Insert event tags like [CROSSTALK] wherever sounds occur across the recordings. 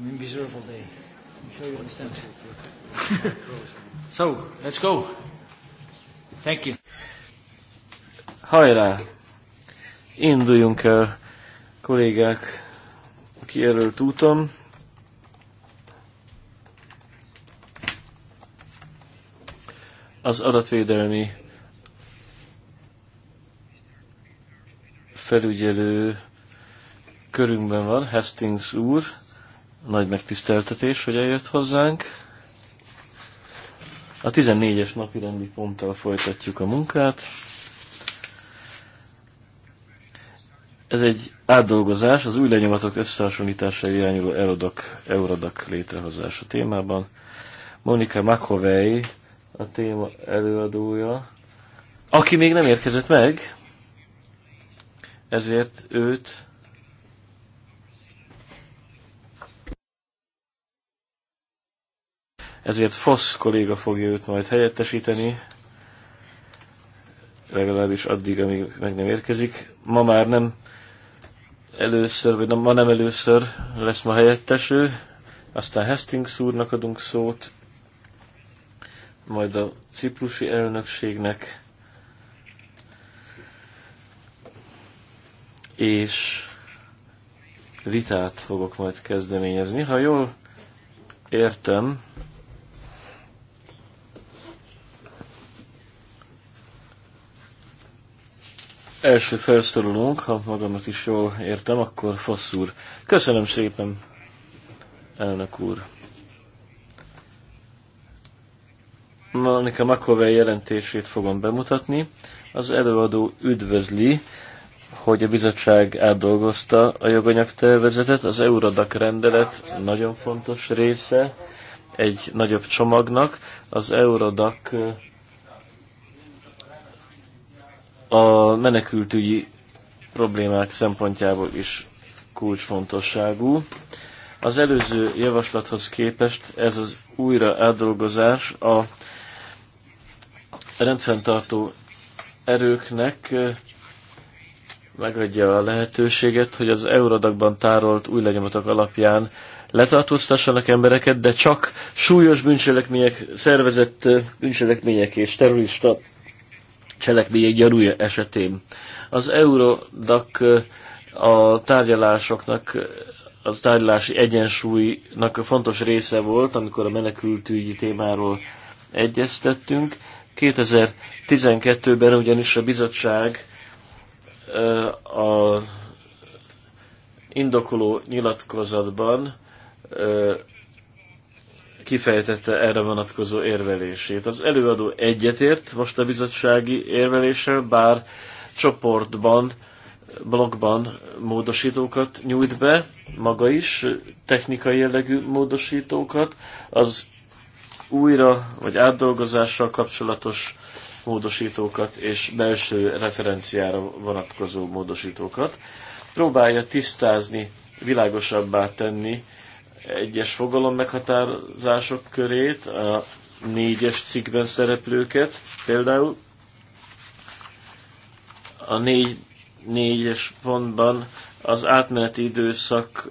miserable day. I'm sure you understand. [LAUGHS] so, let's go. Thank you. Hajrá! Induljunk el, kollégák, a kijelölt úton. Az adatvédelmi felügyelő körünkben van, Hastings úr, nagy megtiszteltetés, hogy eljött hozzánk. A 14-es napi rendi ponttal folytatjuk a munkát. Ez egy átdolgozás az új lenyomatok összehasonlítása irányuló erodok-eurodok létrehozása témában. Monika Makovei a téma előadója, aki még nem érkezett meg, ezért őt ezért Fosz kolléga fogja őt majd helyettesíteni, legalábbis addig, amíg meg nem érkezik. Ma már nem először, vagy ma nem először lesz ma helyetteső, aztán Hastings úrnak adunk szót, majd a ciprusi elnökségnek, és vitát fogok majd kezdeményezni. Ha jól értem, első felszorulónk, ha magamat is jól értem, akkor Fasz úr. Köszönöm szépen, elnök úr. Monika McAvey jelentését fogom bemutatni. Az előadó üdvözli, hogy a bizottság átdolgozta a joganyagtervezetet. Az Euradak rendelet nagyon fontos része egy nagyobb csomagnak. Az Euradak a menekültügyi problémák szempontjából is kulcsfontosságú. Az előző javaslathoz képest ez az újra eldolgozás a rendfenntartó erőknek eh, megadja a lehetőséget, hogy az euradakban tárolt új lenyomatok alapján letartóztassanak embereket, de csak súlyos bűncselekmények, szervezett eh, bűncselekmények és terrorista cselekmények gyarúja esetén. Az Eurodac eh, a tárgyalásoknak, az tárgyalási egyensúlynak fontos része volt, amikor a menekültügyi témáról egyeztettünk. 2012-ben ugyanis a bizottság eh, a indokoló nyilatkozatban eh, kifejtette erre vonatkozó érvelését. Az előadó egyetért most a bizottsági érveléssel, bár csoportban, blogban módosítókat nyújt be, maga is technikai jellegű módosítókat, az újra vagy átdolgozással kapcsolatos módosítókat és belső referenciára vonatkozó módosítókat. Próbálja tisztázni, világosabbá tenni egyes fogalom meghatározások körét, a négyes cikkben szereplőket például. A négy, négyes pontban az átmeneti időszak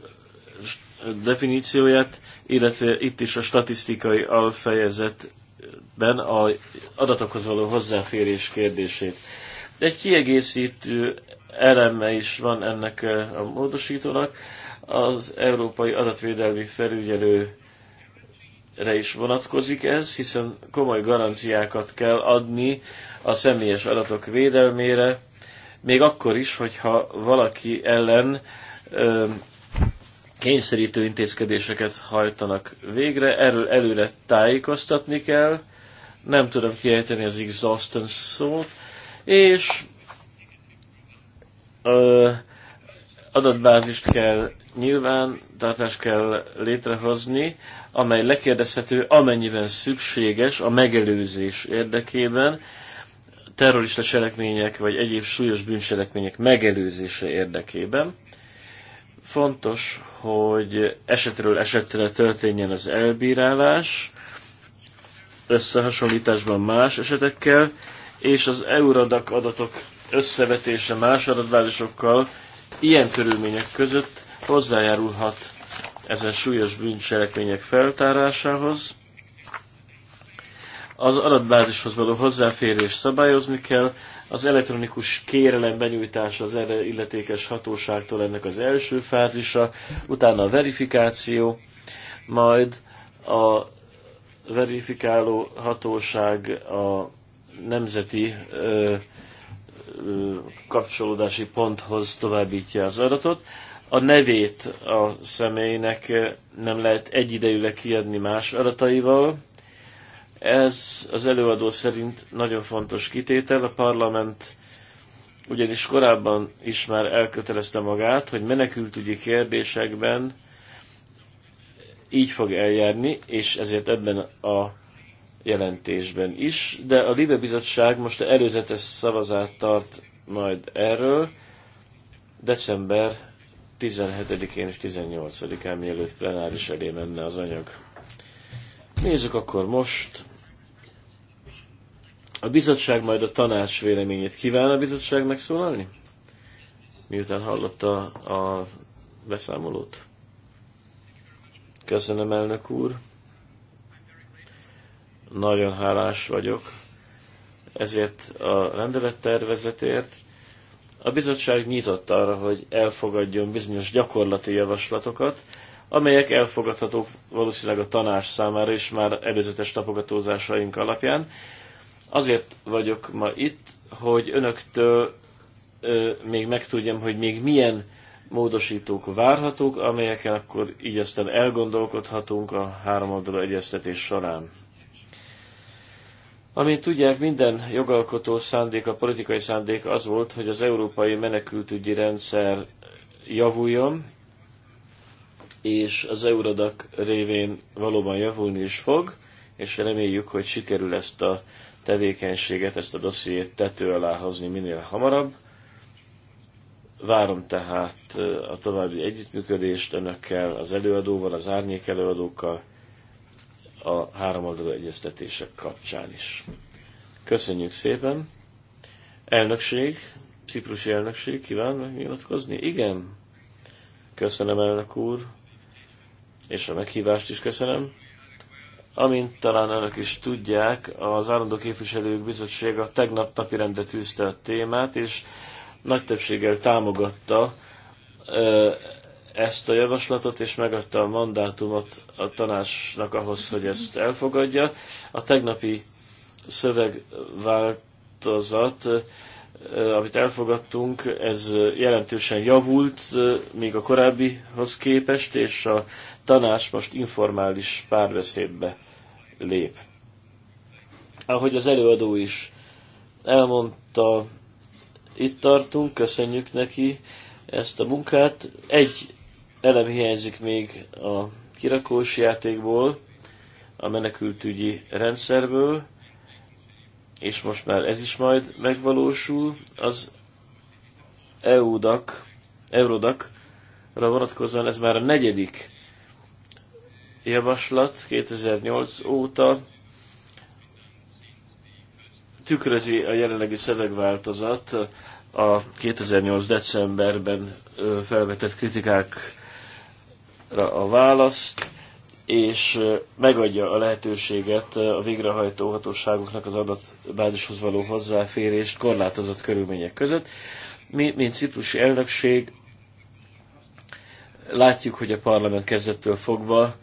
definícióját, illetve itt is a statisztikai alfejezetben a adatokhoz való hozzáférés kérdését. Egy kiegészítő eleme is van ennek a módosítónak, az Európai Adatvédelmi Felügyelőre is vonatkozik ez, hiszen komoly garanciákat kell adni a személyes adatok védelmére, még akkor is, hogyha valaki ellen ö, kényszerítő intézkedéseket hajtanak végre, erről előre tájékoztatni kell, nem tudom kiejteni az exhaustance szót, és ö, adatbázist kell nyilván, tartást kell létrehozni, amely lekérdezhető, amennyiben szükséges a megelőzés érdekében, terrorista cselekmények vagy egyéb súlyos bűncselekmények megelőzése érdekében. Fontos, hogy esetről esetre történjen az elbírálás, összehasonlításban más esetekkel, és az Eurodac adatok összevetése más adatbázisokkal, ilyen körülmények között hozzájárulhat ezen súlyos bűncselekmények feltárásához. Az adatbázishoz való hozzáférés szabályozni kell, az elektronikus kérelem benyújtása az erre illetékes hatóságtól ennek az első fázisa, utána a verifikáció, majd a verifikáló hatóság a nemzeti ö, kapcsolódási ponthoz továbbítja az adatot. A nevét a személynek nem lehet egyidejűleg kiadni más adataival. Ez az előadó szerint nagyon fontos kitétel. A parlament ugyanis korábban is már elkötelezte magát, hogy menekültügyi kérdésekben így fog eljárni, és ezért ebben a jelentésben is, de a Libe Bizottság most előzetes szavazát tart majd erről december 17-én és 18-án, mielőtt plenáris elé menne az anyag. Nézzük akkor most. A bizottság majd a tanács véleményét kíván a bizottság megszólalni? Miután hallotta a beszámolót. Köszönöm, elnök úr nagyon hálás vagyok ezért a rendelettervezetért. A bizottság nyitott arra, hogy elfogadjon bizonyos gyakorlati javaslatokat, amelyek elfogadhatók valószínűleg a tanács számára is már előzetes tapogatózásaink alapján. Azért vagyok ma itt, hogy önöktől ö, még megtudjam, hogy még milyen módosítók várhatók, amelyeken akkor így aztán elgondolkodhatunk a háromoldalú egyeztetés során. Amint tudják, minden jogalkotó szándék, a politikai szándék az volt, hogy az európai menekültügyi rendszer javuljon, és az Eurodak révén valóban javulni is fog, és reméljük, hogy sikerül ezt a tevékenységet, ezt a dossziét tető alá hozni minél hamarabb. Várom tehát a további együttműködést önökkel, az előadóval, az árnyék előadókkal, a háromoldalú egyeztetések kapcsán is. Köszönjük szépen! Elnökség, ciprusi elnökség, kíván megnyilatkozni? Igen. Köszönöm, elnök úr, és a meghívást is köszönöm. Amint talán önök is tudják, az Állandó Képviselők Bizottsága tegnap napirendre tűzte a témát, és nagy többséggel támogatta ezt a javaslatot, és megadta a mandátumot a tanácsnak ahhoz, hogy ezt elfogadja. A tegnapi szövegváltozat, amit elfogadtunk, ez jelentősen javult, még a korábbihoz képest, és a tanács most informális párbeszédbe lép. Ahogy az előadó is elmondta, itt tartunk, köszönjük neki ezt a munkát. Egy elem hiányzik még a kirakós játékból, a menekültügyi rendszerből, és most már ez is majd megvalósul, az EU-dak, Eurodakra vonatkozóan ez már a negyedik javaslat 2008 óta tükrözi a jelenlegi szövegváltozat a 2008. decemberben felvetett kritikák a választ, és megadja a lehetőséget a végrehajtó hatóságoknak az adatbázishoz való hozzáférést korlátozott körülmények között. Mi, mint ciprusi elnökség, látjuk, hogy a parlament kezdettől fogva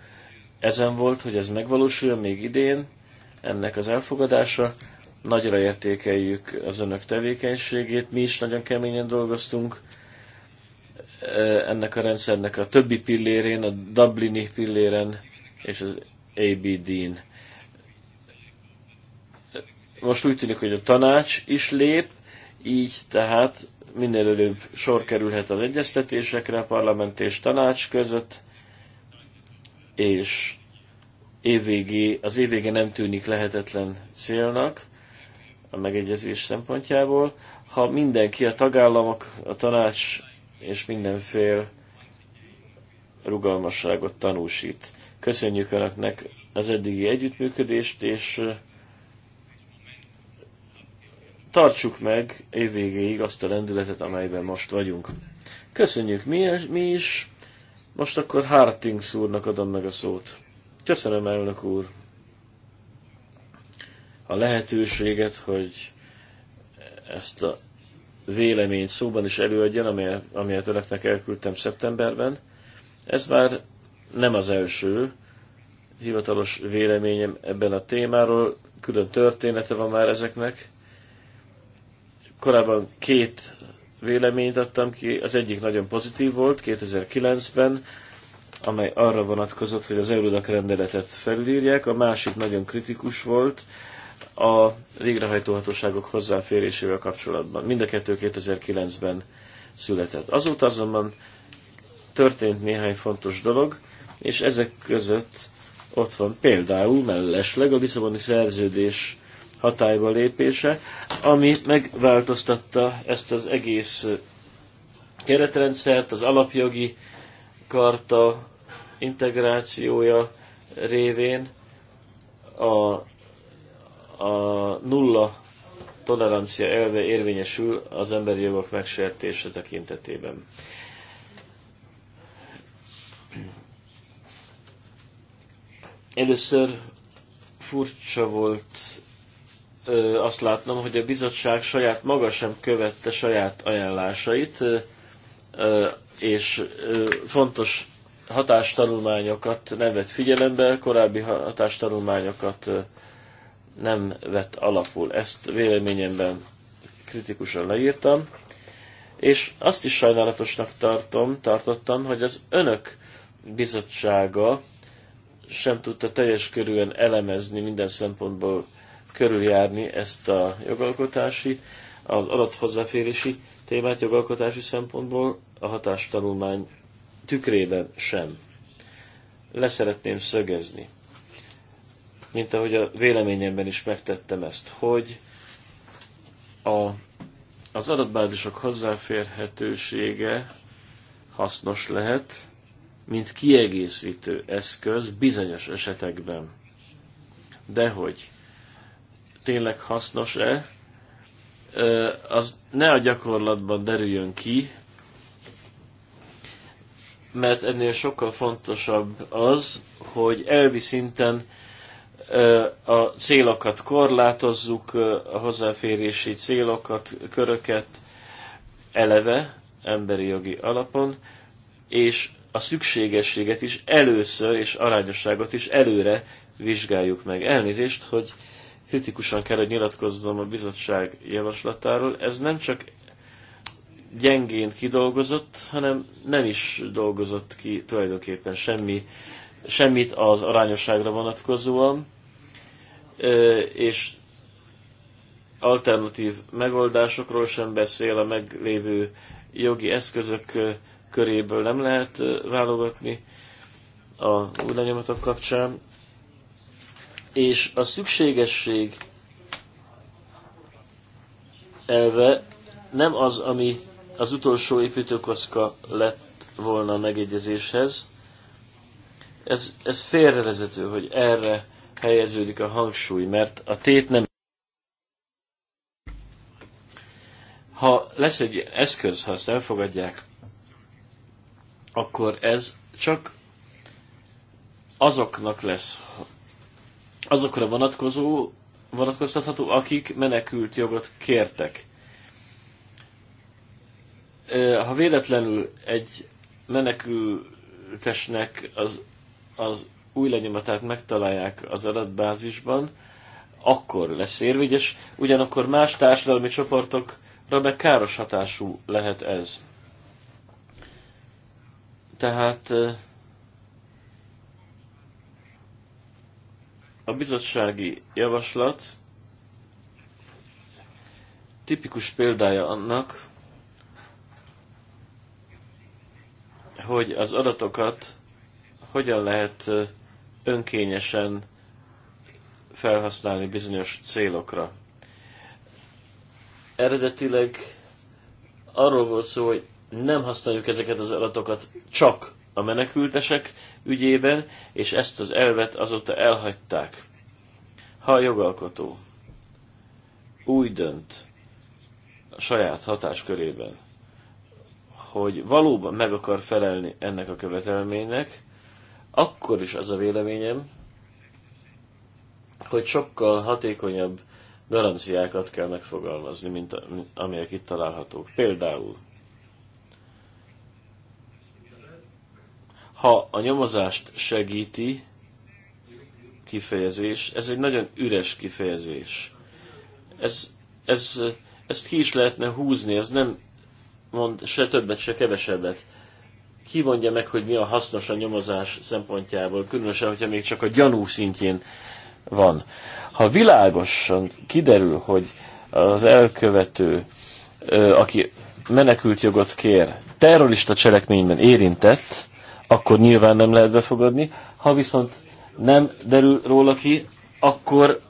ezen volt, hogy ez megvalósuljon még idén, ennek az elfogadása. Nagyra értékeljük az önök tevékenységét, mi is nagyon keményen dolgoztunk, ennek a rendszernek a többi pillérén, a Dublini pilléren és az ABD-n. Most úgy tűnik, hogy a tanács is lép, így tehát minél előbb sor kerülhet az egyeztetésekre a parlament és tanács között, és évvégé, az évvége nem tűnik lehetetlen célnak a megegyezés szempontjából. Ha mindenki, a tagállamok, a tanács és mindenfél rugalmasságot tanúsít. Köszönjük Önöknek az eddigi együttműködést, és tartsuk meg évvégéig e azt a lendületet, amelyben most vagyunk. Köszönjük mi, mi is. Most akkor Hartings úrnak adom meg a szót. Köszönöm, elnök úr, a lehetőséget, hogy ezt a vélemény szóban is előadjon, amelyet, amelyet önöknek elküldtem szeptemberben. Ez már nem az első hivatalos véleményem ebben a témáról, külön története van már ezeknek. Korábban két véleményt adtam ki, az egyik nagyon pozitív volt 2009-ben, amely arra vonatkozott, hogy az Eurodac rendeletet felülírják, a másik nagyon kritikus volt, a végrehajtóhatóságok hozzáférésével kapcsolatban. Mind a kettő 2009-ben született. Azóta azonban történt néhány fontos dolog, és ezek között ott van például mellesleg a Lisszaboni szerződés hatályba lépése, ami megváltoztatta ezt az egész keretrendszert, az alapjogi karta integrációja révén a a nulla tolerancia elve érvényesül az emberi jogok megsértése tekintetében. Először furcsa volt ö, azt látnom, hogy a bizottság saját maga sem követte saját ajánlásait, ö, és ö, fontos hatástanulmányokat nem vett figyelembe, korábbi hatástanulmányokat ö, nem vett alapul. Ezt véleményemben kritikusan leírtam, és azt is sajnálatosnak tartom, tartottam, hogy az önök bizottsága sem tudta teljes körűen elemezni, minden szempontból körüljárni ezt a jogalkotási, az adathozzáférési témát jogalkotási szempontból a hatástanulmány tükrében sem. Leszeretném szögezni mint ahogy a véleményemben is megtettem ezt, hogy a, az adatbázisok hozzáférhetősége hasznos lehet, mint kiegészítő eszköz bizonyos esetekben. De hogy tényleg hasznos-e, az ne a gyakorlatban derüljön ki, mert ennél sokkal fontosabb az, hogy elvi szinten a célokat korlátozzuk, a hozzáférési célokat, köröket eleve emberi jogi alapon, és a szükségességet is először, és arányosságot is előre vizsgáljuk meg. Elnézést, hogy kritikusan kell, hogy nyilatkoznom a bizottság javaslatáról. Ez nem csak gyengén kidolgozott, hanem nem is dolgozott ki tulajdonképpen semmi, semmit az arányosságra vonatkozóan és alternatív megoldásokról sem beszél, a meglévő jogi eszközök köréből nem lehet válogatni a új lenyomatok kapcsán. És a szükségesség elve nem az, ami az utolsó építőkocka lett volna a megegyezéshez. Ez, ez félrevezető, hogy erre helyeződik a hangsúly, mert a tét nem. Ha lesz egy eszköz, ha ezt elfogadják, akkor ez csak azoknak lesz, azokra vonatkozó, vonatkoztatható, akik menekült jogot kértek. Ha véletlenül egy menekültesnek az, az új lenyomatát megtalálják az adatbázisban, akkor lesz érvényes, ugyanakkor más társadalmi csoportokra meg káros hatású lehet ez. Tehát a bizottsági javaslat tipikus példája annak, hogy az adatokat hogyan lehet önkényesen felhasználni bizonyos célokra. Eredetileg arról volt szó, hogy nem használjuk ezeket az adatokat csak a menekültesek ügyében, és ezt az elvet azóta elhagyták. Ha a jogalkotó úgy dönt a saját hatáskörében, hogy valóban meg akar felelni ennek a követelménynek, akkor is az a véleményem, hogy sokkal hatékonyabb garanciákat kell megfogalmazni, mint amelyek itt találhatók. Például, ha a nyomozást segíti kifejezés, ez egy nagyon üres kifejezés. Ez, ez, ezt ki is lehetne húzni, ez nem mond se többet, se kevesebbet ki mondja meg, hogy mi a hasznos a nyomozás szempontjából, különösen, hogyha még csak a gyanú szintjén van. Ha világosan kiderül, hogy az elkövető, aki menekült jogot kér, terrorista cselekményben érintett, akkor nyilván nem lehet befogadni. Ha viszont nem derül róla ki, akkor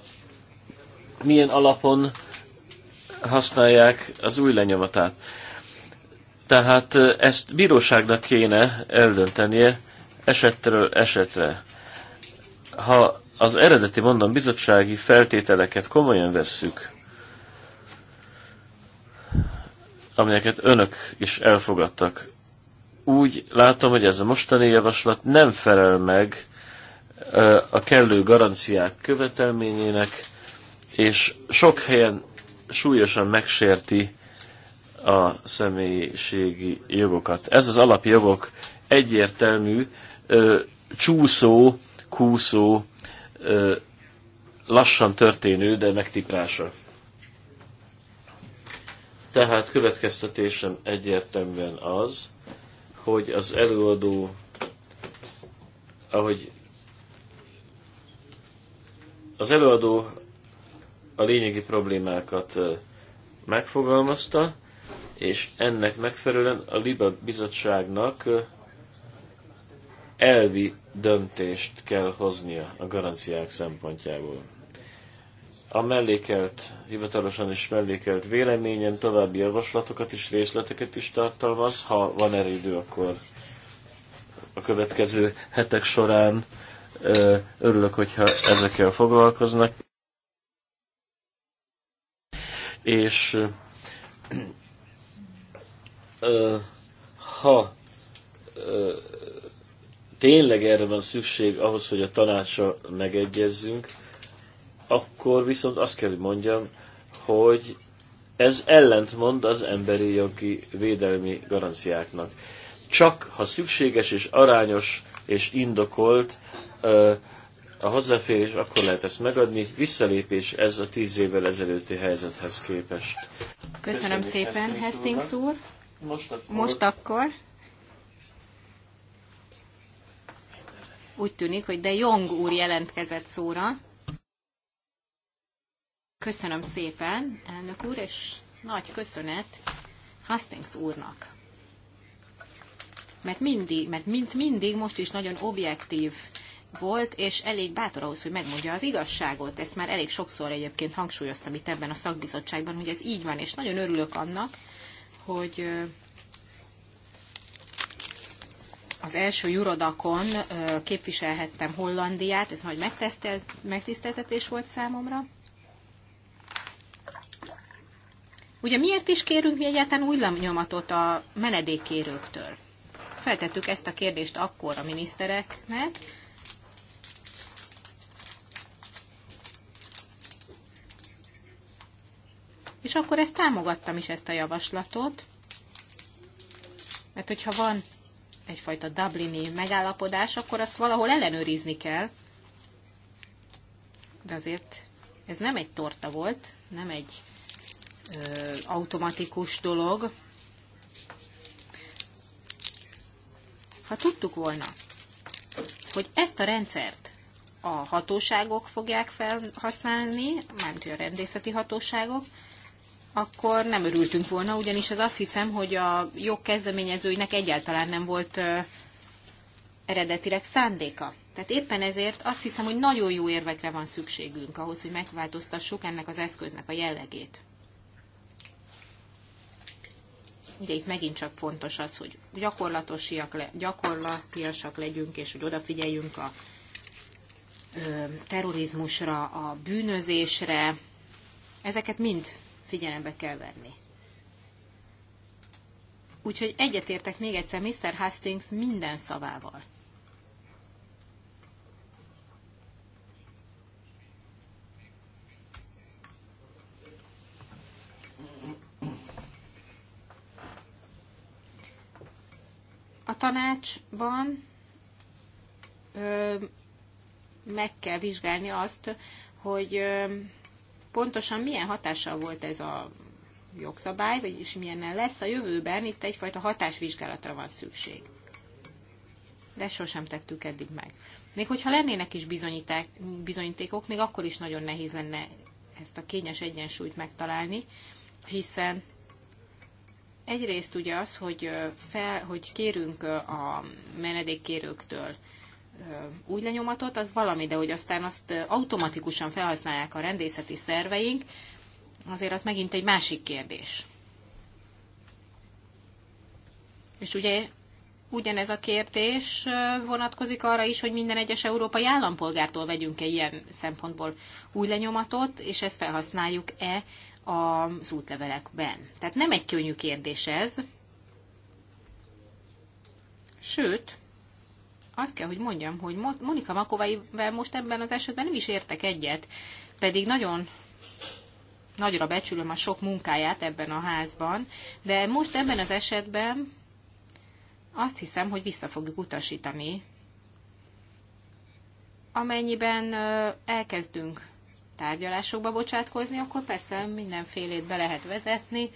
milyen alapon használják az új lenyomatát. Tehát ezt bíróságnak kéne eldöntenie esetről esetre. Ha az eredeti, mondom, bizottsági feltételeket komolyan vesszük, amelyeket önök is elfogadtak, úgy látom, hogy ez a mostani javaslat nem felel meg a kellő garanciák követelményének, és sok helyen súlyosan megsérti a személyiségi jogokat. Ez az alapjogok egyértelmű, ö, csúszó, kúszó, ö, lassan történő, de megtiprása. Tehát következtetésem egyértelműen az, hogy az előadó, ahogy az előadó a lényegi problémákat megfogalmazta, és ennek megfelelően a LIBA bizottságnak elvi döntést kell hoznia a garanciák szempontjából. A mellékelt, hivatalosan is mellékelt véleményen további javaslatokat és részleteket is tartalmaz. Ha van erre idő, akkor a következő hetek során örülök, hogyha ezekkel foglalkoznak. És ha tényleg erre van szükség ahhoz, hogy a tanácsa megegyezzünk, akkor viszont azt kell, hogy mondjam, hogy ez ellentmond az emberi jogi védelmi garanciáknak. Csak ha szükséges és arányos és indokolt a hozzáférés, akkor lehet ezt megadni. Visszalépés ez a tíz évvel ezelőtti helyzethez képest. Köszönöm, Köszönöm szépen, Hastings úr. Most akkor... Most akkor úgy tűnik, hogy de Jong úr jelentkezett szóra. Köszönöm szépen, elnök úr, és nagy köszönet Hastings úrnak. Mert mindig, mert mint mindig most is nagyon objektív volt, és elég bátor ahhoz, hogy megmondja az igazságot. Ezt már elég sokszor egyébként hangsúlyoztam itt ebben a szakbizottságban, hogy ez így van, és nagyon örülök annak, hogy az első jurodakon képviselhettem Hollandiát, ez nagy megtiszteltetés volt számomra. Ugye miért is kérünk mi egyáltalán új lenyomatot a menedékkérőktől? Feltettük ezt a kérdést akkor a minisztereknek, és akkor ezt támogattam is ezt a javaslatot, mert hogyha van egyfajta Dublini megállapodás, akkor azt valahol ellenőrizni kell. De azért ez nem egy torta volt, nem egy ö, automatikus dolog. Ha tudtuk volna, hogy ezt a rendszert a hatóságok fogják felhasználni, mármint a rendészeti hatóságok, akkor nem örültünk volna, ugyanis az azt hiszem, hogy a jog kezdeményezőinek egyáltalán nem volt ö, eredetileg szándéka. Tehát éppen ezért azt hiszem, hogy nagyon jó érvekre van szükségünk ahhoz, hogy megváltoztassuk ennek az eszköznek a jellegét. Ugye itt megint csak fontos az, hogy gyakorlatosiak le, gyakorlatiasak legyünk, és hogy odafigyeljünk a ö, terrorizmusra, a bűnözésre. Ezeket mind figyelembe kell venni. Úgyhogy egyetértek még egyszer Mr. Hastings minden szavával. A tanácsban ö, meg kell vizsgálni azt, hogy ö, pontosan milyen hatással volt ez a jogszabály, vagyis milyennel lesz a jövőben, itt egyfajta hatásvizsgálatra van szükség. De sosem tettük eddig meg. Még hogyha lennének is bizonyítékok, még akkor is nagyon nehéz lenne ezt a kényes egyensúlyt megtalálni, hiszen egyrészt ugye az, hogy, fel, hogy kérünk a menedékkérőktől új lenyomatot, az valami, de hogy aztán azt automatikusan felhasználják a rendészeti szerveink, azért az megint egy másik kérdés. És ugye ugyanez a kérdés vonatkozik arra is, hogy minden egyes európai állampolgártól vegyünk-e ilyen szempontból új lenyomatot, és ezt felhasználjuk-e az útlevelekben. Tehát nem egy könnyű kérdés ez. Sőt, azt kell, hogy mondjam, hogy Monika Makovaival most ebben az esetben nem is értek egyet, pedig nagyon nagyra becsülöm a sok munkáját ebben a házban, de most ebben az esetben azt hiszem, hogy vissza fogjuk utasítani, amennyiben elkezdünk tárgyalásokba bocsátkozni, akkor persze mindenfélét be lehet vezetni,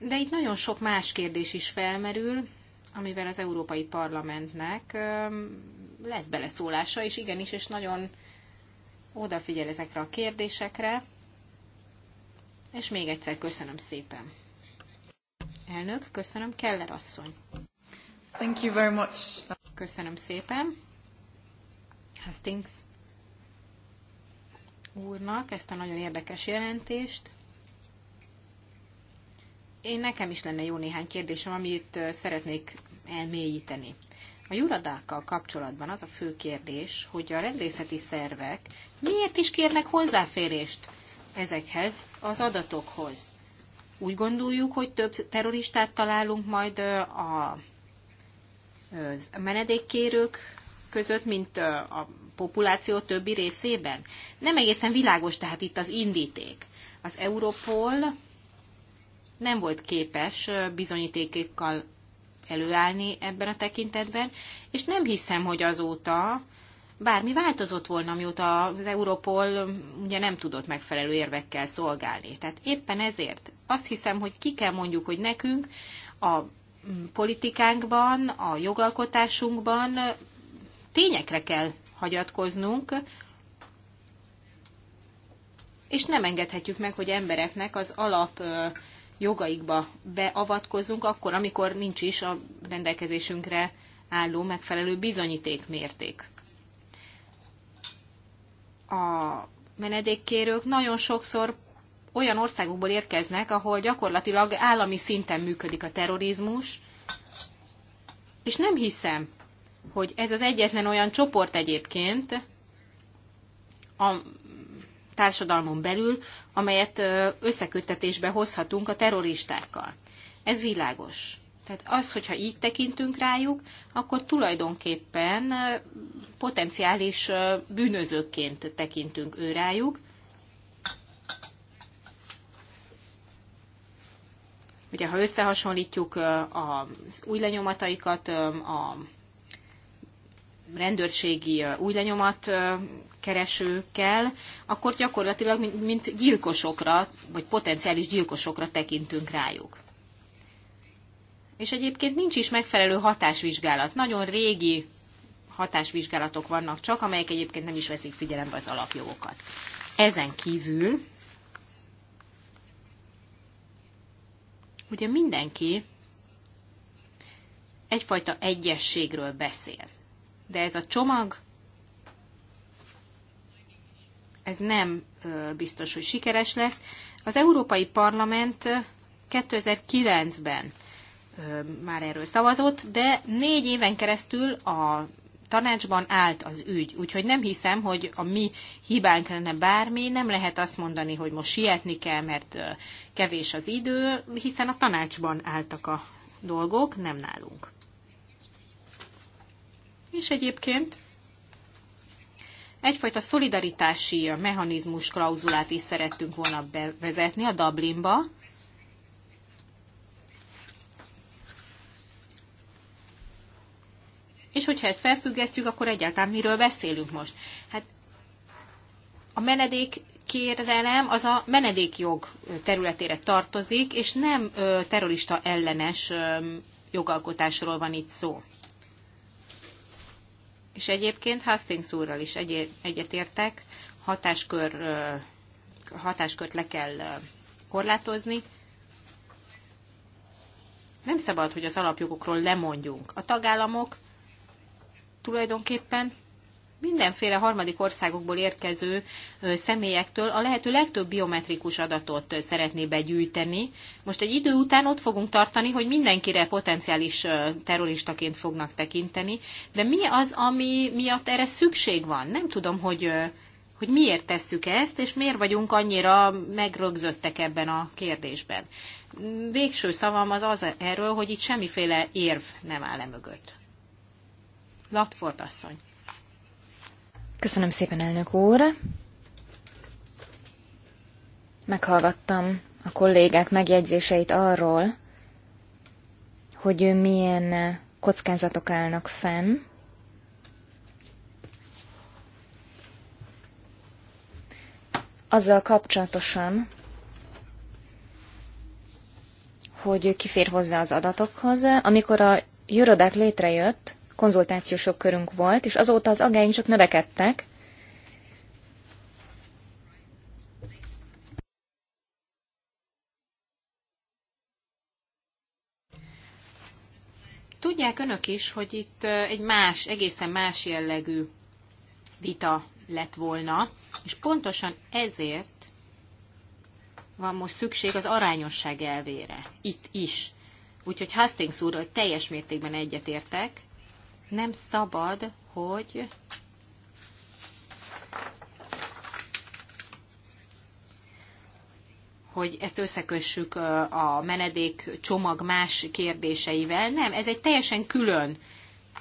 de itt nagyon sok más kérdés is felmerül, amivel az Európai Parlamentnek lesz beleszólása, és igenis, és nagyon odafigyel ezekre a kérdésekre. És még egyszer köszönöm szépen. Elnök, köszönöm, Keller asszony. Thank you very much. Köszönöm szépen. Hastings úrnak ezt a nagyon érdekes jelentést én nekem is lenne jó néhány kérdésem, amit szeretnék elmélyíteni. A juradákkal kapcsolatban az a fő kérdés, hogy a rendészeti szervek miért is kérnek hozzáférést ezekhez az adatokhoz. Úgy gondoljuk, hogy több terroristát találunk majd a menedékkérők között, mint a populáció többi részében. Nem egészen világos tehát itt az indíték. Az Europol nem volt képes bizonyítékékkal előállni ebben a tekintetben, és nem hiszem, hogy azóta bármi változott volna, mióta az Europol ugye nem tudott megfelelő érvekkel szolgálni. Tehát éppen ezért azt hiszem, hogy ki kell mondjuk, hogy nekünk a politikánkban, a jogalkotásunkban tényekre kell hagyatkoznunk, és nem engedhetjük meg, hogy embereknek az alap jogaikba beavatkozunk, akkor, amikor nincs is a rendelkezésünkre álló megfelelő bizonyíték mérték. A menedékkérők nagyon sokszor olyan országokból érkeznek, ahol gyakorlatilag állami szinten működik a terrorizmus, és nem hiszem, hogy ez az egyetlen olyan csoport egyébként, a társadalmon belül, amelyet összeköttetésbe hozhatunk a terroristákkal. Ez világos. Tehát az, hogyha így tekintünk rájuk, akkor tulajdonképpen potenciális bűnözőként tekintünk ő rájuk. Ugye, ha összehasonlítjuk az új lenyomataikat a rendőrségi új lenyomat keresőkkel, akkor gyakorlatilag mint gyilkosokra, vagy potenciális gyilkosokra tekintünk rájuk. És egyébként nincs is megfelelő hatásvizsgálat. Nagyon régi hatásvizsgálatok vannak csak, amelyek egyébként nem is veszik figyelembe az alapjogokat. Ezen kívül ugye mindenki egyfajta egyességről beszél. De ez a csomag ez nem biztos, hogy sikeres lesz. Az Európai Parlament 2009-ben már erről szavazott, de négy éven keresztül a tanácsban állt az ügy. Úgyhogy nem hiszem, hogy a mi hibánk lenne bármi, nem lehet azt mondani, hogy most sietni kell, mert kevés az idő, hiszen a tanácsban álltak a dolgok, nem nálunk. És egyébként egyfajta szolidaritási mechanizmus klauzulát is szerettünk volna bevezetni a Dublinba. És hogyha ezt felfüggesztjük, akkor egyáltalán miről beszélünk most? Hát a menedék kérdelem az a menedékjog területére tartozik, és nem terrorista ellenes jogalkotásról van itt szó. És egyébként Hastings úrral is egy- egyetértek, hatáskör, hatáskört le kell korlátozni. Nem szabad, hogy az alapjogokról lemondjunk. A tagállamok tulajdonképpen mindenféle harmadik országokból érkező személyektől a lehető legtöbb biometrikus adatot szeretné begyűjteni. Most egy idő után ott fogunk tartani, hogy mindenkire potenciális terroristaként fognak tekinteni, de mi az, ami miatt erre szükség van? Nem tudom, hogy hogy miért tesszük ezt, és miért vagyunk annyira megrögzöttek ebben a kérdésben. Végső szavam az az erről, hogy itt semmiféle érv nem áll e mögött. Latford asszony. Köszönöm szépen, elnök úr. Meghallgattam a kollégák megjegyzéseit arról, hogy milyen kockázatok állnak fenn. Azzal kapcsolatosan, hogy kifér hozzá az adatokhoz. Amikor a Eurodac létrejött, konzultációsok körünk volt, és azóta az agáink csak növekedtek. Tudják önök is, hogy itt egy más, egészen más jellegű vita lett volna, és pontosan ezért van most szükség az arányosság elvére, itt is. Úgyhogy Hastings úrral teljes mértékben egyetértek, nem szabad, hogy hogy ezt összekössük a menedék csomag más kérdéseivel. Nem, ez egy teljesen külön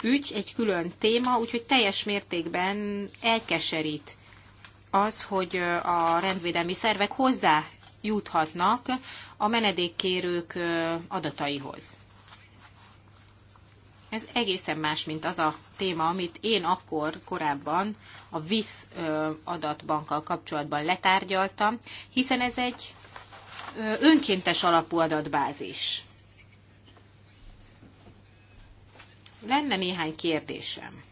ügy, egy külön téma, úgyhogy teljes mértékben elkeserít az, hogy a rendvédelmi szervek hozzá juthatnak a menedékkérők adataihoz. Ez egészen más, mint az a téma, amit én akkor korábban a VISZ adatbankkal kapcsolatban letárgyaltam, hiszen ez egy önkéntes alapú adatbázis. Lenne néhány kérdésem.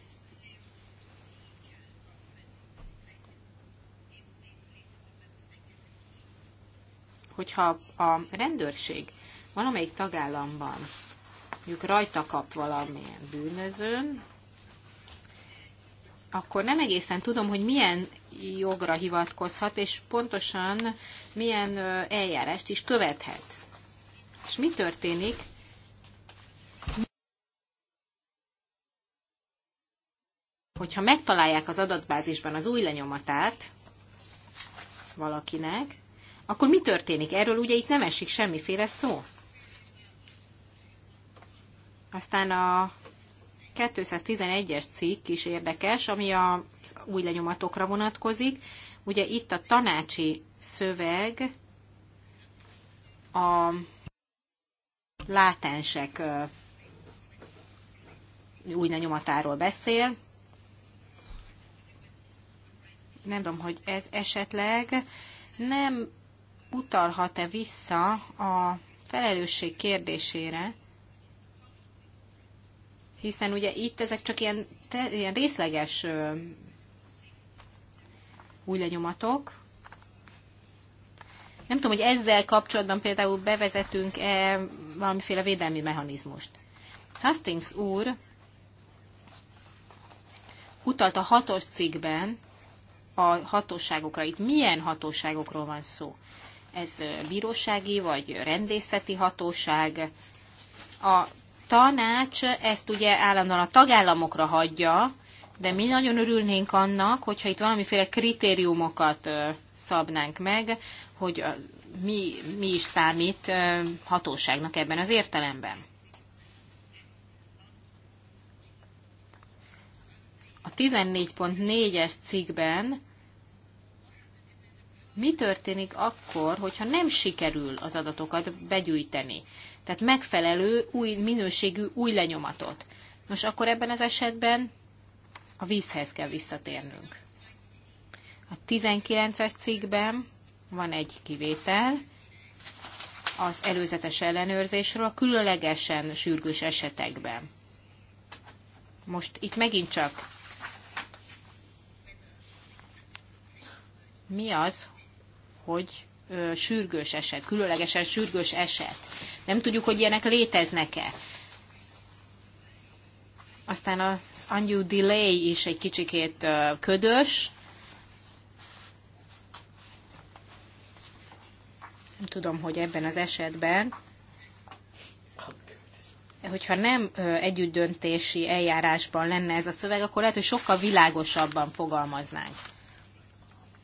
Hogyha a rendőrség valamelyik tagállamban mondjuk rajta kap valamilyen bűnözőn, akkor nem egészen tudom, hogy milyen jogra hivatkozhat, és pontosan milyen eljárást is követhet. És mi történik, hogyha megtalálják az adatbázisban az új lenyomatát valakinek, akkor mi történik? Erről ugye itt nem esik semmiféle szó. Aztán a 211-es cikk is érdekes, ami a új lenyomatokra vonatkozik. Ugye itt a tanácsi szöveg a látensek új lenyomatáról beszél. Nem tudom, hogy ez esetleg nem utalhat-e vissza a felelősség kérdésére, hiszen ugye itt ezek csak ilyen, te, ilyen részleges ö, új lenyomatok. Nem tudom, hogy ezzel kapcsolatban például bevezetünk-e valamiféle védelmi mechanizmust. Hastings úr utalt a hatos cikkben a hatóságokra. Itt milyen hatóságokról van szó? Ez bírósági vagy rendészeti hatóság? A tanács ezt ugye állandóan a tagállamokra hagyja, de mi nagyon örülnénk annak, hogyha itt valamiféle kritériumokat szabnánk meg, hogy mi, mi is számít hatóságnak ebben az értelemben. A 14.4-es cikkben mi történik akkor, hogyha nem sikerül az adatokat begyűjteni? Tehát megfelelő, új minőségű, új lenyomatot. Nos, akkor ebben az esetben a vízhez kell visszatérnünk. A 19-es cikkben van egy kivétel, az előzetes ellenőrzésről a különlegesen sürgős esetekben. Most itt megint csak mi az, hogy ö, sürgős eset, különlegesen sürgős eset. Nem tudjuk, hogy ilyenek léteznek-e. Aztán az undue delay is egy kicsikét ö, ködös. Nem tudom, hogy ebben az esetben hogyha nem együttdöntési eljárásban lenne ez a szöveg, akkor lehet, hogy sokkal világosabban fogalmaznánk.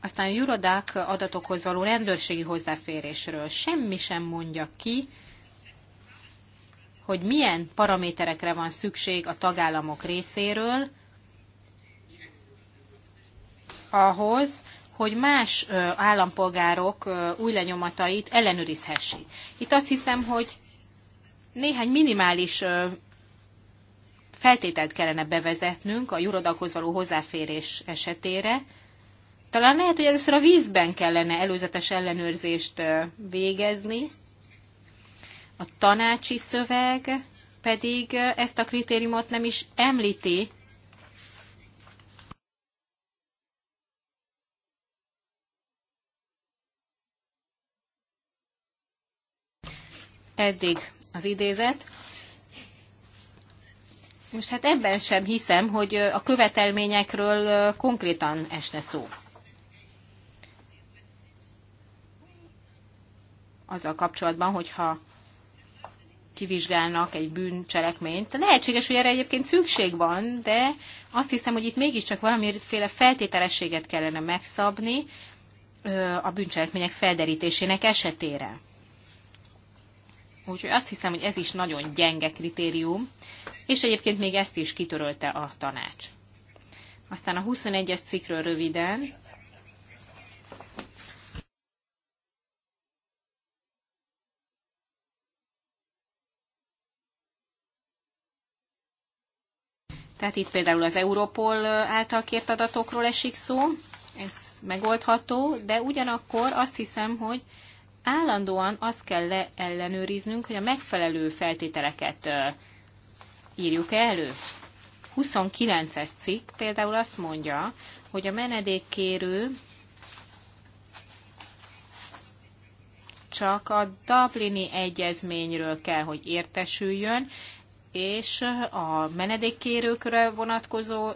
Aztán a Eurodac adatokhoz való rendőrségi hozzáférésről semmi sem mondja ki, hogy milyen paraméterekre van szükség a tagállamok részéről, ahhoz, hogy más állampolgárok új lenyomatait ellenőrizhessék. Itt azt hiszem, hogy néhány minimális feltételt kellene bevezetnünk a jurodakhoz való hozzáférés esetére, talán lehet, hogy először a vízben kellene előzetes ellenőrzést végezni, a tanácsi szöveg pedig ezt a kritériumot nem is említi. Eddig az idézet. Most hát ebben sem hiszem, hogy a követelményekről konkrétan esne szó. azzal kapcsolatban, hogyha kivizsgálnak egy bűncselekményt. Lehetséges, hogy erre egyébként szükség van, de azt hiszem, hogy itt mégiscsak valamiféle feltételességet kellene megszabni a bűncselekmények felderítésének esetére. Úgyhogy azt hiszem, hogy ez is nagyon gyenge kritérium, és egyébként még ezt is kitörölte a tanács. Aztán a 21-es cikkről röviden. Tehát itt például az Europol által kért adatokról esik szó, ez megoldható, de ugyanakkor azt hiszem, hogy állandóan azt kell ellenőriznünk, hogy a megfelelő feltételeket írjuk elő. 29-es cikk például azt mondja, hogy a menedékkérő csak a Dublini egyezményről kell, hogy értesüljön, és a menedékkérőkre vonatkozó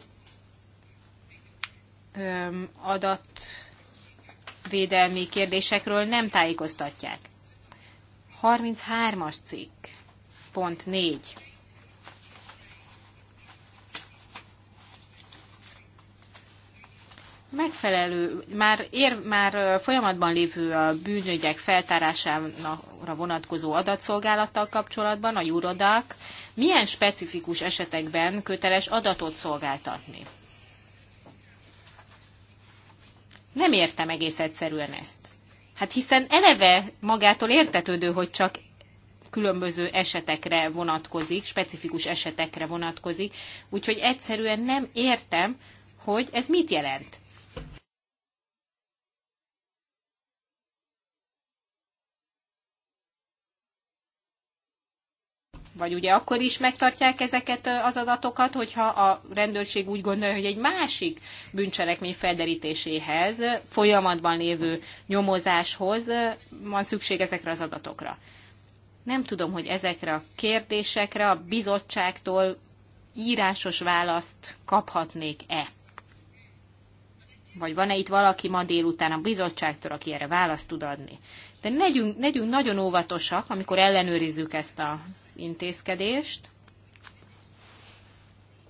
adatvédelmi kérdésekről nem tájékoztatják. 33-as cikk, pont 4. megfelelő, már, ér, már folyamatban lévő a bűnügyek feltárására vonatkozó adatszolgálattal kapcsolatban a Eurodac milyen specifikus esetekben köteles adatot szolgáltatni? Nem értem egész egyszerűen ezt. Hát hiszen eleve magától értetődő, hogy csak különböző esetekre vonatkozik, specifikus esetekre vonatkozik, úgyhogy egyszerűen nem értem, hogy ez mit jelent. vagy ugye akkor is megtartják ezeket az adatokat, hogyha a rendőrség úgy gondolja, hogy egy másik bűncselekmény felderítéséhez, folyamatban lévő nyomozáshoz van szükség ezekre az adatokra. Nem tudom, hogy ezekre a kérdésekre a bizottságtól írásos választ kaphatnék-e. Vagy van-e itt valaki ma délután a bizottságtól, aki erre választ tud adni? de legyünk, legyünk nagyon óvatosak, amikor ellenőrizzük ezt az intézkedést.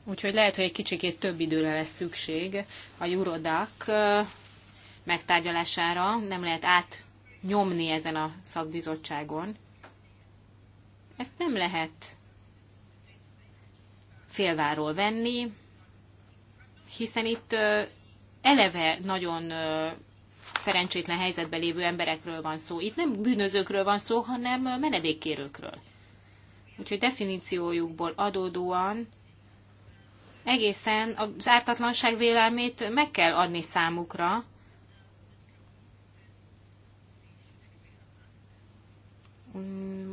Úgyhogy lehet, hogy egy kicsikét több időre lesz szükség a jurodak megtárgyalására. Nem lehet átnyomni ezen a szakbizottságon. Ezt nem lehet félváról venni, hiszen itt eleve nagyon szerencsétlen helyzetben lévő emberekről van szó. Itt nem bűnözőkről van szó, hanem menedékkérőkről. Úgyhogy definíciójukból adódóan egészen az ártatlanság vélelmét meg kell adni számukra,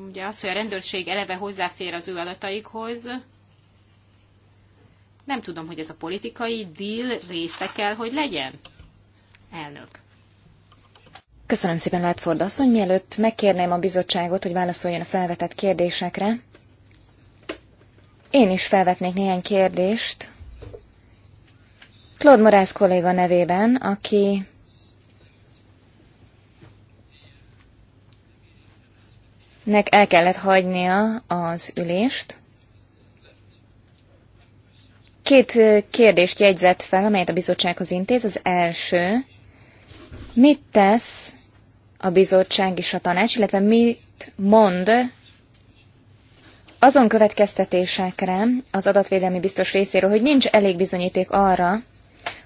ugye az, hogy a rendőrség eleve hozzáfér az ő adataikhoz, nem tudom, hogy ez a politikai deal része kell, hogy legyen. Elnök. Köszönöm szépen, Látford asszony. Mielőtt megkérném a bizottságot, hogy válaszoljon a felvetett kérdésekre, én is felvetnék néhány kérdést. Claude Morász kolléga nevében, aki nek el kellett hagynia az ülést. Két kérdést jegyzett fel, amelyet a bizottsághoz intéz. Az első, Mit tesz a bizottság és a tanács, illetve mit mond azon következtetésekre az adatvédelmi biztos részéről, hogy nincs elég bizonyíték arra,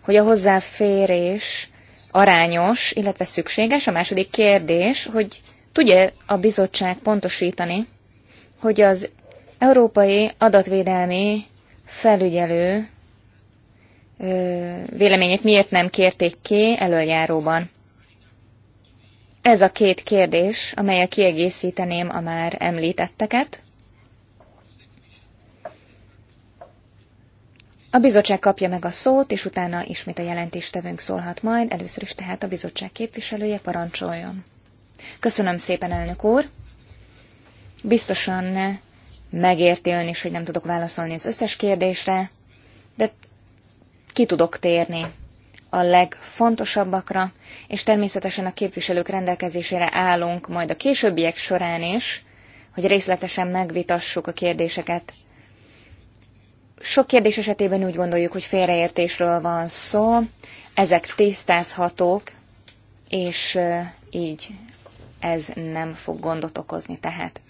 hogy a hozzáférés arányos, illetve szükséges. A második kérdés, hogy tudja a bizottság pontosítani, hogy az Európai Adatvédelmi Felügyelő véleményét miért nem kérték ki előjáróban? Ez a két kérdés, amelyek kiegészíteném a már említetteket. A bizottság kapja meg a szót, és utána ismét a jelentéstevőnk szólhat majd, először is tehát a bizottság képviselője parancsoljon. Köszönöm szépen, elnök úr! Biztosan megérti ön is, hogy nem tudok válaszolni az összes kérdésre, de ki tudok térni a legfontosabbakra, és természetesen a képviselők rendelkezésére állunk majd a későbbiek során is, hogy részletesen megvitassuk a kérdéseket. Sok kérdés esetében úgy gondoljuk, hogy félreértésről van szó, ezek tisztázhatók, és így ez nem fog gondot okozni tehát.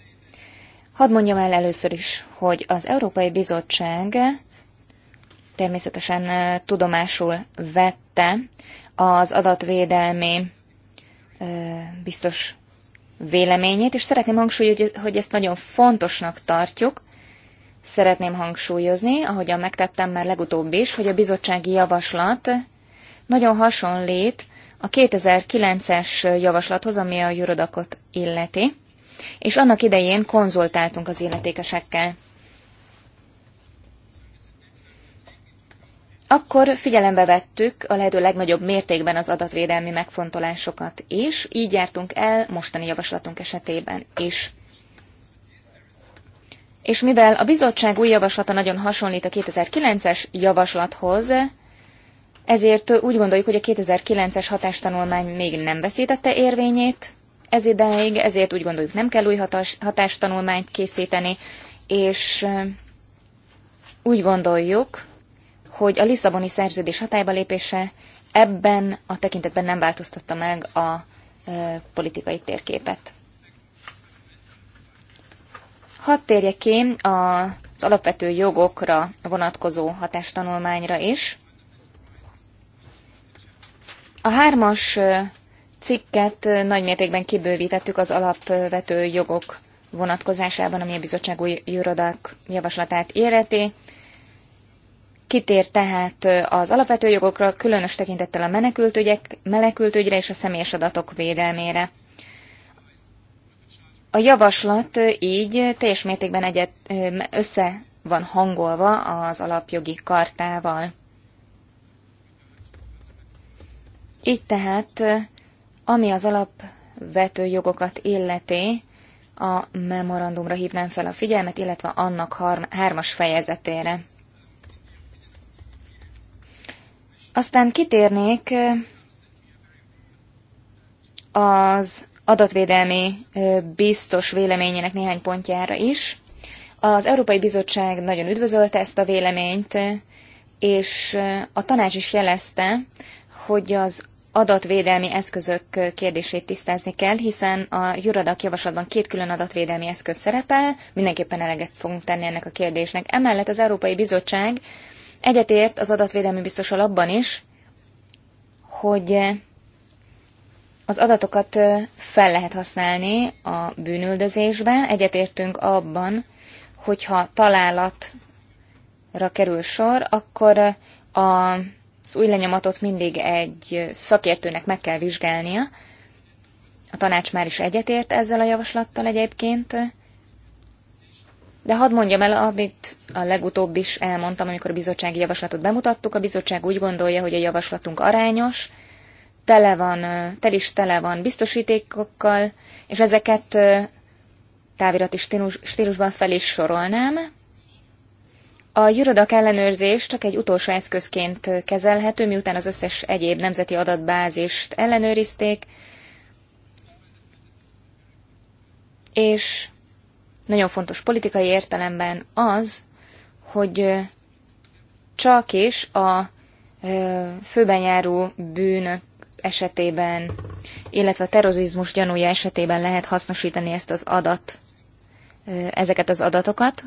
Hadd mondjam el először is, hogy az Európai Bizottság természetesen tudomásul vette az adatvédelmi biztos véleményét, és szeretném hangsúlyozni, hogy ezt nagyon fontosnak tartjuk. Szeretném hangsúlyozni, ahogyan megtettem már legutóbb is, hogy a bizottsági javaslat nagyon hasonlít a 2009-es javaslathoz, ami a jurodakot illeti, és annak idején konzultáltunk az illetékesekkel. Akkor figyelembe vettük a lehető legnagyobb mértékben az adatvédelmi megfontolásokat is, így jártunk el mostani javaslatunk esetében is. És mivel a bizottság új javaslata nagyon hasonlít a 2009-es javaslathoz, ezért úgy gondoljuk, hogy a 2009-es hatástanulmány még nem veszítette érvényét ez ideig, ezért úgy gondoljuk, nem kell új hatástanulmányt készíteni, és úgy gondoljuk, hogy a Lisszaboni szerződés hatályba lépése ebben a tekintetben nem változtatta meg a politikai térképet. Hadd térjek ki az alapvető jogokra vonatkozó hatástanulmányra is. A hármas cikket nagymértékben kibővítettük az alapvető jogok vonatkozásában, ami a bizottság új javaslatát éreti. Kitér tehát az alapvető jogokra, különös tekintettel a menekültügyek, menekültügyre és a személyes adatok védelmére. A javaslat így teljes mértékben egyet, össze van hangolva az alapjogi kartával. Így tehát, ami az alapvető jogokat illeti, a memorandumra hívnám fel a figyelmet, illetve annak hármas fejezetére. Aztán kitérnék az adatvédelmi biztos véleményének néhány pontjára is. Az Európai Bizottság nagyon üdvözölte ezt a véleményt, és a tanács is jelezte, hogy az adatvédelmi eszközök kérdését tisztázni kell, hiszen a Juradak javaslatban két külön adatvédelmi eszköz szerepel, mindenképpen eleget fogunk tenni ennek a kérdésnek. Emellett az Európai Bizottság Egyetért az adatvédelmi biztos abban is, hogy eh, az adatokat eh, fel lehet használni a bűnüldözésben. Egyetértünk abban, hogyha találatra kerül sor, akkor eh, az új lenyomatot mindig egy szakértőnek meg kell vizsgálnia. A tanács már is egyetért ezzel a javaslattal egyébként. De hadd mondjam el, amit a legutóbb is elmondtam, amikor a bizottsági javaslatot bemutattuk. A bizottság úgy gondolja, hogy a javaslatunk arányos, tele van, tel is tele van biztosítékokkal, és ezeket távirati stílus, stílusban fel is sorolnám. A jurodak ellenőrzés csak egy utolsó eszközként kezelhető, miután az összes egyéb nemzeti adatbázist ellenőrizték, és nagyon fontos politikai értelemben az, hogy csak is a főben járó bűnök esetében, illetve a terrorizmus gyanúja esetében lehet hasznosítani ezt az adat, ezeket az adatokat.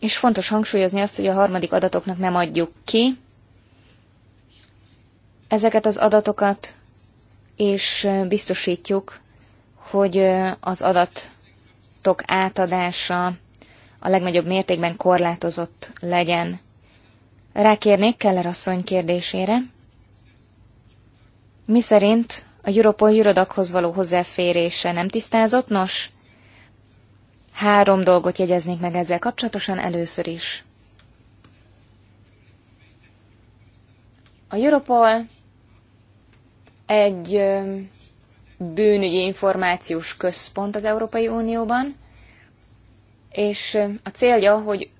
És fontos hangsúlyozni azt, hogy a harmadik adatoknak nem adjuk ki ezeket az adatokat, és biztosítjuk, hogy az adat adatok átadása a legnagyobb mértékben korlátozott legyen. Rákérnék Keller asszony kérdésére, szerint a Europol jurodakhoz való hozzáférése nem tisztázott, nos, három dolgot jegyeznék meg ezzel kapcsolatosan először is. A Europol egy bűnügyi információs központ az Európai Unióban, és a célja, hogy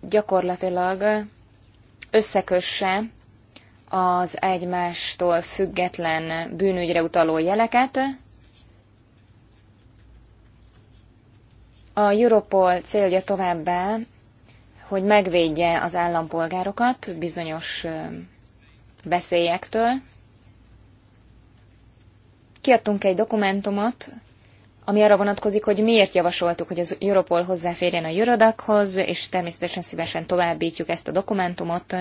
gyakorlatilag összekösse az egymástól független bűnügyre utaló jeleket. A Europol célja továbbá, hogy megvédje az állampolgárokat bizonyos veszélyektől, Kiadtunk egy dokumentumot, ami arra vonatkozik, hogy miért javasoltuk, hogy az Europol hozzáférjen a Eurodachoz, és természetesen szívesen továbbítjuk ezt a dokumentumot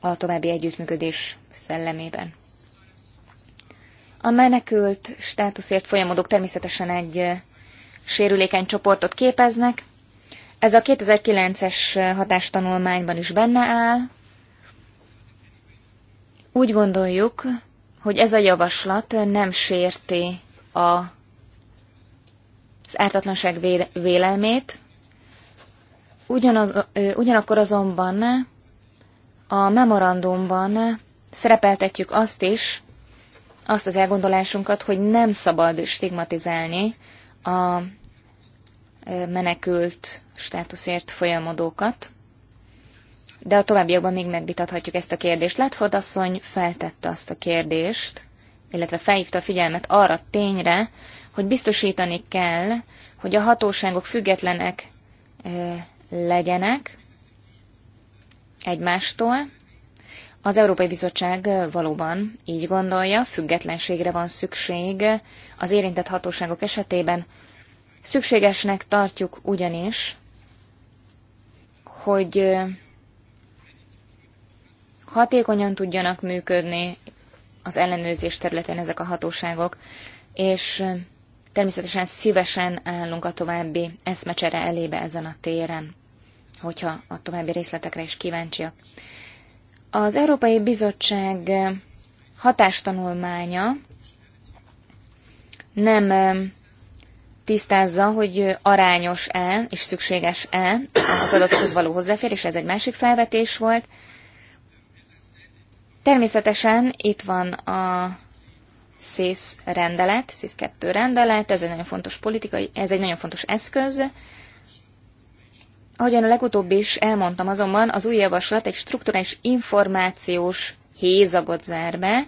a további együttműködés szellemében. A menekült státuszért folyamodók természetesen egy sérülékeny csoportot képeznek. Ez a 2009-es hatástanulmányban is benne áll. Úgy gondoljuk, hogy ez a javaslat nem sérti a, az ártatlanság vélelmét, Ugyanaz, ugyanakkor azonban a memorandumban szerepeltetjük azt is, azt az elgondolásunkat, hogy nem szabad stigmatizálni a menekült státuszért folyamodókat de a továbbiakban még megvitathatjuk ezt a kérdést. Ledford asszony feltette azt a kérdést, illetve felhívta a figyelmet arra tényre, hogy biztosítani kell, hogy a hatóságok függetlenek ö, legyenek egymástól. Az Európai Bizottság valóban így gondolja, függetlenségre van szükség az érintett hatóságok esetében. Szükségesnek tartjuk ugyanis, hogy hatékonyan tudjanak működni az ellenőrzés területén ezek a hatóságok, és természetesen szívesen állunk a további eszmecsere elébe ezen a téren, hogyha a további részletekre is kíváncsiak. Az Európai Bizottság hatástanulmánya nem tisztázza, hogy arányos-e és szükséges-e az adatokhoz való hozzáférés, ez egy másik felvetés volt, Természetesen itt van a SZISZ rendelet, SZISZ 2 rendelet, ez egy nagyon fontos politikai, ez egy nagyon fontos eszköz. Ahogyan a legutóbb is elmondtam azonban, az új javaslat egy strukturális információs hézagot zár be,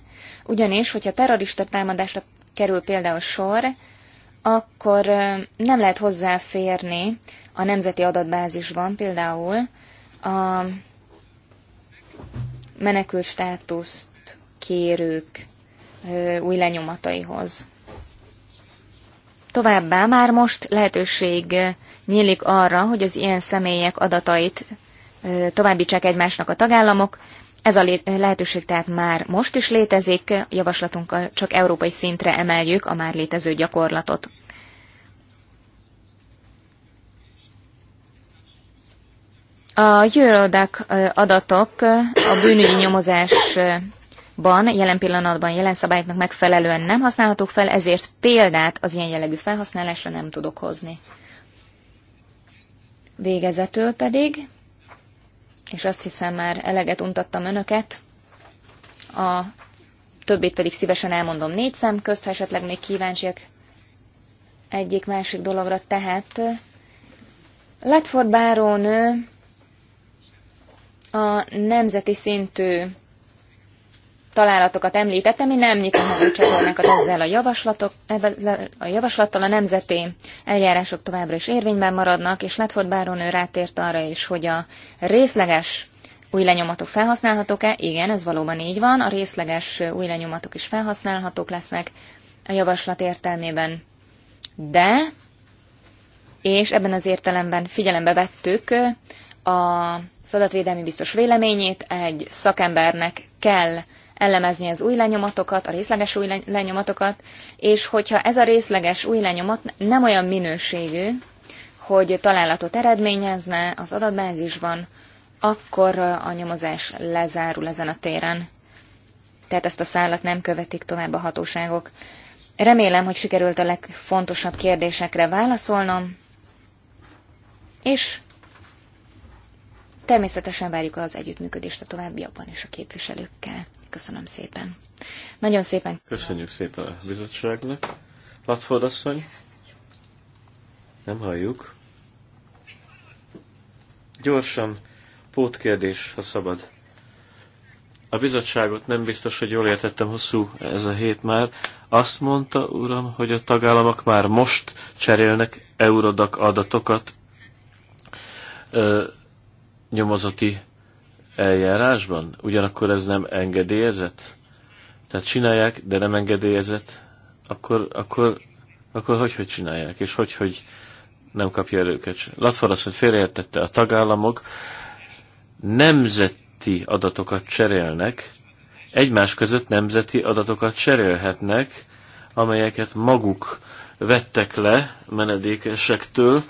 ugyanis, hogyha terrorista támadásra kerül például sor, akkor nem lehet hozzáférni a nemzeti adatbázisban például a menekült státuszt kérők új lenyomataihoz. Továbbá már most lehetőség nyílik arra, hogy az ilyen személyek adatait továbbítsák egymásnak a tagállamok. Ez a lehetőség tehát már most is létezik, javaslatunkkal csak európai szintre emeljük a már létező gyakorlatot. A Eurodac adatok a bűnügyi nyomozásban jelen pillanatban jelen szabályoknak megfelelően nem használhatók fel, ezért példát az ilyen jellegű felhasználásra nem tudok hozni. Végezetül pedig, és azt hiszem már eleget untattam önöket, a többit pedig szívesen elmondom négy szem közt, ha esetleg még kíváncsiak egyik-másik dologra, tehát Letford bárónő a nemzeti szintű találatokat említettem, én nem nyitom meg a csatornákat ezzel a, javaslatok, ezzel a javaslattal, a nemzeti eljárások továbbra is érvényben maradnak, és Ledford Báron rátért arra is, hogy a részleges új lenyomatok felhasználhatók-e? Igen, ez valóban így van, a részleges új lenyomatok is felhasználhatók lesznek a javaslat értelmében. De, és ebben az értelemben figyelembe vettük az adatvédelmi biztos véleményét, egy szakembernek kell elemezni az új lenyomatokat, a részleges új lenyomatokat, és hogyha ez a részleges új lenyomat nem olyan minőségű, hogy találatot eredményezne az adatbázisban, akkor a nyomozás lezárul ezen a téren. Tehát ezt a szállat nem követik tovább a hatóságok. Remélem, hogy sikerült a legfontosabb kérdésekre válaszolnom, és Természetesen várjuk az együttműködést a továbbiakban is a képviselőkkel. Köszönöm szépen. Nagyon szépen. Köszönjük szépen a bizottságnak. Latford asszony, nem halljuk. Gyorsan, pótkérdés, ha szabad. A bizottságot nem biztos, hogy jól értettem, hosszú ez a hét már. Azt mondta, uram, hogy a tagállamok már most cserélnek eurodak adatokat nyomozati eljárásban? Ugyanakkor ez nem engedélyezett? Tehát csinálják, de nem engedélyezett, akkor, akkor, akkor hogy, hogy csinálják, és hogy, hogy nem kapja el őket. Latvar azt félreértette, a tagállamok nemzeti adatokat cserélnek, egymás között nemzeti adatokat cserélhetnek, amelyeket maguk vettek le menedékesektől.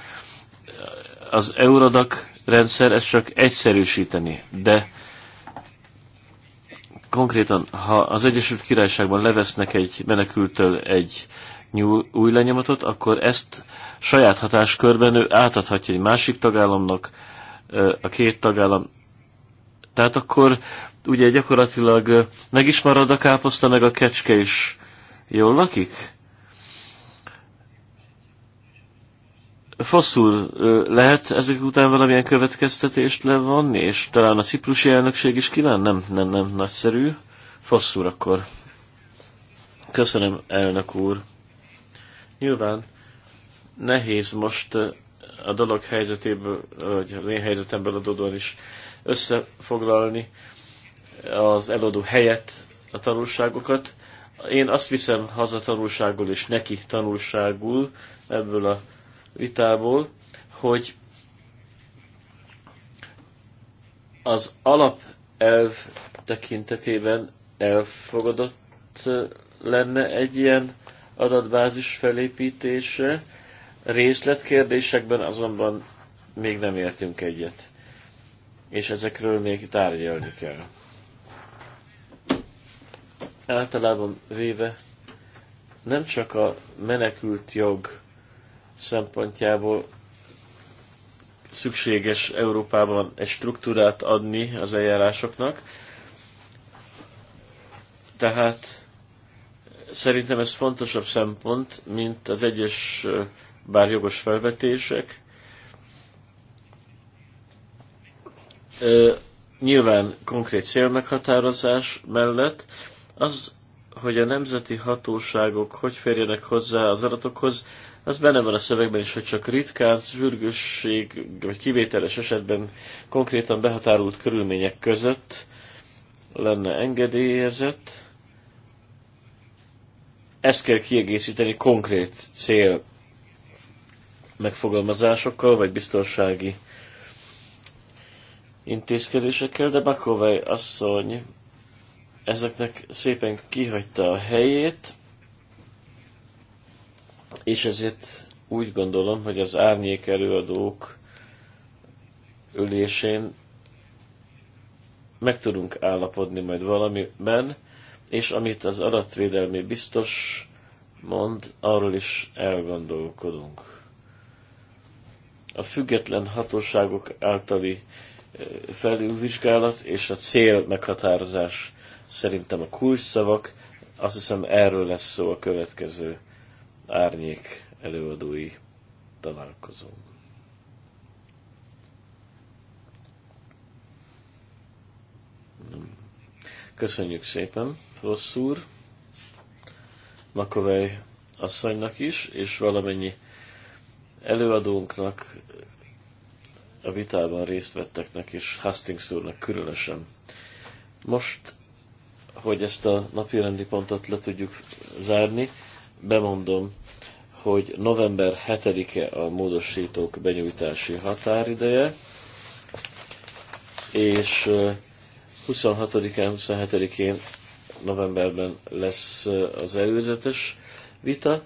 Az Eurodac rendszer, ez csak egyszerűsíteni, de konkrétan, ha az Egyesült Királyságban levesznek egy menekültől egy nyúl, új lenyomatot, akkor ezt saját hatáskörben ő átadhatja egy másik tagállamnak, a két tagállam. Tehát akkor ugye gyakorlatilag meg is marad a káposzta, meg a kecske is jól lakik? rosszul lehet ezek után valamilyen következtetést levonni, és talán a ciprusi elnökség is kíván? Nem, nem, nem, nagyszerű. Fosszul akkor. Köszönöm, elnök úr. Nyilván nehéz most a dolog helyzetéből, vagy az én helyzetemből adódóan is összefoglalni az eladó helyet a tanulságokat. Én azt viszem haza tanulságul és neki tanulságul ebből a vitából, hogy az alapelv tekintetében elfogadott lenne egy ilyen adatbázis felépítése, részletkérdésekben azonban még nem értünk egyet. És ezekről még tárgyalni kell. Általában véve nem csak a menekült jog szempontjából szükséges Európában egy struktúrát adni az eljárásoknak. Tehát szerintem ez fontosabb szempont, mint az egyes bár jogos felvetések. Nyilván konkrét célmeghatározás mellett az, hogy a nemzeti hatóságok hogy férjenek hozzá az adatokhoz, az benne van a szövegben is, hogy csak ritkán, sürgősség vagy kivételes esetben konkrétan behatárolt körülmények között lenne engedélyezett. Ezt kell kiegészíteni konkrét cél megfogalmazásokkal, vagy biztonsági intézkedésekkel, de Bakovai asszony ezeknek szépen kihagyta a helyét, és ezért úgy gondolom, hogy az árnyék előadók ülésén meg tudunk állapodni majd valamiben, és amit az adatvédelmi biztos mond, arról is elgondolkodunk. A független hatóságok általi eh, felülvizsgálat és a cél meghatározás szerintem a szavak, azt hiszem erről lesz szó a következő árnyék előadói találkozó. Köszönjük szépen, Rossz úr, Makovej asszonynak is, és valamennyi előadónknak, a vitában részt vetteknek, és Hastings úrnak különösen. Most, hogy ezt a napirendi pontot le tudjuk zárni, bemondom, hogy november 7-e a módosítók benyújtási határideje, és 26-án, 27-én novemberben lesz az előzetes vita,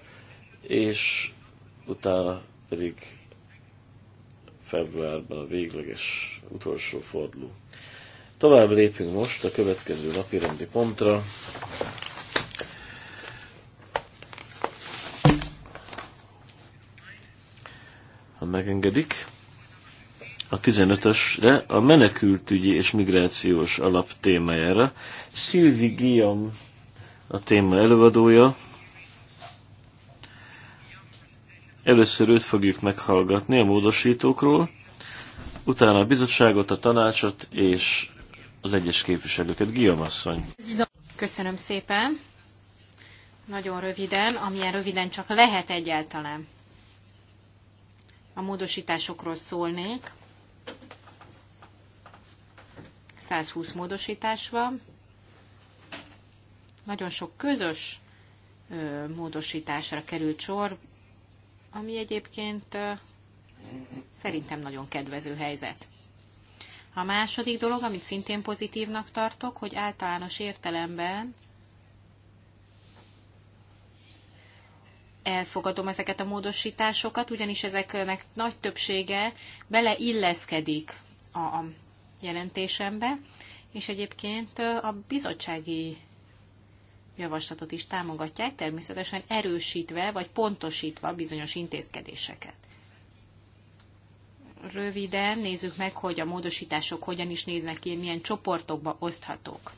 és utána pedig februárban a végleges utolsó forduló. Tovább lépünk most a következő napi rendi pontra. ha megengedik. A 15-ösre a menekültügyi és migrációs alap témájára. Szilvi Giam, a téma előadója. Először őt fogjuk meghallgatni a módosítókról, utána a bizottságot, a tanácsot és az egyes képviselőket. Giam asszony. Köszönöm szépen. Nagyon röviden, amilyen röviden csak lehet egyáltalán a módosításokról szólnék. 120 módosítás van. Nagyon sok közös módosításra került sor, ami egyébként szerintem nagyon kedvező helyzet. A második dolog, amit szintén pozitívnak tartok, hogy általános értelemben elfogadom ezeket a módosításokat, ugyanis ezeknek nagy többsége beleilleszkedik a jelentésembe, és egyébként a bizottsági javaslatot is támogatják, természetesen erősítve vagy pontosítva bizonyos intézkedéseket. Röviden nézzük meg, hogy a módosítások hogyan is néznek ki, milyen csoportokba oszthatók.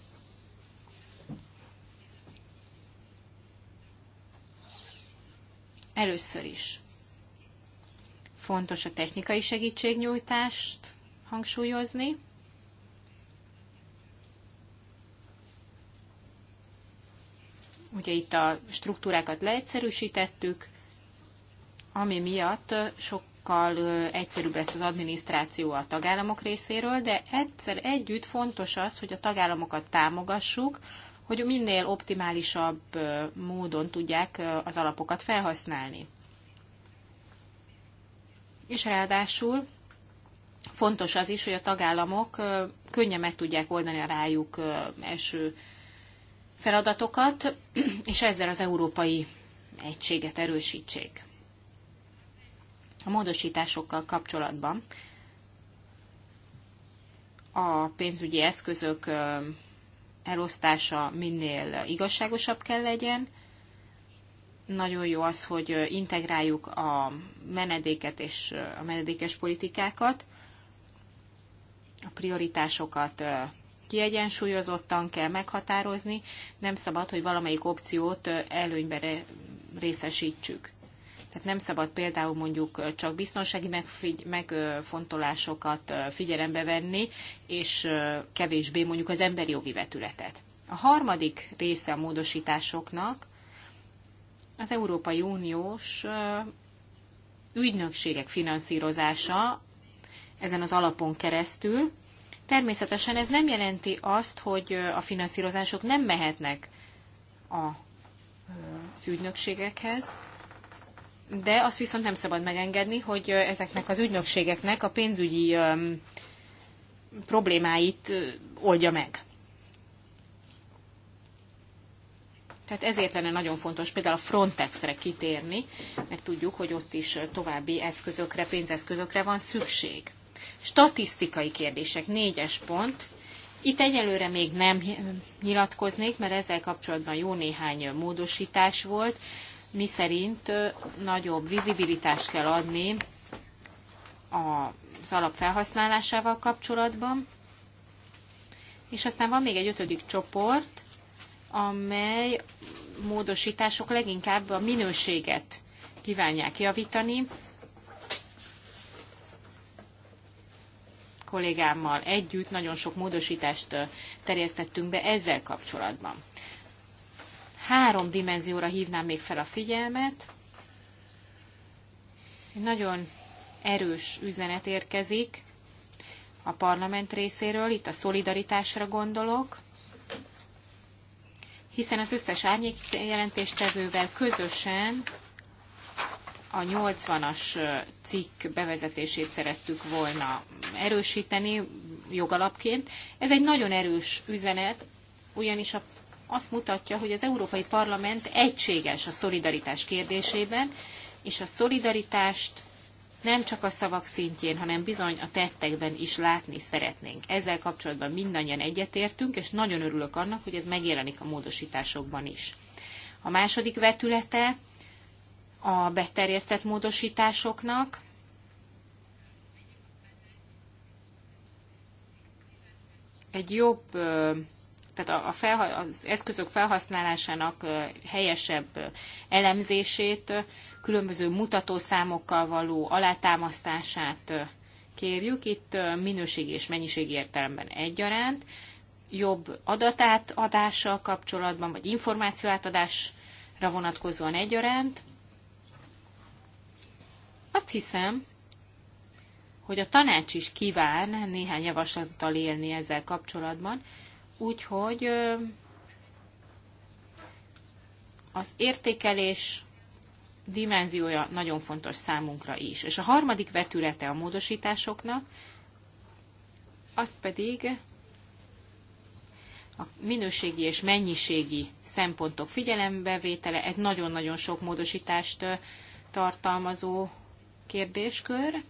Először is fontos a technikai segítségnyújtást hangsúlyozni. Ugye itt a struktúrákat leegyszerűsítettük, ami miatt sokkal egyszerűbb lesz az adminisztráció a tagállamok részéről, de egyszer együtt fontos az, hogy a tagállamokat támogassuk, hogy minél optimálisabb módon tudják az alapokat felhasználni. És ráadásul fontos az is, hogy a tagállamok könnyen meg tudják oldani a rájuk első feladatokat, [CLEARS THROAT] és ezzel az európai egységet erősítsék. A módosításokkal kapcsolatban a pénzügyi eszközök elosztása minél igazságosabb kell legyen. Nagyon jó az, hogy integráljuk a menedéket és a menedékes politikákat. A prioritásokat kiegyensúlyozottan kell meghatározni, nem szabad, hogy valamelyik opciót előnybe részesítsük. Tehát nem szabad például mondjuk csak biztonsági megfigy- megfontolásokat figyelembe venni, és kevésbé mondjuk az emberi jogi vetületet. A harmadik része a módosításoknak az Európai Uniós ügynökségek finanszírozása ezen az alapon keresztül. Természetesen ez nem jelenti azt, hogy a finanszírozások nem mehetnek a ügynökségekhez, de azt viszont nem szabad megengedni, hogy ezeknek az ügynökségeknek a pénzügyi problémáit oldja meg. Tehát ezért lenne nagyon fontos például a Frontexre kitérni, mert tudjuk, hogy ott is további eszközökre, pénzeszközökre van szükség. Statisztikai kérdések, négyes pont. Itt egyelőre még nem nyilatkoznék, mert ezzel kapcsolatban jó néhány módosítás volt mi szerint nagyobb vizibilitást kell adni az alap felhasználásával kapcsolatban. És aztán van még egy ötödik csoport, amely módosítások leginkább a minőséget kívánják javítani. Kollégámmal együtt nagyon sok módosítást terjesztettünk be ezzel kapcsolatban három dimenzióra hívnám még fel a figyelmet. Egy nagyon erős üzenet érkezik a parlament részéről, itt a szolidaritásra gondolok, hiszen az összes árnyék jelentéstevővel közösen a 80-as cikk bevezetését szerettük volna erősíteni jogalapként. Ez egy nagyon erős üzenet, ugyanis a azt mutatja, hogy az Európai Parlament egységes a szolidaritás kérdésében, és a szolidaritást nem csak a szavak szintjén, hanem bizony a tettekben is látni szeretnénk. Ezzel kapcsolatban mindannyian egyetértünk, és nagyon örülök annak, hogy ez megjelenik a módosításokban is. A második vetülete a beterjesztett módosításoknak, egy jobb tehát a, felha, az eszközök felhasználásának helyesebb elemzését, különböző mutatószámokkal való alátámasztását kérjük. Itt minőségi és mennyiségi értelemben egyaránt, jobb adással kapcsolatban, vagy információ átadásra vonatkozóan egyaránt. Azt hiszem, hogy a tanács is kíván néhány javaslattal élni ezzel kapcsolatban, Úgyhogy az értékelés dimenziója nagyon fontos számunkra is. És a harmadik vetülete a módosításoknak, az pedig a minőségi és mennyiségi szempontok figyelembevétele, ez nagyon-nagyon sok módosítást tartalmazó kérdéskör,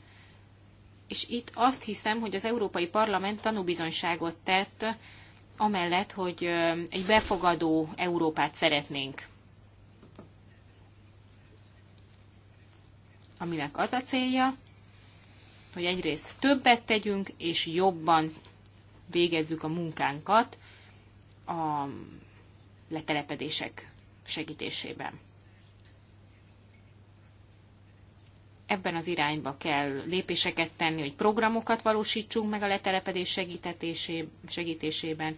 és itt azt hiszem, hogy az Európai Parlament tanúbizonyságot tett amellett, hogy egy befogadó Európát szeretnénk. Aminek az a célja, hogy egyrészt többet tegyünk, és jobban végezzük a munkánkat a letelepedések segítésében. ebben az irányba kell lépéseket tenni, hogy programokat valósítsunk meg a letelepedés segítésében,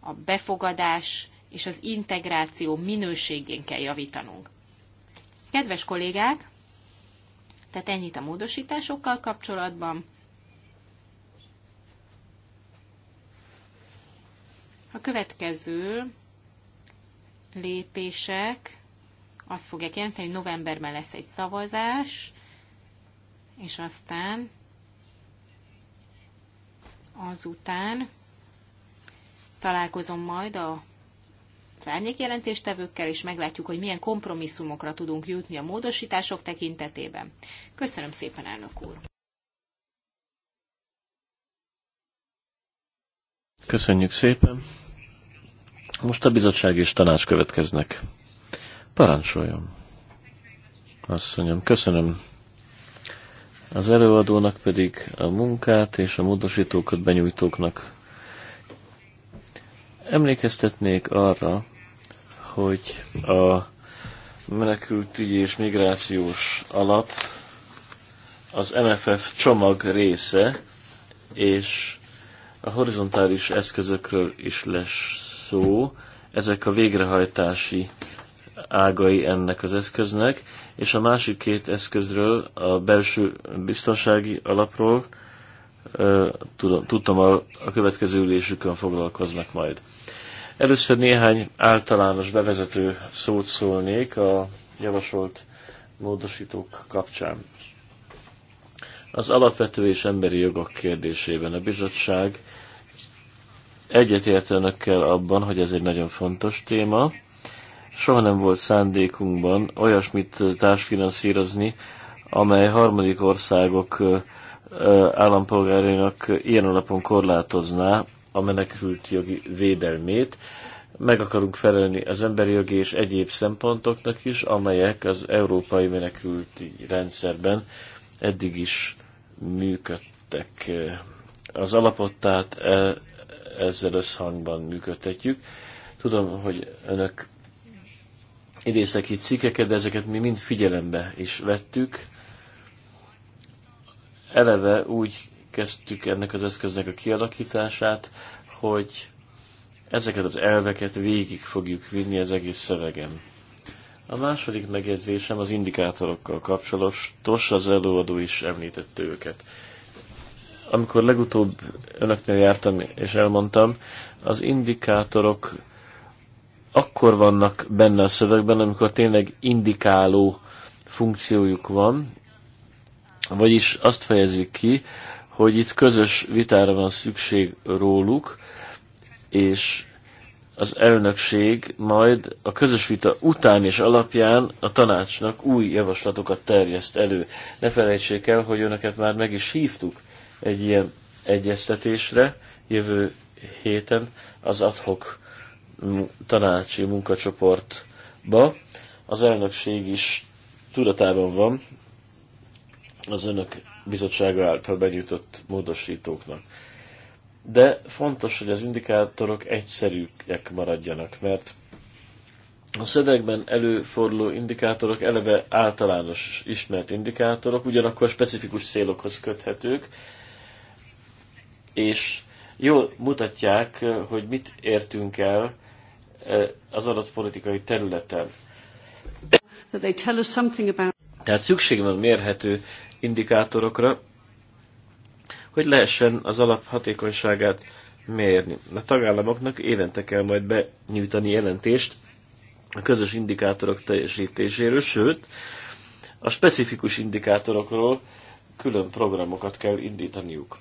a befogadás és az integráció minőségén kell javítanunk. Kedves kollégák, tehát ennyit a módosításokkal kapcsolatban. A következő lépések azt fogják jelenteni, hogy novemberben lesz egy szavazás, és aztán azután találkozom majd a jelentéstevőkkel és meglátjuk, hogy milyen kompromisszumokra tudunk jutni a módosítások tekintetében. Köszönöm szépen, elnök úr! Köszönjük szépen! Most a bizottság és tanács következnek. Parancsoljon! Asszonyom, köszönöm az előadónak pedig a munkát és a módosítókat benyújtóknak. Emlékeztetnék arra, hogy a menekültügyi és migrációs alap az MFF csomag része, és a horizontális eszközökről is lesz szó. Ezek a végrehajtási ágai ennek az eszköznek, és a másik két eszközről, a belső biztonsági alapról tudom, tudtam, a következő ülésükön foglalkoznak majd. Először néhány általános bevezető szót szólnék a javasolt módosítók kapcsán. Az alapvető és emberi jogok kérdésében a bizottság egyetért önökkel abban, hogy ez egy nagyon fontos téma, soha nem volt szándékunkban olyasmit társfinanszírozni, amely harmadik országok állampolgárainak ilyen alapon korlátozná a menekült jogi védelmét. Meg akarunk felelni az emberi jogi és egyéb szempontoknak is, amelyek az európai menekülti rendszerben eddig is működtek. Az alapot tehát e- ezzel összhangban működtetjük. Tudom, hogy önök idéztek itt cikkeket, de ezeket mi mind figyelembe is vettük. Eleve úgy kezdtük ennek az eszköznek a kialakítását, hogy ezeket az elveket végig fogjuk vinni az egész szövegem. A második megjegyzésem az indikátorokkal kapcsolatos, az előadó is említett őket. Amikor legutóbb önöknél jártam és elmondtam, az indikátorok akkor vannak benne a szövegben, amikor tényleg indikáló funkciójuk van, vagyis azt fejezik ki, hogy itt közös vitára van szükség róluk, és az elnökség majd a közös vita után és alapján a tanácsnak új javaslatokat terjeszt elő. Ne felejtsék el, hogy önöket már meg is hívtuk egy ilyen egyeztetésre jövő héten az adhok tanácsi munkacsoportba. Az elnökség is tudatában van az önök bizottsága által benyújtott módosítóknak. De fontos, hogy az indikátorok egyszerűek maradjanak, mert a szövegben előforduló indikátorok eleve általános ismert indikátorok, ugyanakkor specifikus célokhoz köthetők, és jól mutatják, hogy mit értünk el az adott politikai területen. Tehát szükség van mérhető indikátorokra, hogy lehessen az alap hatékonyságát mérni. A tagállamoknak évente kell majd benyújtani jelentést a közös indikátorok teljesítéséről, sőt, a specifikus indikátorokról külön programokat kell indítaniuk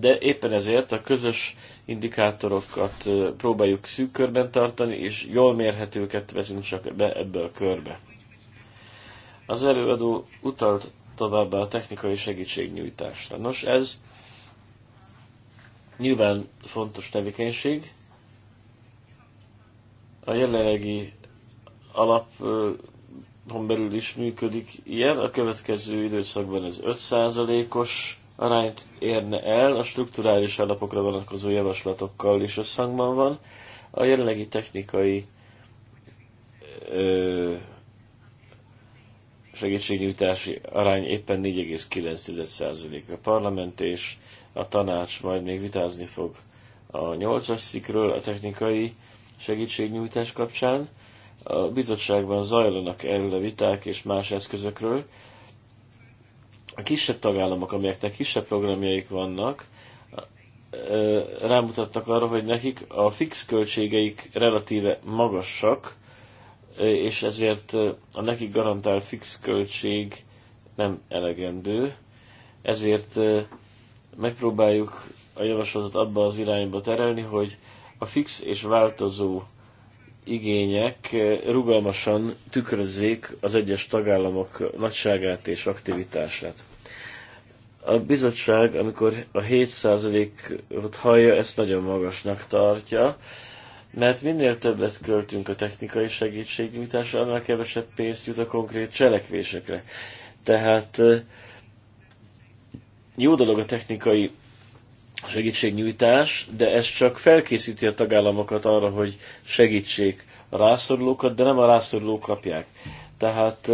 de éppen ezért a közös indikátorokat próbáljuk szűk körben tartani, és jól mérhetőket vezünk csak be ebbe a körbe. Az előadó utalt továbbá a technikai segítségnyújtásra. Nos, ez nyilván fontos tevékenység. A jelenlegi alap belül is működik ilyen, a következő időszakban ez 5%-os arányt érne el, a strukturális alapokra vonatkozó javaslatokkal is összhangban van. A jelenlegi technikai ö, segítségnyújtási arány éppen 4,9%. A parlament és a tanács majd még vitázni fog a 8-as szikről a technikai segítségnyújtás kapcsán. A bizottságban zajlanak erről a viták és más eszközökről, a kisebb tagállamok, amelyeknek kisebb programjaik vannak, rámutattak arra, hogy nekik a fix költségeik relatíve magasak, és ezért a nekik garantált fix költség nem elegendő. Ezért megpróbáljuk a javaslatot abba az irányba terelni, hogy a fix és változó igények eh, rugalmasan tükrözzék az egyes tagállamok nagyságát és aktivitását. A bizottság, amikor a 7%-ot hallja, ezt nagyon magasnak tartja, mert minél többet költünk a technikai segítségnyújtásra, annál kevesebb pénzt jut a konkrét cselekvésekre. Tehát eh, jó dolog a technikai segítségnyújtás, de ez csak felkészíti a tagállamokat arra, hogy segítsék a rászorulókat, de nem a rászorulók kapják. Tehát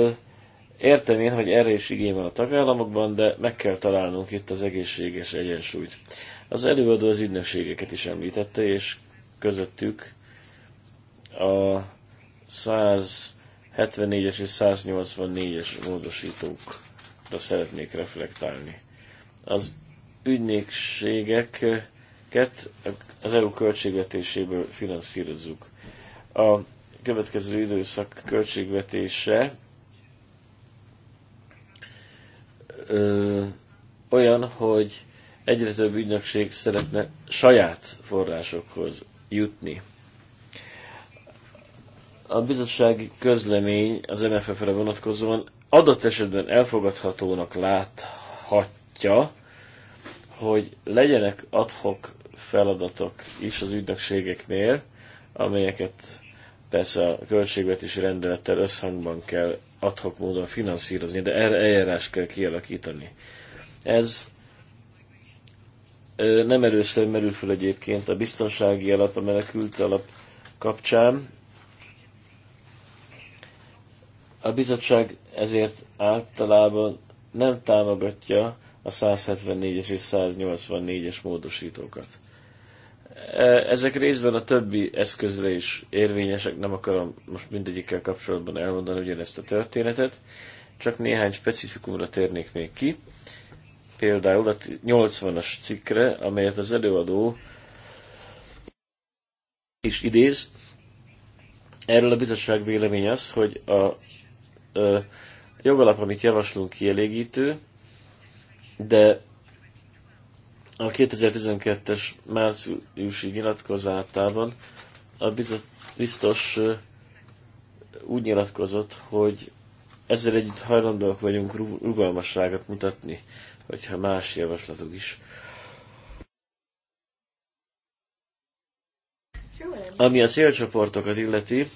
értem én, hogy erre is igény van a tagállamokban, de meg kell találnunk itt az egészséges egyensúlyt. Az előadó az ügynökségeket is említette, és közöttük a 174-es és 184-es módosítókra szeretnék reflektálni. Az ügynökségeket az EU költségvetéséből finanszírozzuk. A következő időszak költségvetése ö, olyan, hogy egyre több ügynökség szeretne saját forrásokhoz jutni. A bizottsági közlemény az MFF-re vonatkozóan adott esetben elfogadhatónak láthatja, hogy legyenek adhok feladatok is az ügynökségeknél, amelyeket persze a költségvetési rendelettel összhangban kell adhok módon finanszírozni, de erre eljárás kell kialakítani. Ez nem először merül fel egyébként a biztonsági alap, a menekült alap kapcsán. A bizottság ezért általában nem támogatja a 174-es és 184-es módosítókat. E, ezek részben a többi eszközre is érvényesek, nem akarom most mindegyikkel kapcsolatban elmondani ugyanezt a történetet, csak néhány specifikumra térnék még ki. Például a 80-as cikkre, amelyet az előadó is idéz, erről a bizottság vélemény az, hogy a, a jogalap, amit javaslunk kielégítő, de a 2012-es márciusi nyilatkozatában a biztos úgy nyilatkozott, hogy ezzel együtt hajlandóak vagyunk rugalmasságot mutatni, hogyha más javaslatok is. Ami a célcsoportokat illeti,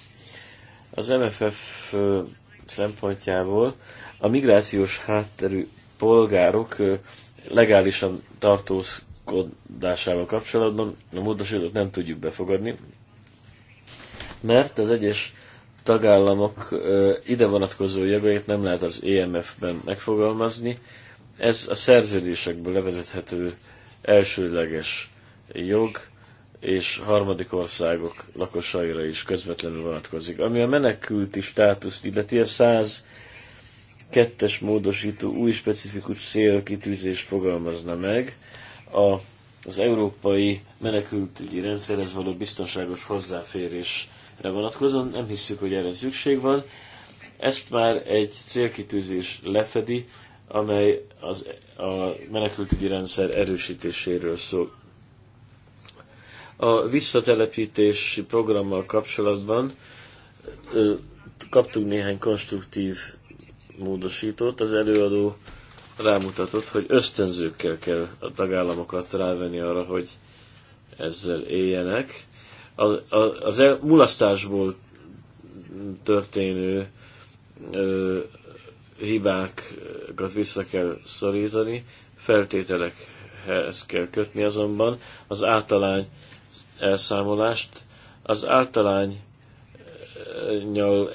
az MFF szempontjából a migrációs hátterű polgárok legálisan tartózkodásával kapcsolatban a módosítót nem tudjuk befogadni, mert az egyes tagállamok ide vonatkozó jogait nem lehet az EMF-ben megfogalmazni. Ez a szerződésekből levezethető elsőleges jog, és harmadik országok lakosaira is közvetlenül vonatkozik. Ami a menekülti státuszt illeti, a kettes módosító új specifikus célkitűzést fogalmazna meg, a, az európai menekültügyi rendszerhez való biztonságos hozzáférésre vonatkozóan nem hiszük, hogy erre szükség van. Ezt már egy célkitűzés lefedi, amely az, a menekültügyi rendszer erősítéséről szól. A visszatelepítési programmal kapcsolatban ö, kaptunk néhány konstruktív módosított az előadó rámutatott, hogy ösztönzőkkel kell a tagállamokat rávenni arra, hogy ezzel éljenek. A, a, az el, mulasztásból történő ö, hibákat vissza kell szorítani, feltételekhez kell kötni azonban az általány elszámolást, az általány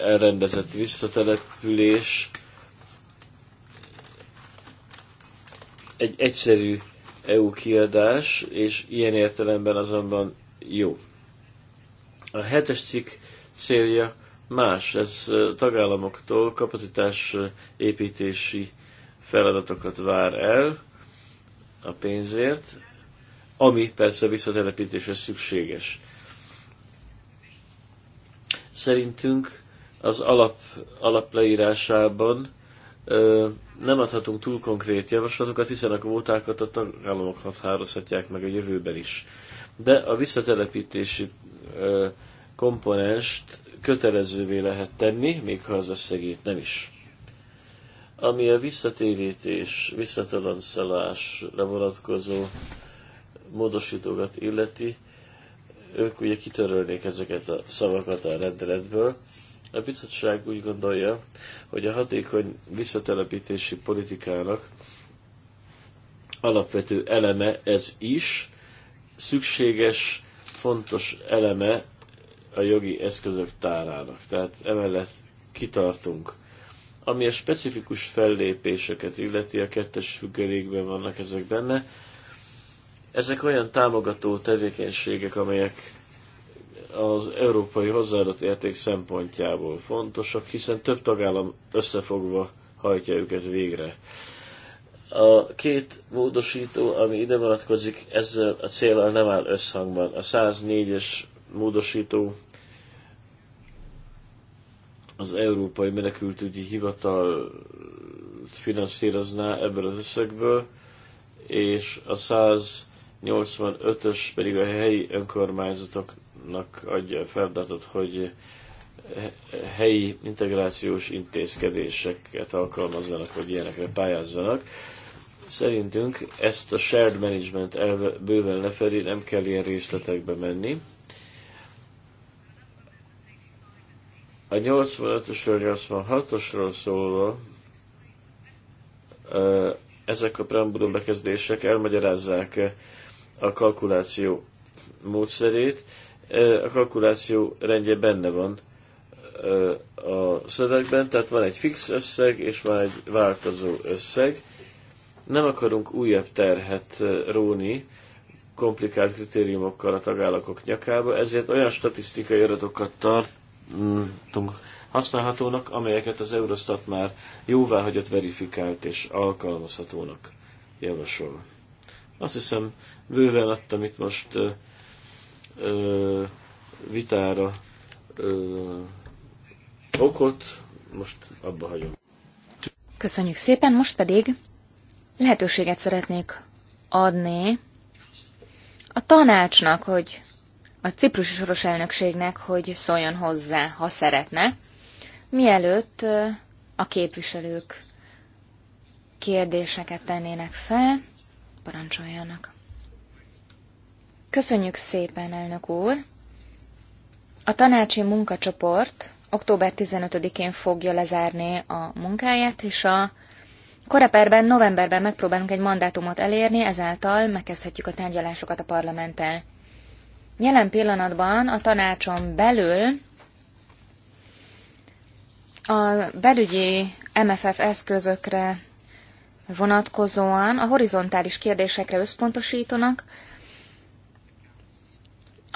elrendezett visszatelepülés egy egyszerű EU kiadás, és ilyen értelemben azonban jó. A hetes cikk célja más, ez tagállamoktól kapacitás építési feladatokat vár el a pénzért, ami persze visszatelepítésre szükséges. Szerintünk az alap, alapleírásában Ö, nem adhatunk túl konkrét javaslatokat, hiszen a kvótákat a tagállamok határozhatják meg a jövőben is. De a visszatelepítési ö, komponest kötelezővé lehet tenni, még ha az összegét nem is. Ami a visszatérítés, visszatalancsalásra vonatkozó módosítókat illeti, ők ugye kitörölnék ezeket a szavakat a rendeletből, a bizottság úgy gondolja, hogy a hatékony visszatelepítési politikának alapvető eleme ez is, szükséges, fontos eleme a jogi eszközök tárának. Tehát emellett kitartunk. Ami a specifikus fellépéseket illeti, a kettes függelékben vannak ezek benne, ezek olyan támogató tevékenységek, amelyek az európai hozzáadott érték szempontjából fontosak, hiszen több tagállam összefogva hajtja őket végre. A két módosító, ami ide vonatkozik, ezzel a célral nem áll összhangban. A 104-es módosító az Európai Menekültügyi Hivatal finanszírozná ebből az összegből, és a 185-ös pedig a helyi önkormányzatok nak adja a feladatot, hogy helyi integrációs intézkedéseket alkalmazzanak, vagy ilyenekre pályázzanak. Szerintünk ezt a shared management elve bőven lefelé nem kell ilyen részletekbe menni. A 85 vagy 86-osról szóló ezek a preambulum bekezdések elmagyarázzák a kalkuláció módszerét, a kalkuláció rendje benne van a szövegben, tehát van egy fix összeg, és van egy változó összeg. Nem akarunk újabb terhet róni komplikált kritériumokkal a tagállakok nyakába, ezért olyan statisztikai adatokat tartunk használhatónak, amelyeket az Eurostat már jóváhagyott, verifikált és alkalmazhatónak javasol. Azt hiszem, bőven adtam itt most ö, vitára ö, okot, most abba hagyom. Köszönjük szépen, most pedig lehetőséget szeretnék adni a tanácsnak, hogy a ciprusi soros elnökségnek, hogy szóljon hozzá, ha szeretne, mielőtt a képviselők kérdéseket tennének fel, parancsoljanak. Köszönjük szépen, elnök úr! A tanácsi munkacsoport október 15-én fogja lezárni a munkáját, és a koreperben novemberben megpróbálunk egy mandátumot elérni, ezáltal megkezdhetjük a tárgyalásokat a parlamenttel. Jelen pillanatban a tanácson belül a belügyi MFF eszközökre vonatkozóan a horizontális kérdésekre összpontosítanak,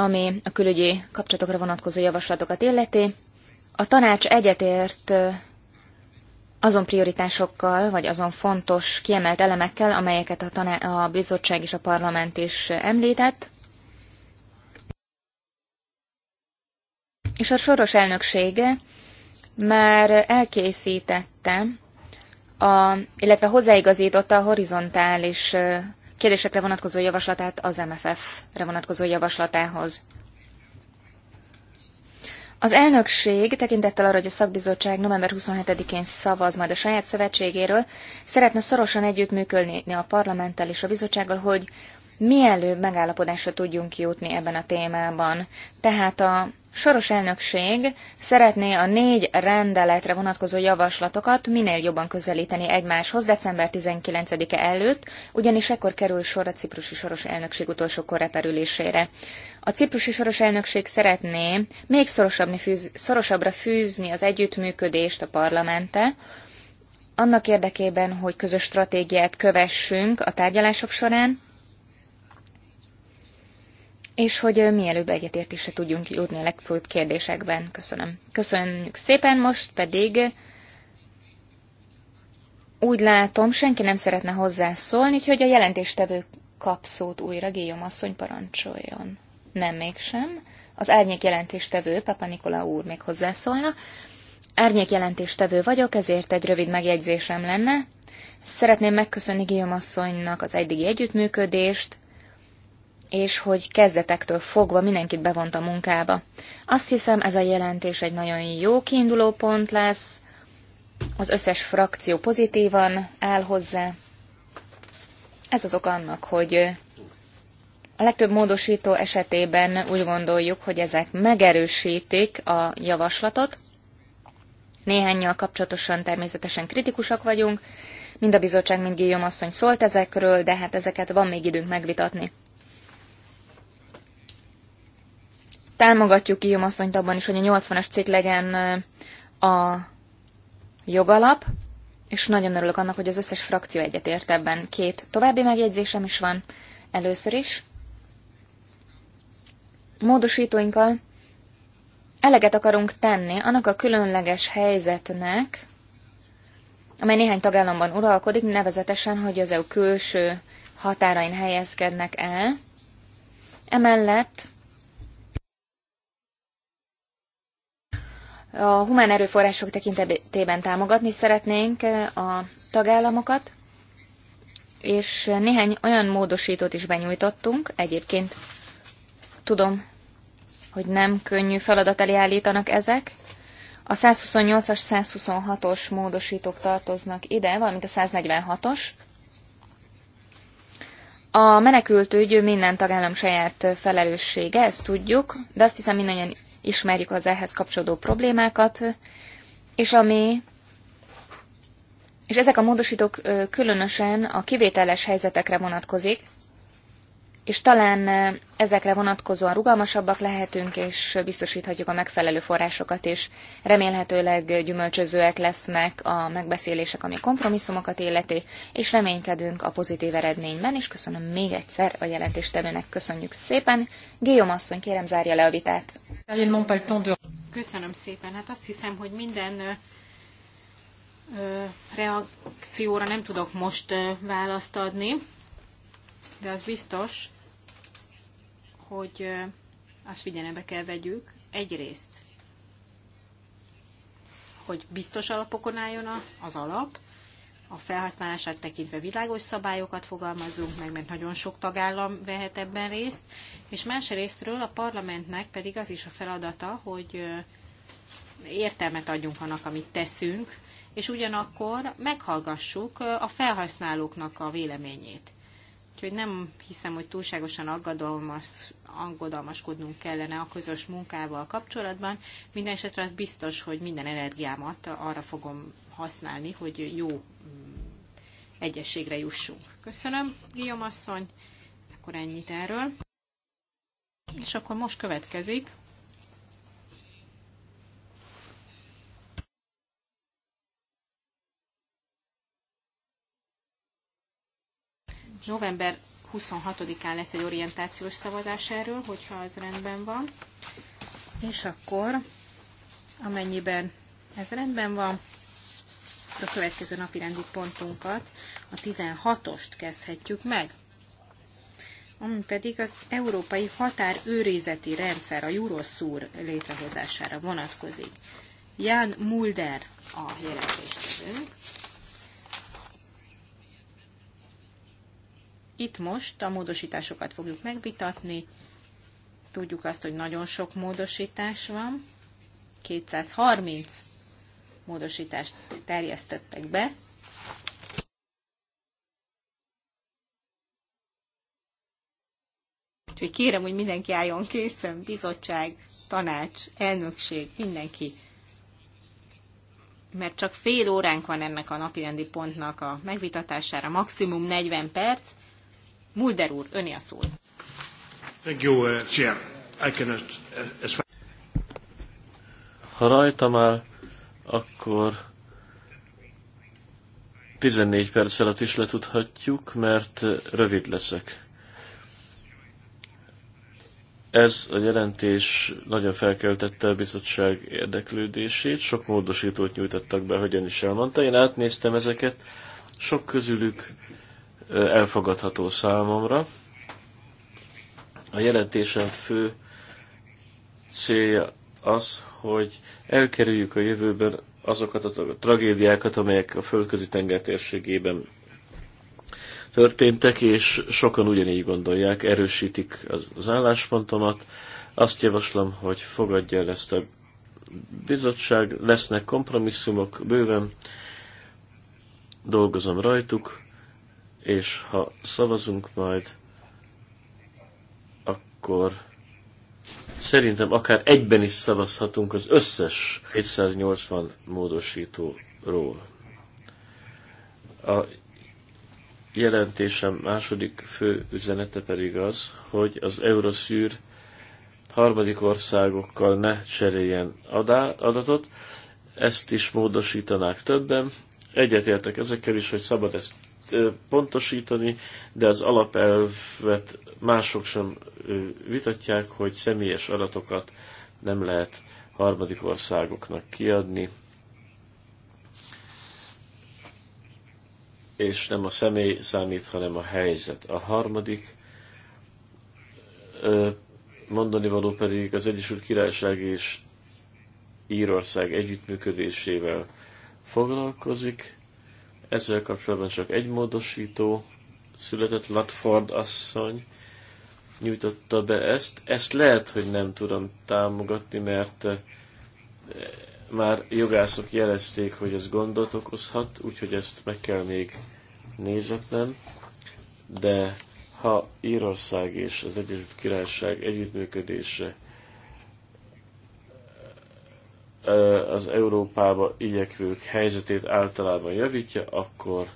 ami a külügyi kapcsolatokra vonatkozó javaslatokat illeti. A tanács egyetért azon prioritásokkal, vagy azon fontos kiemelt elemekkel, amelyeket a, taná- a bizottság és a parlament is említett. És a soros elnöksége már elkészítette, a, illetve hozzáigazította a horizontális kérdésekre vonatkozó javaslatát az MFF-re vonatkozó javaslatához. Az elnökség tekintettel arra, hogy a szakbizottság november 27-én szavaz majd a saját szövetségéről, szeretne szorosan együttműködni a parlamenttel és a bizottsággal, hogy mielőbb megállapodásra tudjunk jutni ebben a témában. Tehát a soros elnökség szeretné a négy rendeletre vonatkozó javaslatokat minél jobban közelíteni egymáshoz december 19-e előtt, ugyanis ekkor kerül sor a ciprusi soros elnökség utolsó korreperülésére. A ciprusi soros elnökség szeretné még szorosabbra, fűz, szorosabbra fűzni az együttműködést a parlamente, annak érdekében, hogy közös stratégiát kövessünk a tárgyalások során, és hogy mielőbb egyetértésre tudjunk jutni a legfőbb kérdésekben. Köszönöm. Köszönjük szépen, most pedig úgy látom, senki nem szeretne hozzászólni, úgyhogy a jelentéstevő kap szót újra, Géjom asszony parancsoljon. Nem mégsem. Az árnyék jelentéstevő, Papa Nikola úr még hozzászólna. Árnyék jelentéstevő vagyok, ezért egy rövid megjegyzésem lenne. Szeretném megköszönni Géjom asszonynak az eddigi együttműködést, és hogy kezdetektől fogva mindenkit bevont a munkába. Azt hiszem, ez a jelentés egy nagyon jó kiinduló pont lesz, az összes frakció pozitívan áll hozzá. Ez az ok annak, hogy a legtöbb módosító esetében úgy gondoljuk, hogy ezek megerősítik a javaslatot. Néhányjal kapcsolatosan természetesen kritikusak vagyunk, mind a bizottság, mind Guillaume asszony szólt ezekről, de hát ezeket van még időnk megvitatni. Támogatjuk Guillaume asszonyt abban is, hogy a 80-as cikk legyen a jogalap, és nagyon örülök annak, hogy az összes frakció egyetért ebben. Két további megjegyzésem is van. Először is módosítóinkkal eleget akarunk tenni annak a különleges helyzetnek, amely néhány tagállamban uralkodik, nevezetesen, hogy az EU külső határain helyezkednek el. Emellett A humán erőforrások tekintetében támogatni szeretnénk eh, a tagállamokat, és néhány olyan módosítót is benyújtottunk. Egyébként tudom, hogy nem könnyű feladat elé állítanak ezek. A 128-as, 126-os módosítók tartoznak ide, valamint a 146-os. A menekültügy minden tagállam saját felelőssége, ezt tudjuk, de azt hiszem mindannyian ismerjük az ehhez kapcsolódó problémákat, és ami és ezek a módosítók különösen a kivételes helyzetekre vonatkozik, és talán ezekre vonatkozóan rugalmasabbak lehetünk, és biztosíthatjuk a megfelelő forrásokat is. Remélhetőleg gyümölcsözőek lesznek a megbeszélések, ami a kompromisszumokat életi, és reménykedünk a pozitív eredményben, és köszönöm még egyszer a jelentéstevőnek. Köszönjük szépen. Guillaume asszony, kérem zárja le a vitát. Köszönöm szépen. Hát azt hiszem, hogy minden reakcióra nem tudok most választ adni, de az biztos, hogy azt figyelembe kell vegyük egyrészt, hogy biztos alapokon álljon az alap, a felhasználását tekintve világos szabályokat fogalmazunk meg, mert nagyon sok tagállam vehet ebben részt, és másrésztről a parlamentnek pedig az is a feladata, hogy értelmet adjunk annak, amit teszünk, és ugyanakkor meghallgassuk a felhasználóknak a véleményét. Úgyhogy nem hiszem, hogy túlságosan aggadalmas aggodalmaskodnunk kellene a közös munkával kapcsolatban. Mindenesetre az biztos, hogy minden energiámat arra fogom használni, hogy jó mm, egyességre jussunk. Köszönöm, Guillaume asszony, akkor ennyit erről. És akkor most következik november 26-án lesz egy orientációs szavazás erről, hogyha az rendben van. És akkor, amennyiben ez rendben van, a következő napi rendi pontunkat, a 16-ost kezdhetjük meg. Ami pedig az Európai Határőrizeti Rendszer, a Juroszúr létrehozására vonatkozik. Jan Mulder a jelentéstevőnk. Itt most a módosításokat fogjuk megvitatni. Tudjuk azt, hogy nagyon sok módosítás van. 230 módosítást terjesztettek be. Úgyhogy kérem, hogy mindenki álljon készen, bizottság, tanács, elnökség, mindenki. Mert csak fél óránk van ennek a napirendi pontnak a megvitatására, maximum 40 perc, Mulder úr, öné a Thank you, uh, Chair. I uh, ha rajtam áll, akkor 14 perc alatt is letudhatjuk, mert uh, rövid leszek. Ez a jelentés nagyon felkeltette a bizottság érdeklődését, sok módosítót nyújtottak be, ön is elmondta. Én átnéztem ezeket, sok közülük elfogadható számomra. A jelentésem fő célja az, hogy elkerüljük a jövőben azokat a tragédiákat, amelyek a földközi tenger térségében történtek, és sokan ugyanígy gondolják, erősítik az álláspontomat. Azt javaslom, hogy fogadja el ezt a bizottság, lesznek kompromisszumok bőven, dolgozom rajtuk, és ha szavazunk majd, akkor szerintem akár egyben is szavazhatunk az összes 180 módosítóról. A jelentésem második fő üzenete pedig az, hogy az Euroszűr harmadik országokkal ne cseréljen adatot, ezt is módosítanák többen. Egyetértek ezekkel is, hogy szabad ezt pontosítani, de az alapelvet mások sem vitatják, hogy személyes adatokat nem lehet harmadik országoknak kiadni, és nem a személy számít, hanem a helyzet. A harmadik mondani való pedig az Egyesült Királyság és Írország együttműködésével foglalkozik. Ezzel kapcsolatban csak egy módosító született, Latford asszony nyújtotta be ezt. Ezt lehet, hogy nem tudom támogatni, mert eh, már jogászok jelezték, hogy ez gondot okozhat, úgyhogy ezt meg kell még nézetnem. De ha Írország és az Egyesült Királyság együttműködése az Európába igyekvők helyzetét általában javítja, akkor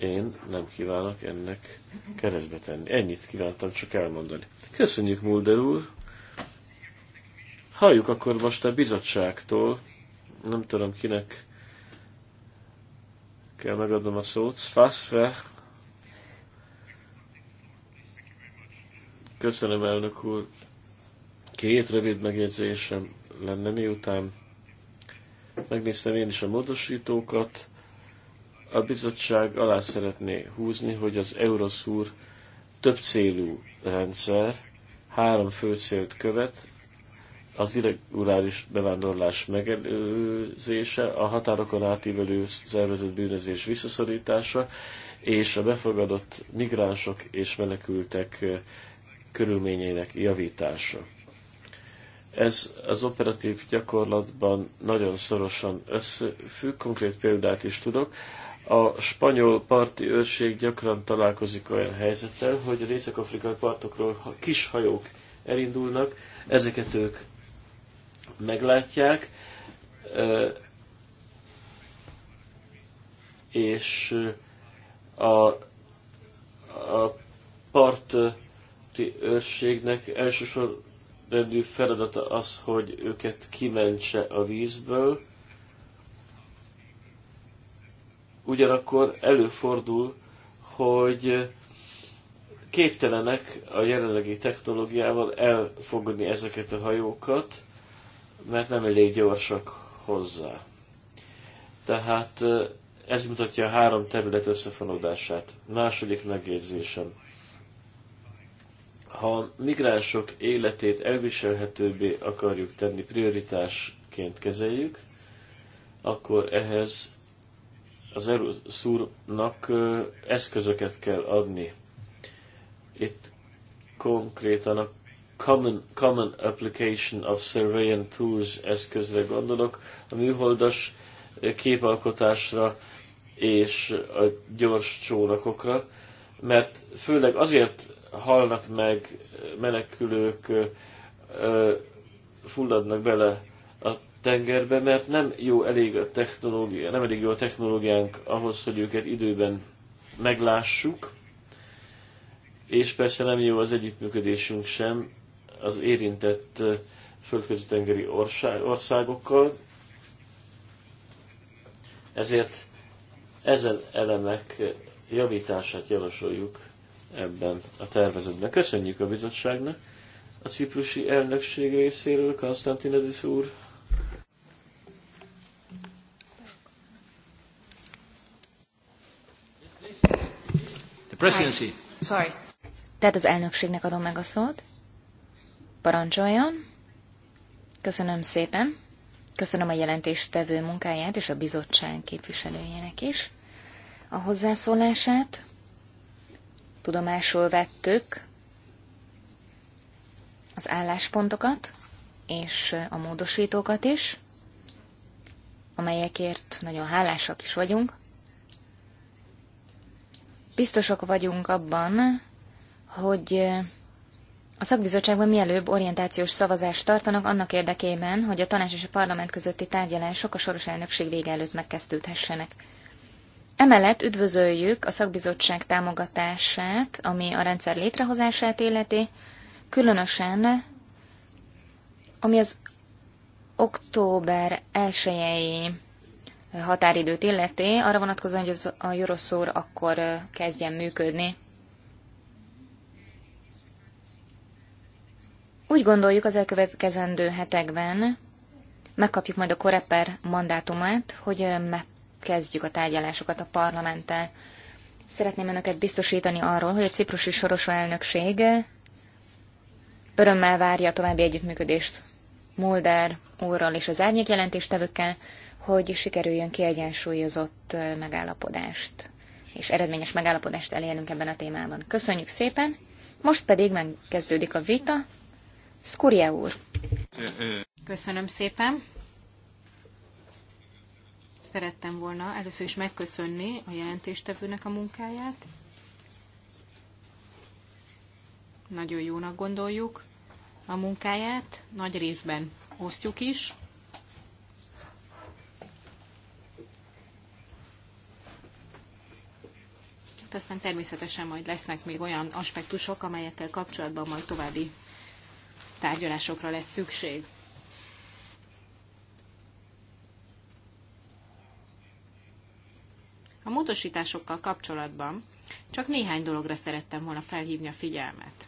én nem kívánok ennek keresztbe tenni. Ennyit kívántam csak elmondani. Köszönjük, Mulder úr! Halljuk akkor most a bizottságtól, nem tudom kinek kell megadnom a szót, Sfaszfe. Köszönöm, elnök úr. Két rövid megjegyzésem lenne, miután megnéztem én is a módosítókat, a bizottság alá szeretné húzni, hogy az Euroszúr több célú rendszer, három fő célt követ, az irreguláris bevándorlás megelőzése, a határokon átívelő szervezett bűnözés visszaszorítása, és a befogadott migránsok és menekültek eh, körülményeinek javítása. Ez az operatív gyakorlatban nagyon szorosan összefügg, konkrét példát is tudok. A spanyol parti őrség gyakran találkozik olyan helyzettel, hogy a észak-afrikai partokról kis hajók elindulnak, ezeket ők meglátják, és a, a parti őrségnek elsősorban rendű feladata az, hogy őket kimentse a vízből. Ugyanakkor előfordul, hogy képtelenek a jelenlegi technológiával elfogadni ezeket a hajókat, mert nem elég gyorsak hozzá. Tehát eh, ez mutatja a három terület összefonódását. Második megjegyzésem. Ha migránsok életét elviselhetőbbé akarjuk tenni, prioritásként kezeljük, akkor ehhez az szúrnak eszközöket kell adni. Itt konkrétan a Common, common Application of Surveillance Tools eszközre gondolok, a műholdas képalkotásra és a gyors csónakokra, mert főleg azért halnak meg, menekülők fulladnak bele a tengerbe, mert nem jó elég a technológia, nem elég jó a technológiánk ahhoz, hogy őket időben meglássuk, és persze nem jó az együttműködésünk sem az érintett földközi tengeri országokkal, ezért ezen elemek javítását javasoljuk ebben a tervezetben. Köszönjük a bizottságnak. A ciprusi elnökség részéről Konstantinedis úr. The presidency. Sorry. Tehát az elnökségnek adom meg a szót. Parancsoljon. Köszönöm szépen. Köszönöm a jelentéstevő munkáját és a bizottság képviselőjének is a hozzászólását tudomásul vettük az álláspontokat és a módosítókat is, amelyekért nagyon hálásak is vagyunk. Biztosak vagyunk abban, hogy a szakbizottságban mielőbb orientációs szavazást tartanak annak érdekében, hogy a tanács és a parlament közötti tárgyalások a soros elnökség vége előtt megkezdődhessenek. Emellett üdvözöljük a szakbizottság támogatását, ami a rendszer létrehozását illeti, különösen ami az október 1 határidőt illeti, arra vonatkozóan, hogy az a Euroszór akkor kezdjen működni. Úgy gondoljuk az elkövetkezendő hetekben, megkapjuk majd a Koreper mandátumát, hogy meg kezdjük a tárgyalásokat a parlamenttel. Szeretném önöket biztosítani arról, hogy a ciprusi soros elnökség örömmel várja a további együttműködést Mulder úrral és az árnyék jelentéstevőkkel, hogy sikerüljön kiegyensúlyozott megállapodást és eredményes megállapodást elérnünk ebben a témában. Köszönjük szépen! Most pedig megkezdődik a vita. Skurje úr! Köszönöm szépen! szerettem volna először is megköszönni a jelentéstevőnek a munkáját. Nagyon jónak gondoljuk a munkáját, nagy részben osztjuk is. Hát aztán természetesen majd lesznek még olyan aspektusok, amelyekkel kapcsolatban majd további tárgyalásokra lesz szükség. A módosításokkal kapcsolatban csak néhány dologra szerettem volna felhívni a figyelmet.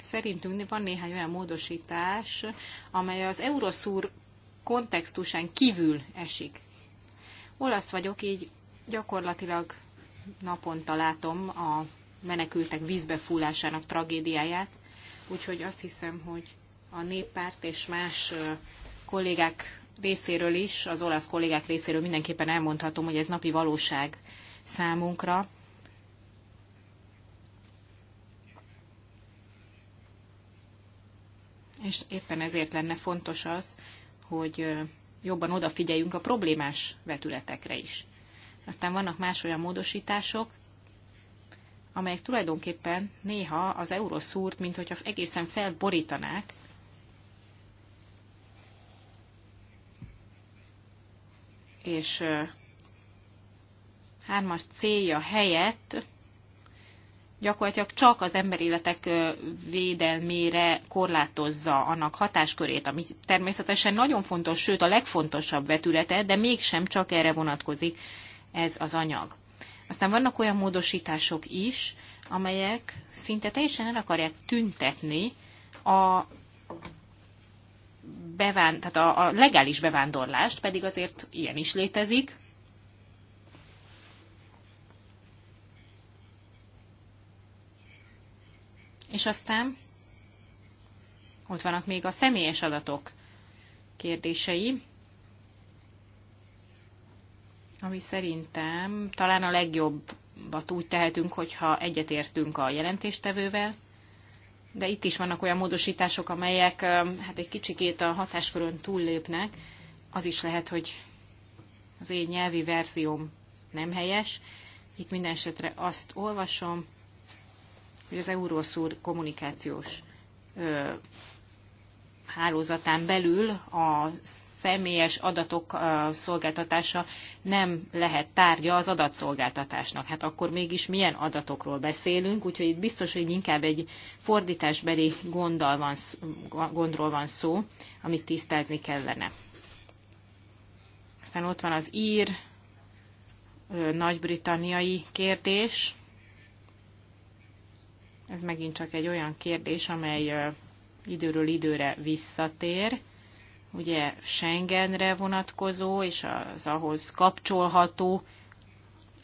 Szerintünk van néhány olyan módosítás, amely az Euroszúr kontextusán kívül esik. Olasz vagyok, így gyakorlatilag naponta látom a menekültek vízbefúlásának tragédiáját, úgyhogy azt hiszem, hogy a néppárt és más kollégák részéről is, az olasz kollégák részéről mindenképpen elmondhatom, hogy ez napi valóság számunkra. És éppen ezért lenne fontos az, hogy jobban odafigyeljünk a problémás vetületekre is. Aztán vannak más olyan módosítások, amelyek tulajdonképpen néha az euroszúrt, mint hogyha egészen felborítanák, és hármas célja helyett gyakorlatilag csak az emberéletek védelmére korlátozza annak hatáskörét, ami természetesen nagyon fontos, sőt a legfontosabb vetülete, de mégsem csak erre vonatkozik ez az anyag. Aztán vannak olyan módosítások is, amelyek szinte teljesen el akarják tüntetni a beván, tehát a, a legális bevándorlást, pedig azért ilyen is létezik. És aztán ott vannak még a személyes adatok kérdései, ami szerintem talán a legjobbat úgy tehetünk, hogyha egyetértünk a jelentéstevővel de itt is vannak olyan módosítások, amelyek hát egy kicsikét a hatáskörön túllépnek. Az is lehet, hogy az én nyelvi verzióm nem helyes. Itt minden esetre azt olvasom, hogy az Euroszúr kommunikációs ö, hálózatán belül a személyes adatok szolgáltatása nem lehet tárgya az adatszolgáltatásnak. Hát akkor mégis milyen adatokról beszélünk, úgyhogy itt biztos, hogy inkább egy fordításbeli gonddal van, gondról van szó, amit tisztázni kellene. Aztán ott van az ír, nagy-britanniai kérdés. Ez megint csak egy olyan kérdés, amely időről időre visszatér ugye Schengenre vonatkozó és az ahhoz kapcsolható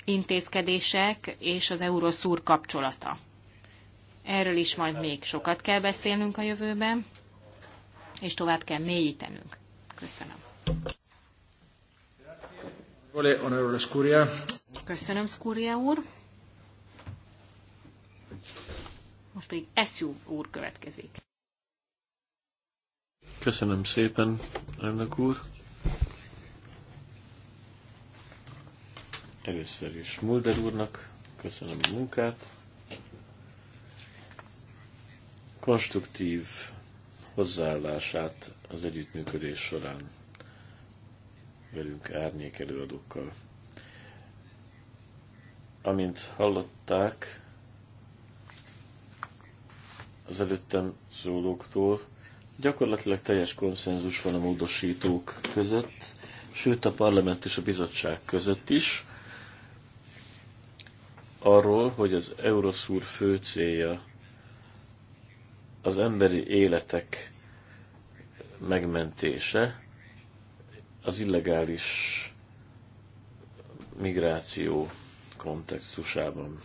intézkedések és az Euroszúr kapcsolata. Erről is majd még sokat kell beszélnünk a jövőben, és tovább kell mélyítenünk. Köszönöm. Köszönöm, Skúria úr. Most pedig Eszú úr következik. Köszönöm szépen, elnök úr. Először is Mulder úrnak köszönöm a munkát. Konstruktív hozzáállását az együttműködés során velünk árnyék előadókkal. Amint hallották az előttem szólóktól, Gyakorlatilag teljes konszenzus van a módosítók között, sőt a parlament és a bizottság között is, arról, hogy az Euroszúr fő célja az emberi életek megmentése, az illegális migráció kontextusában.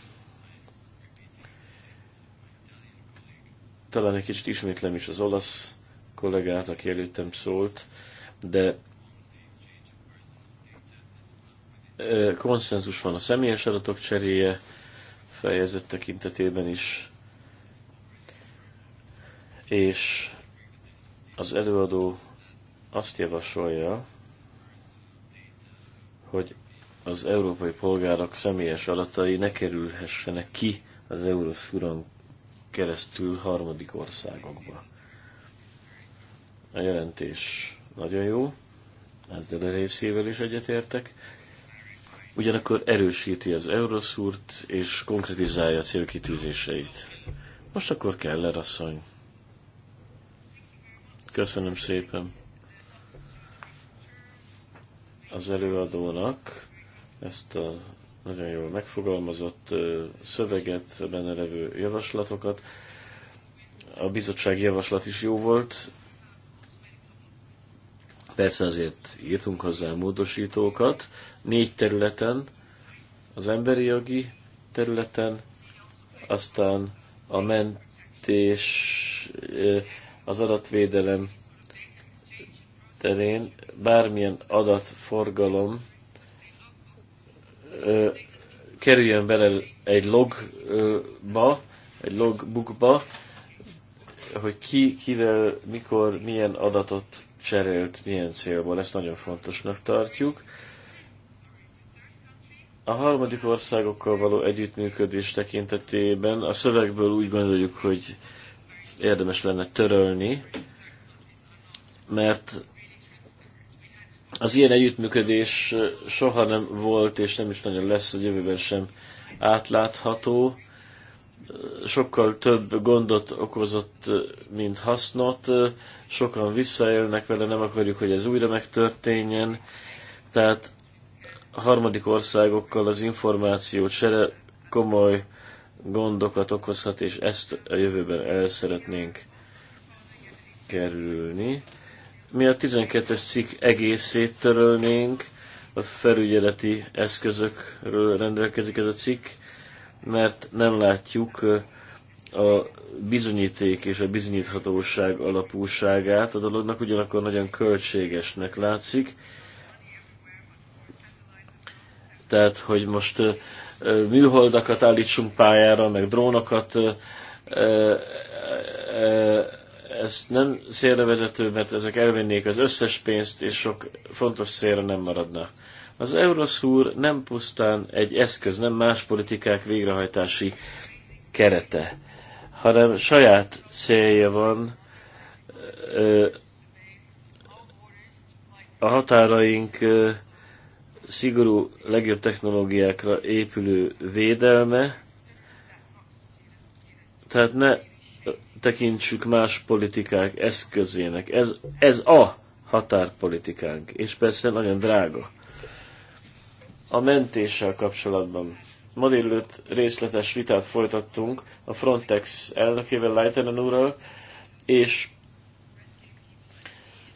Talán egy kicsit ismétlem is az olasz kollégát, aki előttem szólt, de konszenzus van a személyes adatok cseréje fejezet tekintetében is, és az előadó azt javasolja, hogy az európai polgárok személyes adatai ne kerülhessenek ki az Eurofuron keresztül harmadik országokba. A jelentés nagyon jó, ezzel a részével is egyetértek. Ugyanakkor erősíti az Euroszúrt és konkretizálja a célkitűzéseit. Most akkor kell asszony. Köszönöm szépen az előadónak ezt a nagyon jól megfogalmazott szöveget, benne levő javaslatokat. A bizottság javaslat is jó volt, Persze azért írtunk hozzá módosítókat, négy területen, az emberi jogi területen, aztán a mentés, az adatvédelem terén, bármilyen adatforgalom kerüljön bele egy logba, egy logbookba, hogy ki, kivel, mikor, milyen adatot cserélt, milyen célból, ezt nagyon fontosnak tartjuk. A harmadik országokkal való együttműködés tekintetében a szövegből úgy gondoljuk, hogy érdemes lenne törölni, mert az ilyen együttműködés soha nem volt, és nem is nagyon lesz a jövőben sem átlátható sokkal több gondot okozott, mint hasznot. Sokan visszaélnek vele, nem akarjuk, hogy ez újra megtörténjen. Tehát harmadik országokkal az információ csere komoly gondokat okozhat, és ezt a jövőben el szeretnénk kerülni. Mi a 12-es cikk egészét törölnénk, a felügyeleti eszközökről rendelkezik ez a cikk, mert nem látjuk a bizonyíték és a bizonyíthatóság alapúságát a dolognak, ugyanakkor nagyon költségesnek látszik. Tehát, hogy most műholdakat állítsunk pályára, meg drónokat, ez nem szélrevezető, mert ezek elvennék az összes pénzt, és sok fontos szélre nem maradna. Az Euroszúr nem pusztán egy eszköz, nem más politikák végrehajtási kerete, hanem saját célja van a határaink szigorú legjobb technológiákra épülő védelme, tehát ne tekintsük más politikák eszközének. Ez, ez a határpolitikánk, és persze nagyon drága a mentéssel kapcsolatban. Ma délőtt részletes vitát folytattunk a Frontex elnökével, Leitenen úrral, és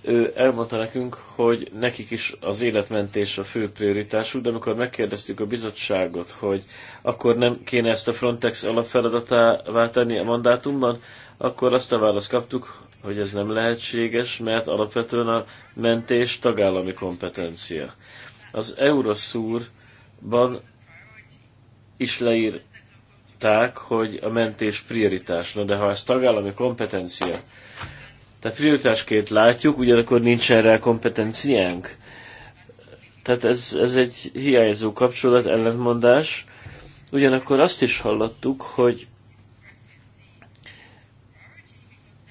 ő elmondta nekünk, hogy nekik is az életmentés a fő prioritásuk, de amikor megkérdeztük a bizottságot, hogy akkor nem kéne ezt a Frontex alapfeladatává tenni a mandátumban, akkor azt a választ kaptuk, hogy ez nem lehetséges, mert alapvetően a mentés tagállami kompetencia. Az Euroszúrban is leírták, hogy a mentés prioritás. Na de ha ez tagállami kompetencia, tehát prioritásként látjuk, ugyanakkor nincs erre kompetenciánk. Tehát ez, ez egy hiányzó kapcsolat, ellentmondás. Ugyanakkor azt is hallottuk, hogy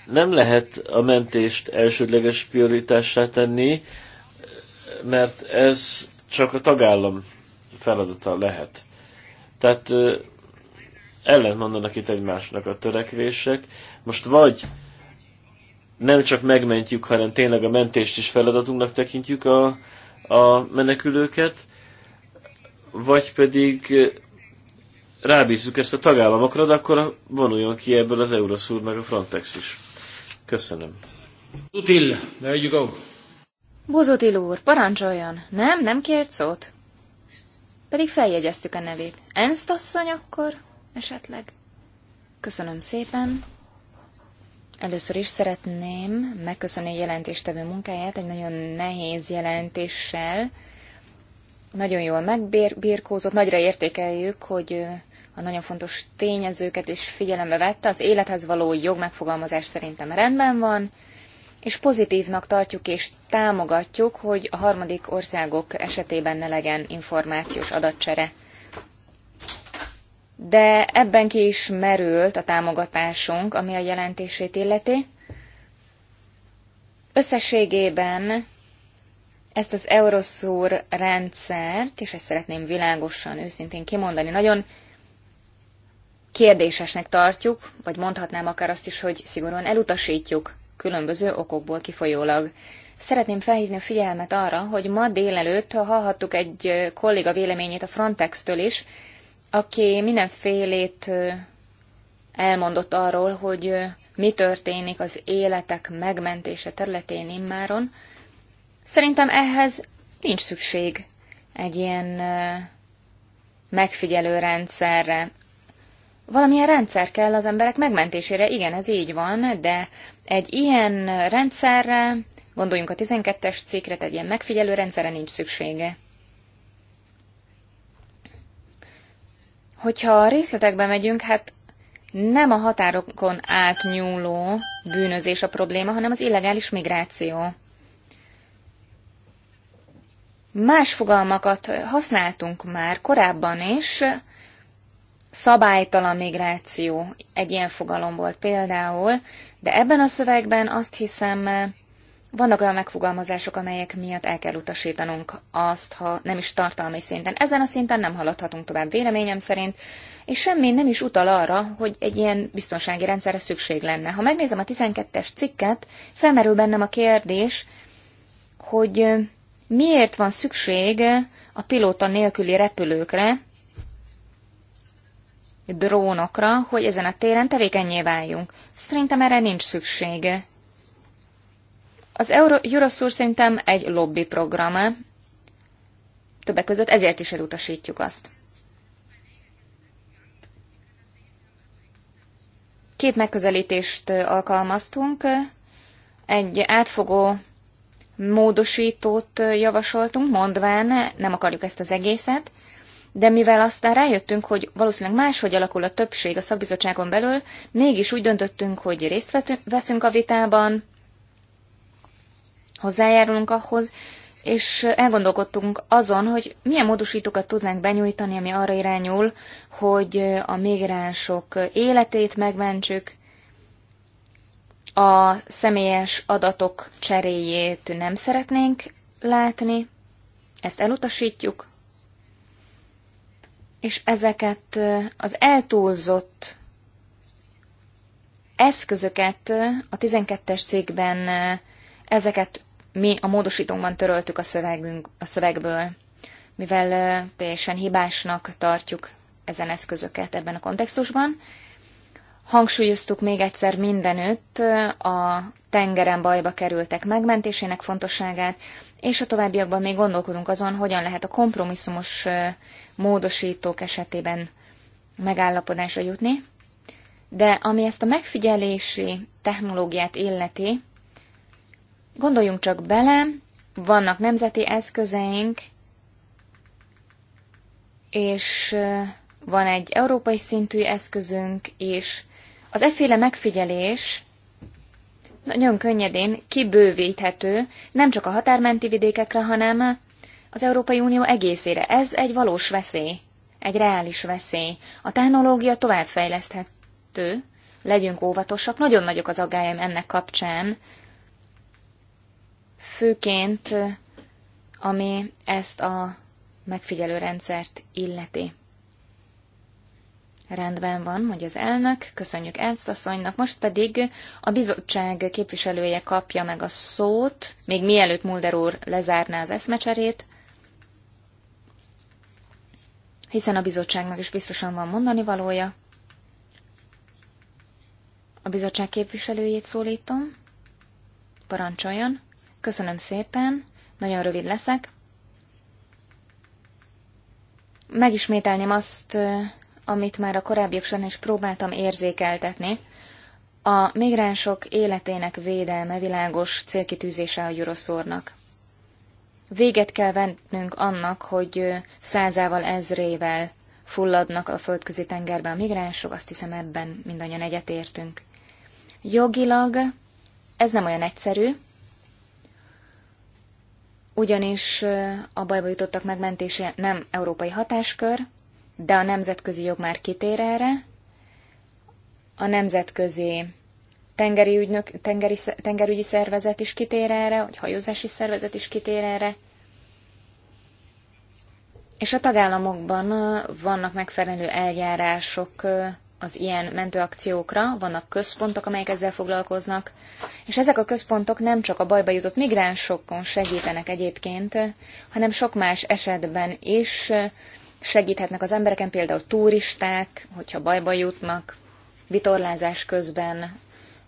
nem lehet a mentést elsődleges prioritássá tenni, mert ez csak a tagállam feladata lehet. Tehát mondanak itt egymásnak a törekvések. Most vagy nem csak megmentjük, hanem tényleg a mentést is feladatunknak tekintjük a, a menekülőket, vagy pedig rábízzuk ezt a tagállamokra, de akkor vonuljon ki ebből az Euroszúr meg a Frontex is. Köszönöm. Util, there you go. Buzutil úr, parancsoljon! Nem, nem kért szót? Pedig feljegyeztük a nevét. Enszt asszony akkor? Esetleg. Köszönöm szépen. Először is szeretném megköszönni a jelentéstevő munkáját egy nagyon nehéz jelentéssel. Nagyon jól megbírkózott, nagyra értékeljük, hogy a nagyon fontos tényezőket is figyelembe vette. Az élethez való jog megfogalmazás szerintem rendben van és pozitívnak tartjuk és támogatjuk, hogy a harmadik országok esetében ne legyen információs adatcsere. De ebben ki is merült a támogatásunk, ami a jelentését illeti. Összességében ezt az Euroszúr rendszert, és ezt szeretném világosan, őszintén kimondani, nagyon kérdésesnek tartjuk, vagy mondhatnám akár azt is, hogy szigorúan elutasítjuk különböző okokból kifolyólag. Szeretném felhívni a figyelmet arra, hogy ma délelőtt hallhattuk egy kolléga véleményét a Frontex-től is, aki mindenfélét elmondott arról, hogy mi történik az életek megmentése területén immáron. Szerintem ehhez nincs szükség egy ilyen megfigyelő rendszerre. Valamilyen rendszer kell az emberek megmentésére, igen, ez így van, de egy ilyen rendszerre, gondoljunk a 12-es cikkre, egy ilyen megfigyelő rendszerre nincs szüksége. Hogyha részletekbe megyünk, hát nem a határokon átnyúló bűnözés a probléma, hanem az illegális migráció. Más fogalmakat használtunk már korábban is, szabálytalan migráció egy ilyen fogalom volt például, de ebben a szövegben azt hiszem, vannak olyan megfogalmazások, amelyek miatt el kell utasítanunk azt, ha nem is tartalmi szinten. Ezen a szinten nem haladhatunk tovább véleményem szerint, és semmi nem is utal arra, hogy egy ilyen biztonsági rendszerre szükség lenne. Ha megnézem a 12-es cikket, felmerül bennem a kérdés, hogy miért van szükség a pilóta nélküli repülőkre, drónokra, hogy ezen a téren tevékenyé váljunk. Szerintem erre nincs szüksége. Az Euro szerintem egy lobby programa. Többek között ezért is elutasítjuk azt. Két megközelítést alkalmaztunk. Egy átfogó módosítót javasoltunk, mondván nem akarjuk ezt az egészet, de mivel aztán rájöttünk, hogy valószínűleg máshogy alakul a többség a szakbizottságon belül, mégis úgy döntöttünk, hogy részt veszünk a vitában, hozzájárulunk ahhoz, és elgondolkodtunk azon, hogy milyen módosítókat tudnánk benyújtani, ami arra irányul, hogy a migránsok életét megmentsük, a személyes adatok cseréjét nem szeretnénk látni, ezt elutasítjuk, és ezeket az eltúlzott eszközöket a 12-es cégben ezeket mi a módosítónkban töröltük a, szövegünk, a szövegből, mivel teljesen hibásnak tartjuk ezen eszközöket ebben a kontextusban. Hangsúlyoztuk még egyszer mindenütt a tengeren bajba kerültek megmentésének fontosságát, és a továbbiakban még gondolkodunk azon, hogyan lehet a kompromisszumos módosítók esetében megállapodásra jutni. De ami ezt a megfigyelési technológiát illeti, gondoljunk csak bele, vannak nemzeti eszközeink, és van egy európai szintű eszközünk, és az efféle megfigyelés nagyon könnyedén kibővíthető nem csak a határmenti vidékekre, hanem az Európai Unió egészére. Ez egy valós veszély, egy reális veszély. A technológia továbbfejleszthető, legyünk óvatosak, nagyon nagyok az aggályom ennek kapcsán, főként ami ezt a megfigyelő rendszert illeti. Rendben van, hogy az elnök, köszönjük Ernst asszonynak, most pedig a bizottság képviselője kapja meg a szót, még mielőtt Mulder úr lezárná az eszmecserét, hiszen a bizottságnak is biztosan van mondani valója. A bizottság képviselőjét szólítom. Parancsoljon. Köszönöm szépen. Nagyon rövid leszek. Megismételném azt, amit már a korábbiakban során is próbáltam érzékeltetni. A migránsok életének védelme világos célkitűzése a Juroszórnak. Véget kell vennünk annak, hogy százával, ezrével fulladnak a földközi tengerbe a migránsok, azt hiszem ebben mindannyian egyetértünk. Jogilag ez nem olyan egyszerű, ugyanis a bajba jutottak megmentése nem európai hatáskör, de a nemzetközi jog már kitér erre. A nemzetközi tengeri, ügynök, tengeri, tengerügyi szervezet is kitér erre, vagy hajózási szervezet is kitér erre. És a tagállamokban vannak megfelelő eljárások az ilyen mentőakciókra, vannak központok, amelyek ezzel foglalkoznak, és ezek a központok nem csak a bajba jutott migránsokon segítenek egyébként, hanem sok más esetben is segíthetnek az embereken, például turisták, hogyha bajba jutnak, vitorlázás közben,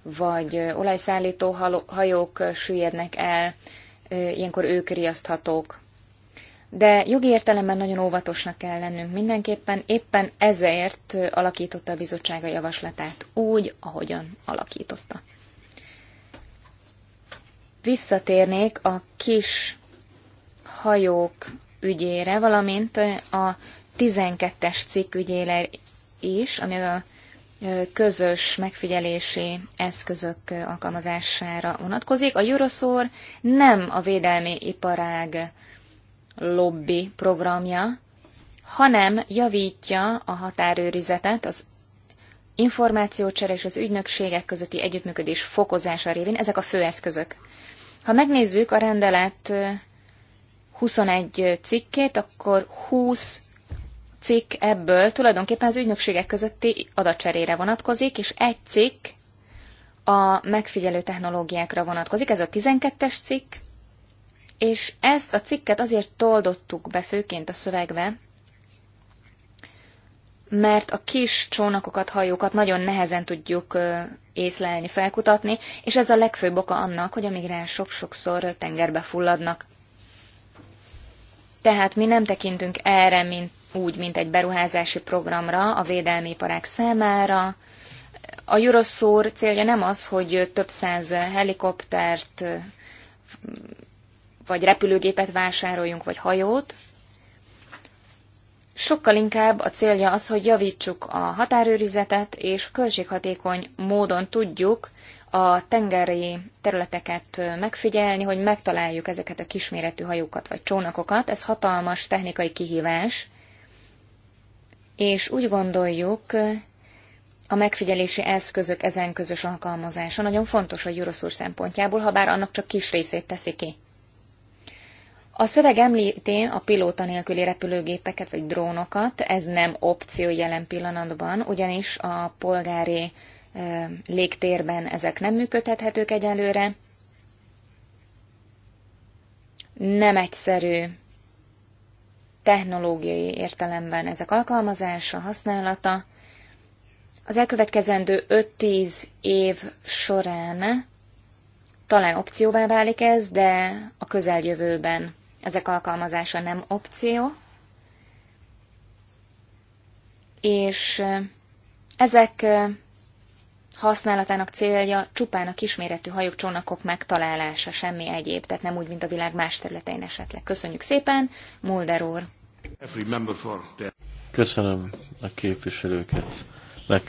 vagy olajszállító hajók süllyednek el, ilyenkor ők riaszthatók. De jogi értelemben nagyon óvatosnak kell lennünk mindenképpen, éppen ezért alakította a bizottság a javaslatát úgy, ahogyan alakította. Visszatérnék a kis hajók ügyére, valamint a 12-es cikk ügyére is, ami a közös megfigyelési eszközök alkalmazására vonatkozik. A Euroszor nem a védelmi iparág lobby programja, hanem javítja a határőrizetet az információcsere és az ügynökségek közötti együttműködés fokozása révén. Ezek a fő eszközök. Ha megnézzük a rendelet 21 cikkét, akkor 20 cikk ebből tulajdonképpen az ügynökségek közötti adatcserére vonatkozik, és egy cikk a megfigyelő technológiákra vonatkozik, ez a 12-es cikk, és ezt a cikket azért toldottuk be főként a szövegbe, mert a kis csónakokat, hajókat nagyon nehezen tudjuk észlelni, felkutatni, és ez a legfőbb oka annak, hogy a migránsok sokszor tengerbe fulladnak. Tehát mi nem tekintünk erre mint, úgy, mint egy beruházási programra a védelmi iparák számára. A Euroszór célja nem az, hogy több száz helikoptert vagy repülőgépet vásároljunk, vagy hajót. Sokkal inkább a célja az, hogy javítsuk a határőrizetet, és költséghatékony módon tudjuk a tengeri területeket megfigyelni, hogy megtaláljuk ezeket a kisméretű hajókat vagy csónakokat. Ez hatalmas technikai kihívás, és úgy gondoljuk, a megfigyelési eszközök ezen közös alkalmazása nagyon fontos a Euroszúr szempontjából, ha bár annak csak kis részét teszi ki. A szöveg említi a pilóta nélküli repülőgépeket vagy drónokat, ez nem opció jelen pillanatban, ugyanis a polgári légtérben ezek nem működhethetők egyelőre. Nem egyszerű technológiai értelemben ezek alkalmazása, használata. Az elkövetkezendő 5-10 év során talán opcióvá válik ez, de a közeljövőben ezek alkalmazása nem opció. És ezek használatának célja csupán a kisméretű hajókcsónakok megtalálása, semmi egyéb, tehát nem úgy, mint a világ más területein esetleg. Köszönjük szépen, Mulder úr! Köszönöm a képviselőket, meg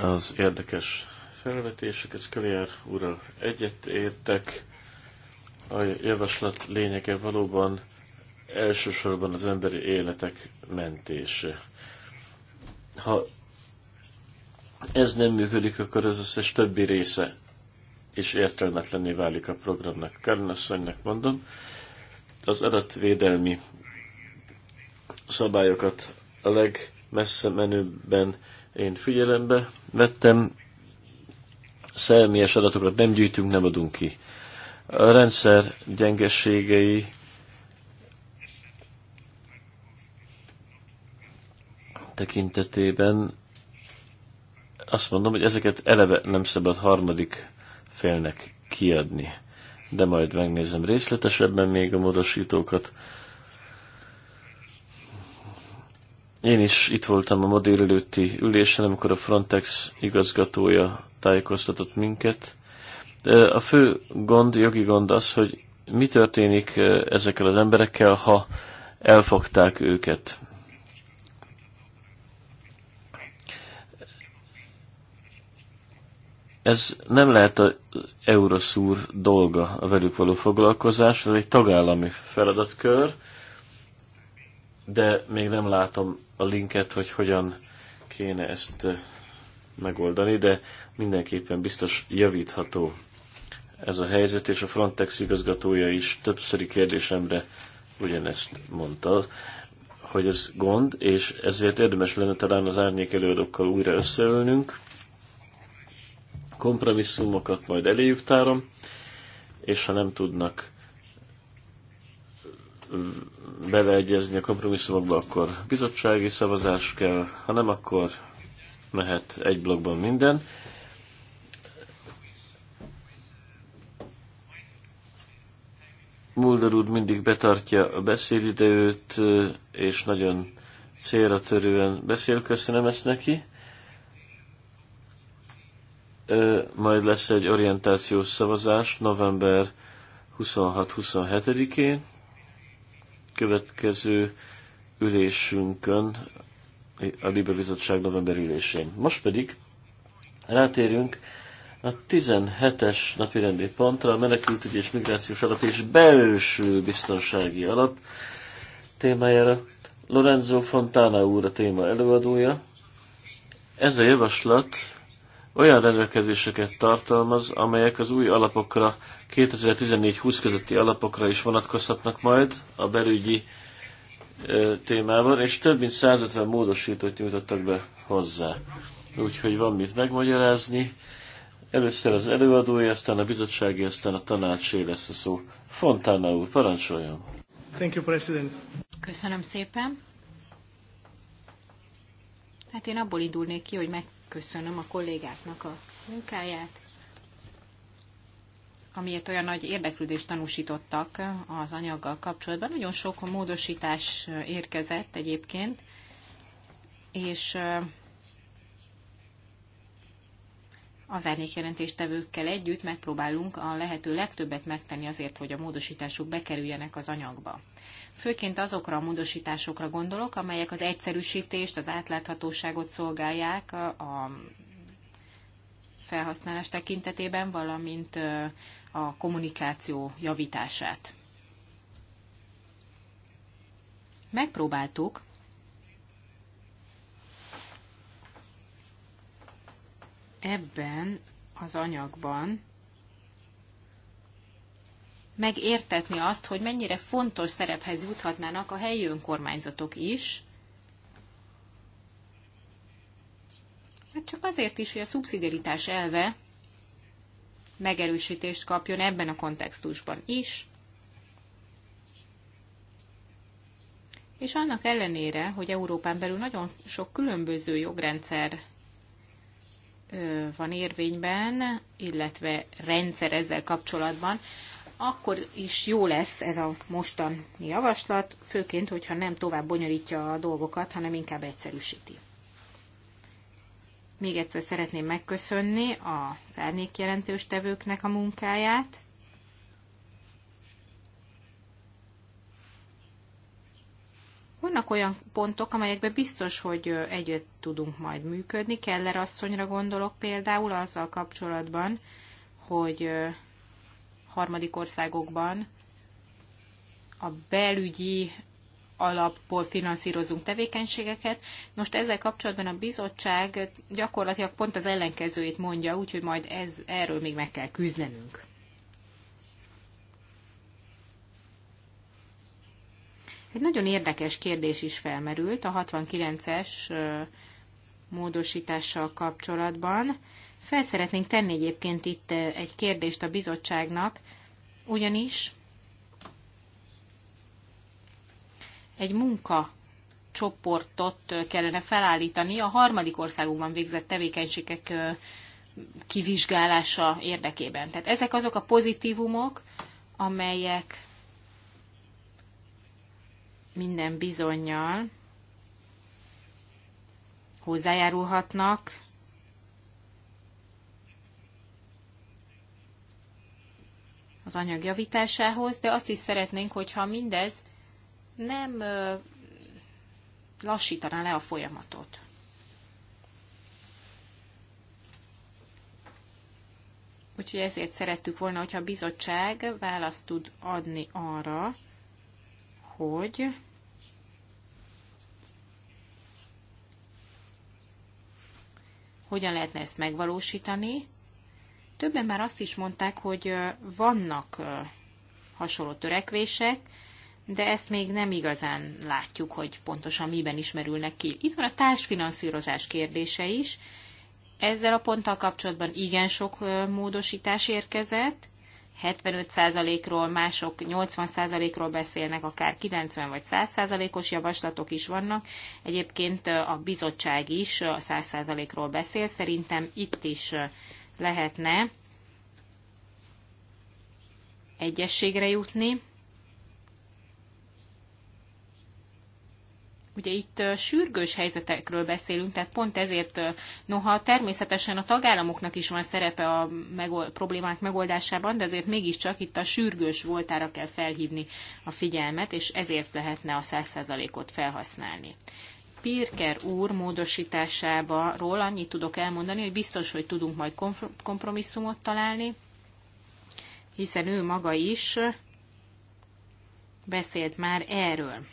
az érdekes felvetések, ez Köliár úrral egyet értek. A javaslat lényege valóban elsősorban az emberi életek mentése. Ha ez nem működik, akkor az összes többi része is értelmetlenné válik a programnak. Karen asszonynak mondom, az adatvédelmi szabályokat a legmessze menőbben én figyelembe vettem. Személyes adatokat nem gyűjtünk, nem adunk ki. A rendszer gyengeségei tekintetében azt mondom, hogy ezeket eleve nem szabad harmadik félnek kiadni. De majd megnézem részletesebben még a módosítókat. Én is itt voltam a ma délelőtti ülésen, amikor a Frontex igazgatója tájékoztatott minket. De a fő gond, jogi gond az, hogy mi történik eh, ezekkel az emberekkel, ha elfogták őket. Ez nem lehet a Euroszúr dolga, a velük való foglalkozás, ez egy tagállami feladatkör, de még nem látom a linket, hogy hogyan kéne ezt eh, megoldani, de mindenképpen biztos javítható ez a helyzet, és a Frontex igazgatója is többszöri kérdésemre ugyanezt mondta, hogy ez gond, és ezért érdemes lenne talán az árnyék előadókkal újra összeölnünk kompromisszumokat majd eléjük tárom, és ha nem tudnak beleegyezni a kompromisszumokba, akkor bizottsági szavazás kell, ha nem, akkor mehet egy blogban minden. Mulder úr mindig betartja a beszélidejőt, és nagyon célra törően beszél, köszönöm ezt neki majd lesz egy orientációs szavazás november 26-27-én. Következő ülésünkön, a Libe Bizottság november ülésén. Most pedig rátérünk a 17-es napirendi pontra, a menekültügy és migrációs alap és belső biztonsági alap témájára. Lorenzo Fontana úr a téma előadója. Ez a javaslat olyan rendelkezéseket tartalmaz, amelyek az új alapokra, 2014-20 közötti alapokra is vonatkozhatnak majd a belügyi témában, és több mint 150 módosítót nyújtottak be hozzá. Úgyhogy van mit megmagyarázni. Először az előadói, aztán a bizottsági, aztán a tanácsé lesz a szó. Fontana úr, parancsoljon! Thank you, President. Köszönöm szépen! Hát én abból indulnék ki, hogy meg megköszönöm a kollégáknak a munkáját, amiért olyan nagy érdeklődést tanúsítottak az anyaggal kapcsolatban. Nagyon sok módosítás érkezett egyébként, és az árnyékjelentéstevőkkel együtt megpróbálunk a lehető legtöbbet megtenni azért, hogy a módosítások bekerüljenek az anyagba. Főként azokra a módosításokra gondolok, amelyek az egyszerűsítést, az átláthatóságot szolgálják a felhasználás tekintetében, valamint a kommunikáció javítását. Megpróbáltuk ebben az anyagban megértetni azt, hogy mennyire fontos szerephez juthatnának a helyi önkormányzatok is. Hát csak azért is, hogy a szubszidiaritás elve megerősítést kapjon ebben a kontextusban is. És annak ellenére, hogy Európán belül nagyon sok különböző jogrendszer van érvényben, illetve rendszer ezzel kapcsolatban, akkor is jó lesz ez a mostani javaslat, főként, hogyha nem tovább bonyolítja a dolgokat, hanem inkább egyszerűsíti. Még egyszer szeretném megköszönni az árnyék jelentős tevőknek a munkáját. Vannak olyan pontok, amelyekben biztos, hogy együtt tudunk majd működni. Keller asszonyra gondolok például azzal kapcsolatban, hogy harmadik országokban a belügyi alapból finanszírozunk tevékenységeket. Most ezzel kapcsolatban a bizottság gyakorlatilag pont az ellenkezőjét mondja, úgyhogy majd ez, erről még meg kell küzdenünk. Egy nagyon érdekes kérdés is felmerült a 69-es módosítással kapcsolatban. Felszeretnénk tenni egyébként itt egy kérdést a bizottságnak, ugyanis egy munka csoportot kellene felállítani a harmadik országokban végzett tevékenységek kivizsgálása érdekében. Tehát ezek azok a pozitívumok, amelyek minden bizonyal hozzájárulhatnak az anyag javításához, de azt is szeretnénk, hogyha mindez nem lassítaná le a folyamatot. Úgyhogy ezért szerettük volna, hogyha a bizottság választ tud adni arra, hogy hogyan lehetne ezt megvalósítani, Többen már azt is mondták, hogy vannak hasonló törekvések, de ezt még nem igazán látjuk, hogy pontosan miben ismerülnek ki. Itt van a társfinanszírozás kérdése is. Ezzel a ponttal kapcsolatban igen sok módosítás érkezett. 75%-ról, mások 80%-ról beszélnek, akár 90 vagy 100%-os javaslatok is vannak. Egyébként a bizottság is a 100%-ról beszél. Szerintem itt is lehetne egyességre jutni. Ugye itt sürgős helyzetekről beszélünk, tehát pont ezért, noha természetesen a tagállamoknak is van szerepe a megold, problémák megoldásában, de azért mégiscsak itt a sürgős voltára kell felhívni a figyelmet, és ezért lehetne a 100%-ot felhasználni. Pirker úr módosításáról annyit tudok elmondani, hogy biztos, hogy tudunk majd kompromisszumot találni, hiszen ő maga is beszélt már erről.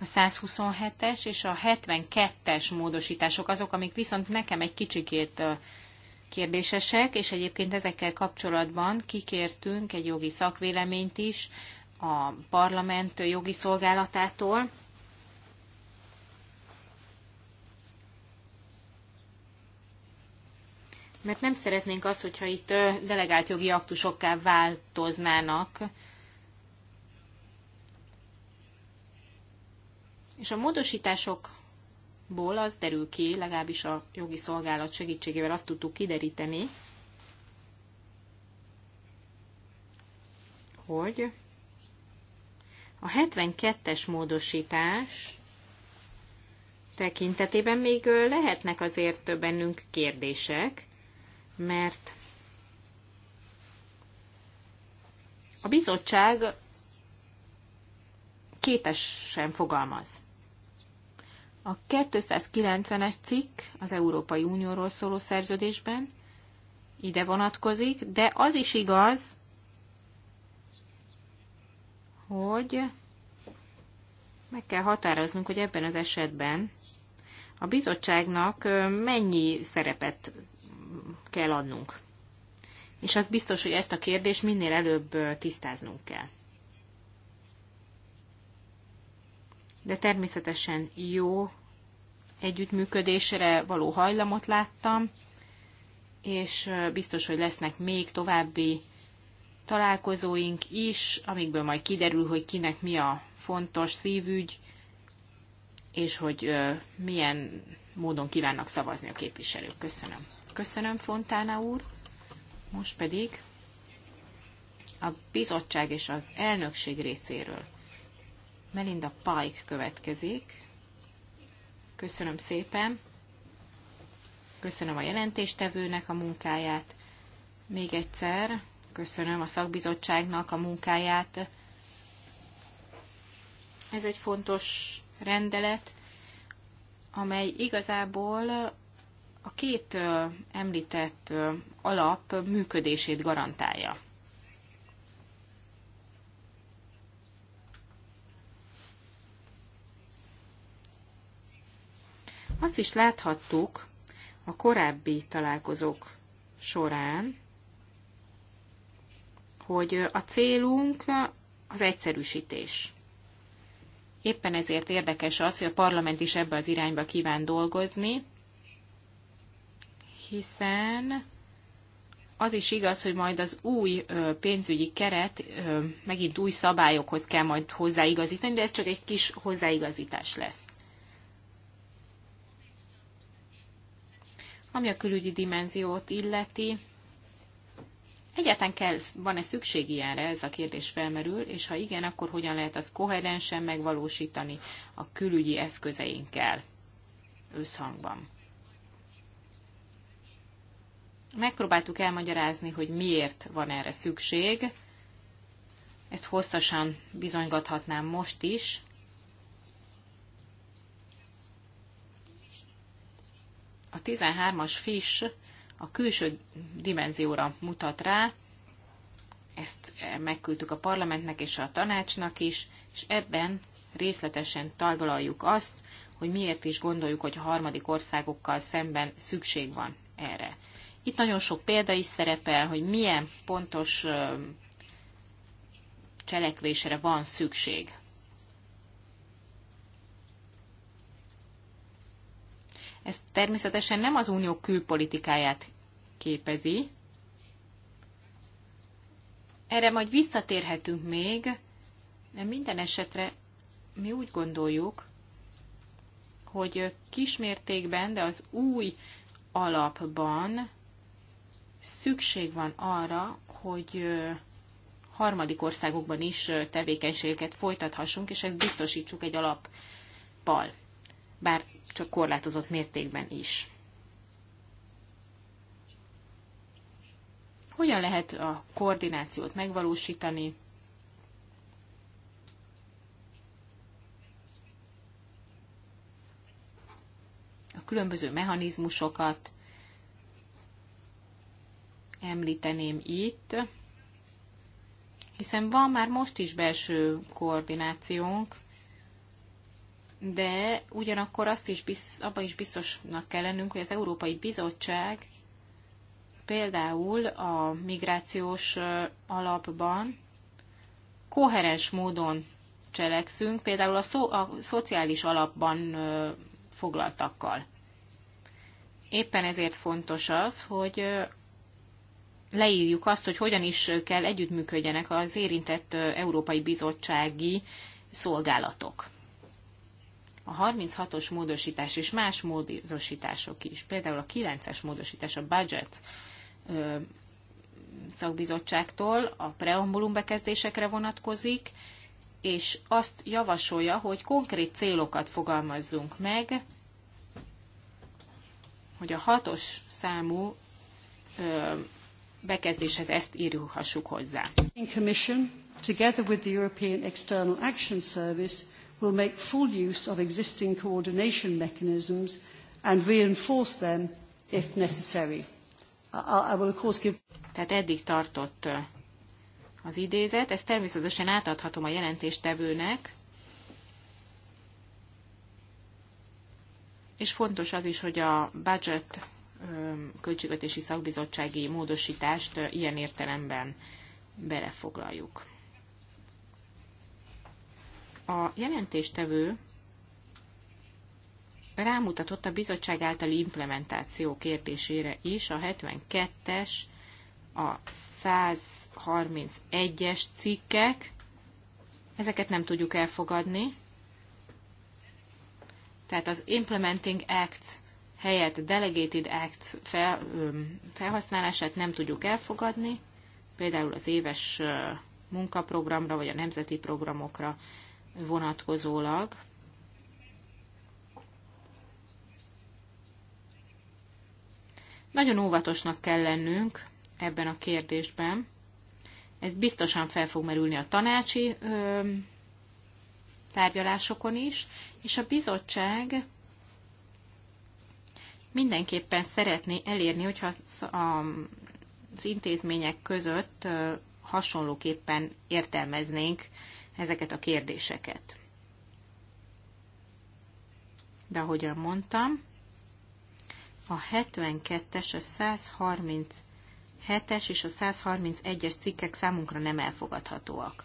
A 127-es és a 72-es módosítások azok, amik viszont nekem egy kicsikét kérdésesek, és egyébként ezekkel kapcsolatban kikértünk egy jogi szakvéleményt is a parlament jogi szolgálatától. Mert nem szeretnénk azt, hogyha itt delegált jogi aktusokká változnának. És a módosítások ból az derül ki, legalábbis a jogi szolgálat segítségével azt tudtuk kideríteni, hogy a 72-es módosítás tekintetében még lehetnek azért bennünk kérdések, mert a bizottság kétesen fogalmaz. A 290-es cikk az Európai Unióról szóló szerződésben ide vonatkozik, de az is igaz, hogy meg kell határoznunk, hogy ebben az esetben a bizottságnak mennyi szerepet kell adnunk. És az biztos, hogy ezt a kérdést minél előbb tisztáznunk kell. de természetesen jó együttműködésre való hajlamot láttam, és biztos, hogy lesznek még további találkozóink is, amikből majd kiderül, hogy kinek mi a fontos szívügy, és hogy milyen módon kívánnak szavazni a képviselők. Köszönöm. Köszönöm, Fontána úr. Most pedig a bizottság és az elnökség részéről Melinda Pike következik. Köszönöm szépen. Köszönöm a jelentéstevőnek a munkáját. Még egyszer köszönöm a szakbizottságnak a munkáját. Ez egy fontos rendelet, amely igazából a két említett alap működését garantálja. Azt is láthattuk a korábbi találkozók során, hogy a célunk az egyszerűsítés. Éppen ezért érdekes az, hogy a parlament is ebbe az irányba kíván dolgozni, hiszen az is igaz, hogy majd az új pénzügyi keret megint új szabályokhoz kell majd hozzáigazítani, de ez csak egy kis hozzáigazítás lesz. Ami a külügyi dimenziót illeti, egyáltalán kell, van-e szükség ilyenre, ez a kérdés felmerül, és ha igen, akkor hogyan lehet az koherensen megvalósítani a külügyi eszközeinkkel összhangban. Megpróbáltuk elmagyarázni, hogy miért van erre szükség, ezt hosszasan bizonygathatnám most is, a 13-as fish a külső dimenzióra mutat rá, ezt megküldtük a parlamentnek és a tanácsnak is, és ebben részletesen taglaljuk azt, hogy miért is gondoljuk, hogy a harmadik országokkal szemben szükség van erre. Itt nagyon sok példa is szerepel, hogy milyen pontos cselekvésre van szükség. Ez természetesen nem az unió külpolitikáját képezi. Erre majd visszatérhetünk még, de minden esetre mi úgy gondoljuk, hogy kismértékben, de az új alapban szükség van arra, hogy harmadik országokban is tevékenységeket folytathassunk, és ezt biztosítsuk egy alappal. Bár csak korlátozott mértékben is. Hogyan lehet a koordinációt megvalósítani? A különböző mechanizmusokat említeném itt, hiszen van már most is belső koordinációnk, de ugyanakkor azt is biz, abban is biztosnak kell lennünk, hogy az Európai Bizottság például a migrációs alapban koherens módon cselekszünk, például a, szó, a szociális alapban ö, foglaltakkal. Éppen ezért fontos az, hogy ö, leírjuk azt, hogy hogyan is kell együttműködjenek az érintett ö, Európai Bizottsági szolgálatok a 36-os módosítás és más módosítások is, például a 9-es módosítás a budget ö, szakbizottságtól a preambulum bekezdésekre vonatkozik, és azt javasolja, hogy konkrét célokat fogalmazzunk meg, hogy a hatos számú ö, bekezdéshez ezt írhassuk hozzá. In commission, together with the European External Action Service, will make full use of existing coordination mechanisms and reinforce them if necessary. I, I will of course give... Tehát eddig tartott az idézet, ezt természetesen átadhatom a jelentéstevőnek, és fontos az is, hogy a budget költségvetési szakbizottsági módosítást ilyen értelemben belefoglaljuk. A jelentéstevő rámutatott a bizottság általi implementáció kérdésére is a 72-es, a 131-es cikkek, ezeket nem tudjuk elfogadni. Tehát az Implementing Acts helyett Delegated Acts fel, felhasználását nem tudjuk elfogadni, például az éves munkaprogramra vagy a nemzeti programokra vonatkozólag. Nagyon óvatosnak kell lennünk ebben a kérdésben. Ez biztosan fel fog merülni a tanácsi ö, tárgyalásokon is, és a bizottság mindenképpen szeretné elérni, hogyha az intézmények között hasonlóképpen értelmeznénk ezeket a kérdéseket. De ahogyan mondtam, a 72-es, a 137-es és a 131-es cikkek számunkra nem elfogadhatóak.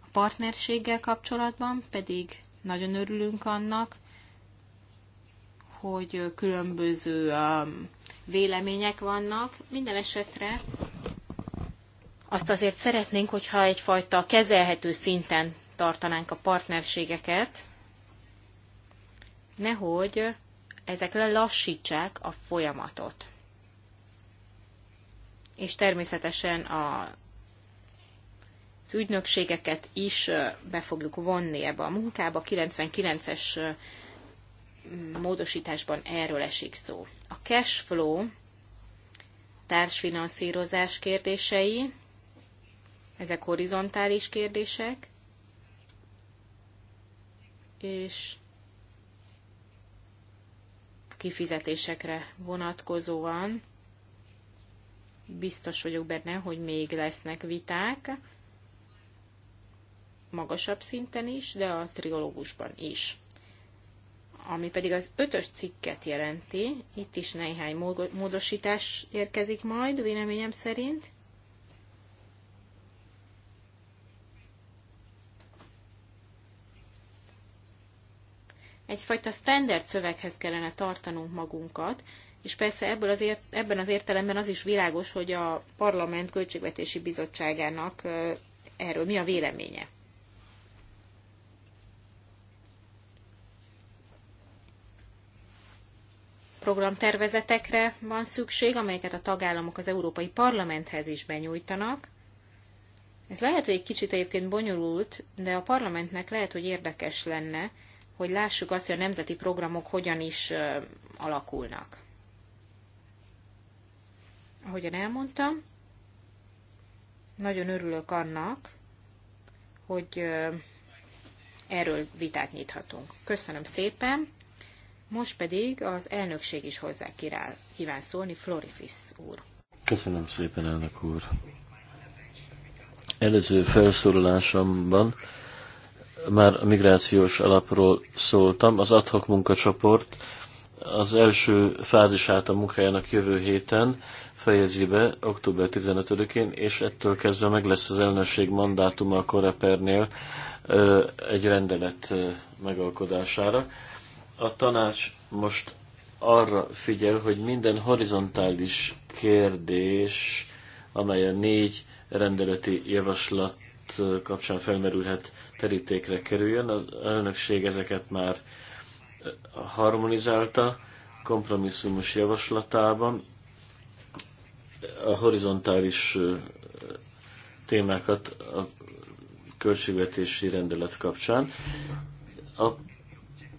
A partnerséggel kapcsolatban pedig nagyon örülünk annak, hogy különböző um, vélemények vannak. Minden esetre azt azért szeretnénk, hogyha egyfajta kezelhető szinten tartanánk a partnerségeket, nehogy ezek lelassítsák a folyamatot. És természetesen a, az ügynökségeket is be fogjuk vonni ebbe a munkába. 99-es módosításban erről esik szó. A cash flow társfinanszírozás kérdései ezek horizontális kérdések, és a kifizetésekre vonatkozóan biztos vagyok benne, hogy még lesznek viták, magasabb szinten is, de a triológusban is. Ami pedig az ötös cikket jelenti, itt is néhány módosítás érkezik majd, véleményem szerint. egyfajta standard szöveghez kellene tartanunk magunkat, és persze ebből az ért, ebben az értelemben az is világos, hogy a Parlament Költségvetési Bizottságának erről mi a véleménye. Programtervezetekre van szükség, amelyeket a tagállamok az Európai Parlamenthez is benyújtanak. Ez lehet, hogy egy kicsit egyébként bonyolult, de a parlamentnek lehet, hogy érdekes lenne, hogy lássuk azt, hogy a nemzeti programok hogyan is alakulnak. Ahogyan elmondtam, nagyon örülök annak, hogy erről vitát nyithatunk. Köszönöm szépen! Most pedig az elnökség is hozzá királ, kíván szólni Florifis úr. Köszönöm szépen, elnök úr! Előző felszólalásomban már a migrációs alapról szóltam, az adhok munkacsoport az első fázisát a munkájának jövő héten fejezi be, október 15-én, és ettől kezdve meg lesz az elnökség mandátuma a Korepernél egy rendelet megalkodására. A tanács most arra figyel, hogy minden horizontális kérdés, amely a négy rendeleti javaslat kapcsán felmerülhet terítékre kerüljön. Az elnökség ezeket már harmonizálta kompromisszumos javaslatában. A horizontális témákat a költségvetési rendelet kapcsán. A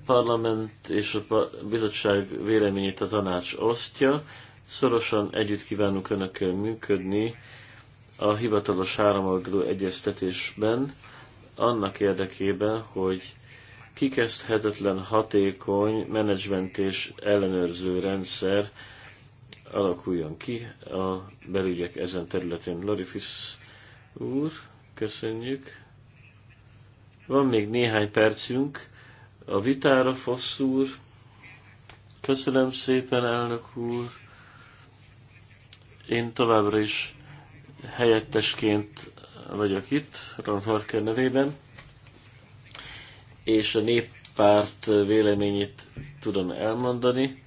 parlament és a bizottság véleményét a tanács osztja. Szorosan együtt kívánunk Önökkel működni a hivatalos háromoldalú egyeztetésben annak érdekében, hogy kikezdhetetlen, hatékony menedzsment és ellenőrző rendszer alakuljon ki a belügyek ezen területén. Lorifis úr, köszönjük. Van még néhány percünk a vitára, Fossz úr. Köszönöm szépen, elnök úr. Én továbbra is helyettesként vagyok itt, Ron Harker nevében, és a néppárt véleményét tudom elmondani.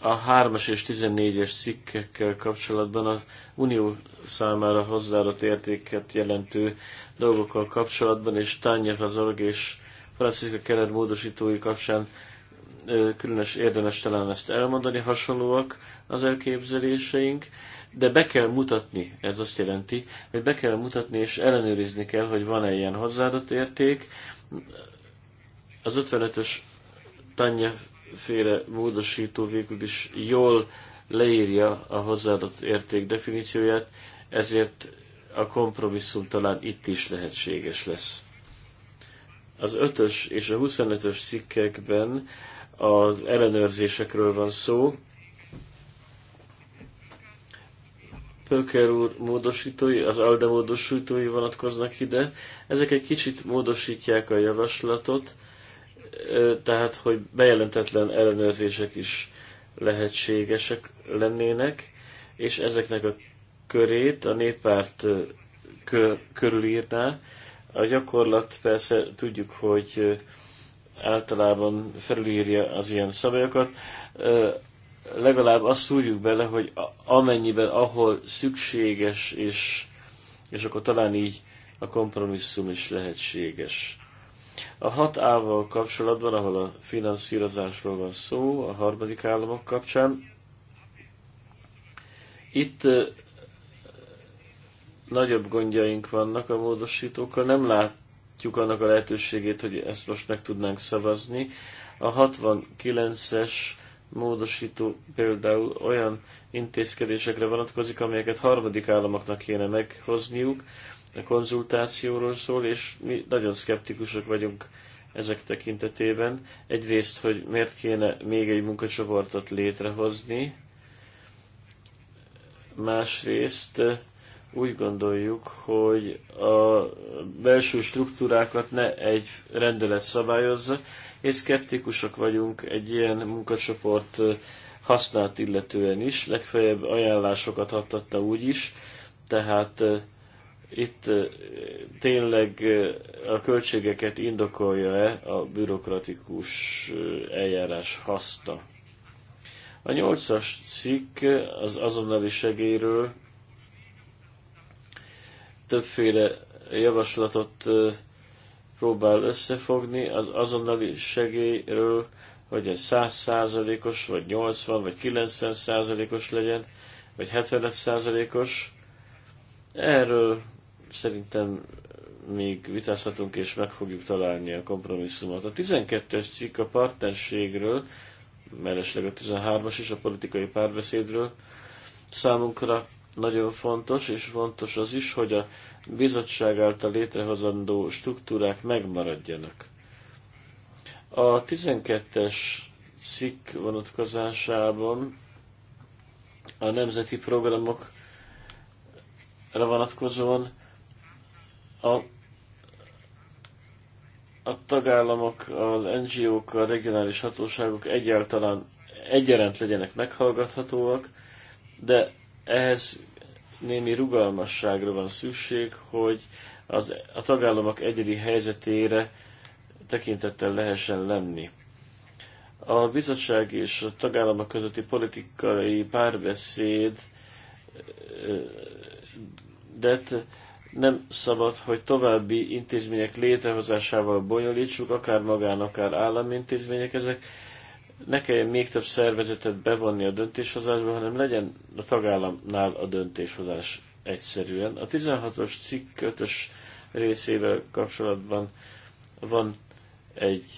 A 3-as és 14-es cikkekkel kapcsolatban az Unió számára hozzáadott értéket jelentő dolgokkal kapcsolatban, és Tanya Fazorg és Franciszka Keller módosítói kapcsán különös érdemes talán ezt elmondani, hasonlóak az elképzeléseink de be kell mutatni, ez azt jelenti, hogy be kell mutatni és ellenőrizni kell, hogy van-e ilyen hozzáadott érték. Az 55-ös Tanya féle módosító végül is jól leírja a hozzáadott érték definícióját, ezért a kompromisszum talán itt is lehetséges lesz. Az 5-ös és a 25-ös cikkekben az ellenőrzésekről van szó, Pöker úr módosítói, az ALDE módosítói vonatkoznak ide. Ezek egy kicsit módosítják a javaslatot, tehát hogy bejelentetlen ellenőrzések is lehetségesek lennének, és ezeknek a körét a néppárt kör, körülírná. A gyakorlat persze tudjuk, hogy általában felülírja az ilyen szabályokat legalább azt szúrjuk bele, hogy amennyiben, ahol szükséges, és, és akkor talán így a kompromisszum is lehetséges. A hat ával kapcsolatban, ahol a finanszírozásról van szó, a harmadik államok kapcsán, itt nagyobb gondjaink vannak a módosítókkal, nem látjuk annak a lehetőségét, hogy ezt most meg tudnánk szavazni. A 69-es módosító például olyan intézkedésekre vonatkozik, amelyeket harmadik államoknak kéne meghozniuk, a konzultációról szól, és mi nagyon szkeptikusok vagyunk ezek tekintetében. Egyrészt, hogy miért kéne még egy munkacsoportot létrehozni, másrészt úgy gondoljuk, hogy a belső struktúrákat ne egy rendelet szabályozza, és szkeptikusok vagyunk egy ilyen munkacsoport használt illetően is, legfeljebb ajánlásokat adtatta úgy is, tehát itt tényleg a költségeket indokolja-e a bürokratikus eljárás haszta. A nyolcas cikk az azonnali segélyről többféle javaslatot próbál összefogni az azonnali segélyről, hogy ez 100 százalékos, vagy 80, vagy 90 százalékos legyen, vagy 75 százalékos. Erről szerintem még vitázhatunk és meg fogjuk találni a kompromisszumot. A 12-es cikk a partnerségről, mellesleg a 13-as is a politikai párbeszédről, számunkra nagyon fontos, és fontos az is, hogy a bizottság által létrehozandó struktúrák megmaradjanak. A 12-es cikk vonatkozásában a nemzeti programokra vonatkozóan a, a tagállamok, az NGO-k, a regionális hatóságok egyáltalán egyaránt legyenek meghallgathatóak, de ehhez némi rugalmasságra van szükség, hogy az, a tagállamok egyedi helyzetére tekintettel lehessen lenni. A bizottság és a tagállamok közötti politikai párbeszéd de nem szabad, hogy további intézmények létrehozásával bonyolítsuk, akár magán, akár állami intézmények ezek, ne kelljen még több szervezetet bevonni a döntéshozásba, hanem legyen a tagállamnál a döntéshozás egyszerűen. A 16-os cikk 5-ös részével kapcsolatban van egy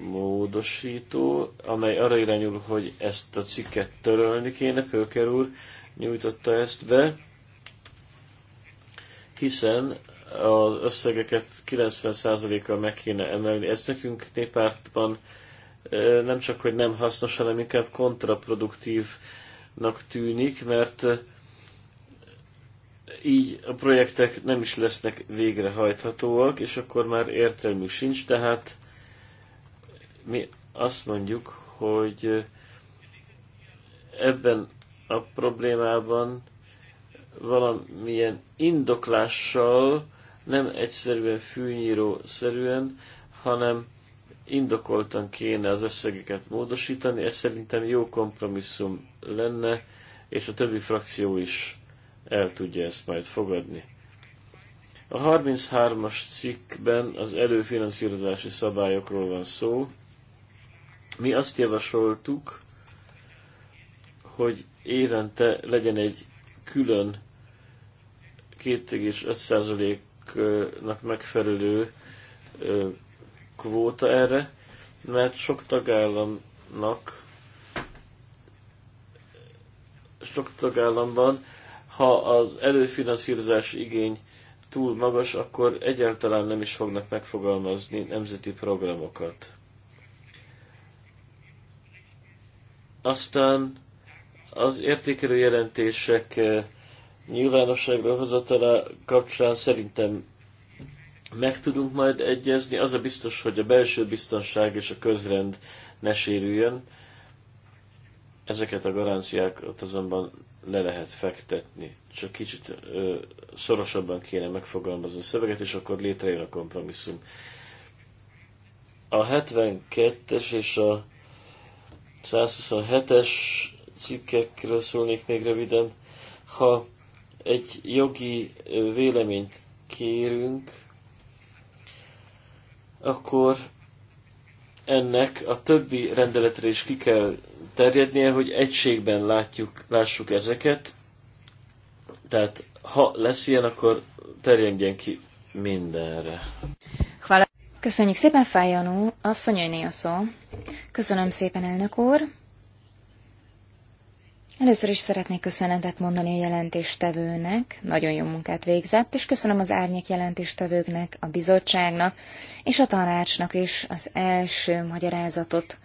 módosító, amely arra irányul, hogy ezt a cikket törölni kéne, Pöker úr nyújtotta ezt be, hiszen az összegeket 90%-kal meg kéne emelni. Ez nekünk néppártban nem csak, hogy nem hasznos, hanem inkább kontraproduktívnak tűnik, mert így a projektek nem is lesznek végrehajthatóak, és akkor már értelmük sincs, tehát mi azt mondjuk, hogy ebben a problémában valamilyen indoklással, nem egyszerűen fűnyíró szerűen, hanem indokoltan kéne az összegeket módosítani, ez szerintem jó kompromisszum lenne, és a többi frakció is el tudja ezt majd fogadni. A 33-as cikkben az előfinanszírozási szabályokról van szó. Mi azt javasoltuk, hogy évente legyen egy külön 2,5%-nak megfelelő kvóta erre, mert sok tagállamnak sok tagállamban, ha az előfinanszírozási igény túl magas, akkor egyáltalán nem is fognak megfogalmazni nemzeti programokat. Aztán az értékelő jelentések eh, nyilvánosságra hozatala kapcsán szerintem meg tudunk majd egyezni. Az a biztos, hogy a belső biztonság és a közrend ne sérüljön. Ezeket a garanciákat azonban le lehet fektetni. Csak kicsit ö, szorosabban kéne megfogalmazni a szöveget, és akkor létrejön a kompromisszum. A 72-es és a 127-es cikkekről szólnék még röviden. Ha egy jogi véleményt kérünk, akkor ennek a többi rendeletre is ki kell terjednie, hogy egységben látjuk, lássuk ezeket. Tehát ha lesz ilyen, akkor terjedjen ki mindenre. Köszönjük szépen, Fájanú, asszonyöné a szó. Köszönöm szépen, elnök úr. Először is szeretnék köszönetet mondani a jelentéstevőnek, nagyon jó munkát végzett, és köszönöm az árnyék jelentéstevőknek, a bizottságnak és a tanácsnak is az első magyarázatot.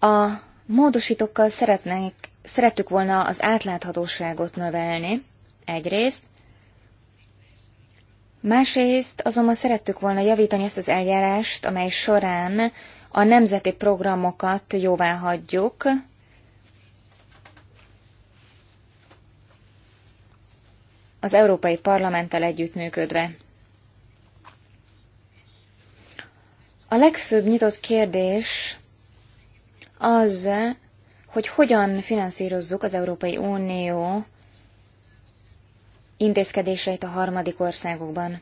A módosítókkal szeretnék, szerettük volna az átláthatóságot növelni, egyrészt, másrészt azonban szerettük volna javítani ezt az eljárást, amely során a nemzeti programokat jóvá hagyjuk, az Európai Parlamenttel együttműködve. A legfőbb nyitott kérdés az, hogy hogyan finanszírozzuk az Európai Unió intézkedéseit a harmadik országokban.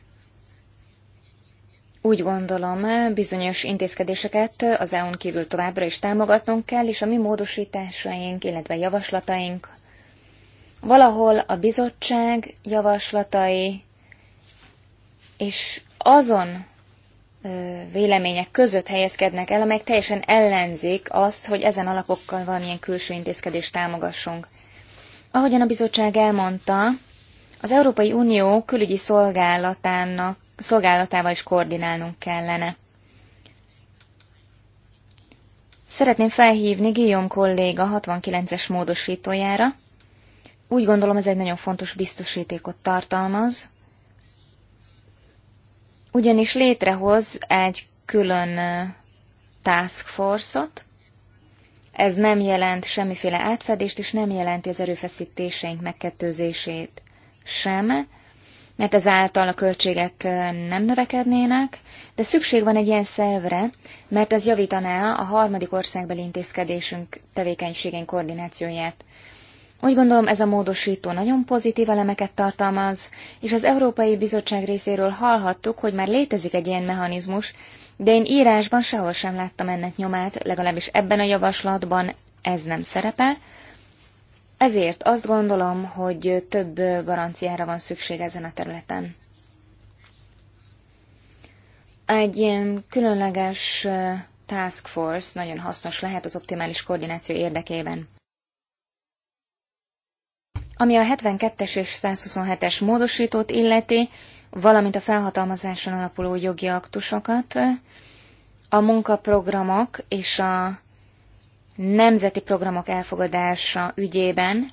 Úgy gondolom, bizonyos intézkedéseket az EU-n kívül továbbra is támogatnunk kell, és a mi módosításaink, illetve javaslataink valahol a bizottság javaslatai és azon vélemények között helyezkednek el, amelyek teljesen ellenzik azt, hogy ezen alapokkal valamilyen külső intézkedést támogassunk. Ahogyan a bizottság elmondta, az Európai Unió külügyi szolgálatának, szolgálatával is koordinálnunk kellene. Szeretném felhívni Guillaume kolléga 69-es módosítójára, úgy gondolom ez egy nagyon fontos biztosítékot tartalmaz, ugyanis létrehoz egy külön task force-ot, ez nem jelent semmiféle átfedést, és nem jelenti az erőfeszítéseink megkettőzését sem, mert ezáltal a költségek nem növekednének, de szükség van egy ilyen szervre, mert ez javítaná a harmadik országbeli intézkedésünk tevékenységén koordinációját. Úgy gondolom, ez a módosító nagyon pozitív elemeket tartalmaz, és az Európai Bizottság részéről hallhattuk, hogy már létezik egy ilyen mechanizmus, de én írásban sehol sem láttam ennek nyomát, legalábbis ebben a javaslatban ez nem szerepel. Ezért azt gondolom, hogy több garanciára van szükség ezen a területen. Egy ilyen különleges eh, task force nagyon hasznos lehet az optimális koordináció érdekében. Ami a 72-es és 127-es módosítót illeti, valamint a felhatalmazáson alapuló jogi aktusokat, a munkaprogramok és a nemzeti programok elfogadása ügyében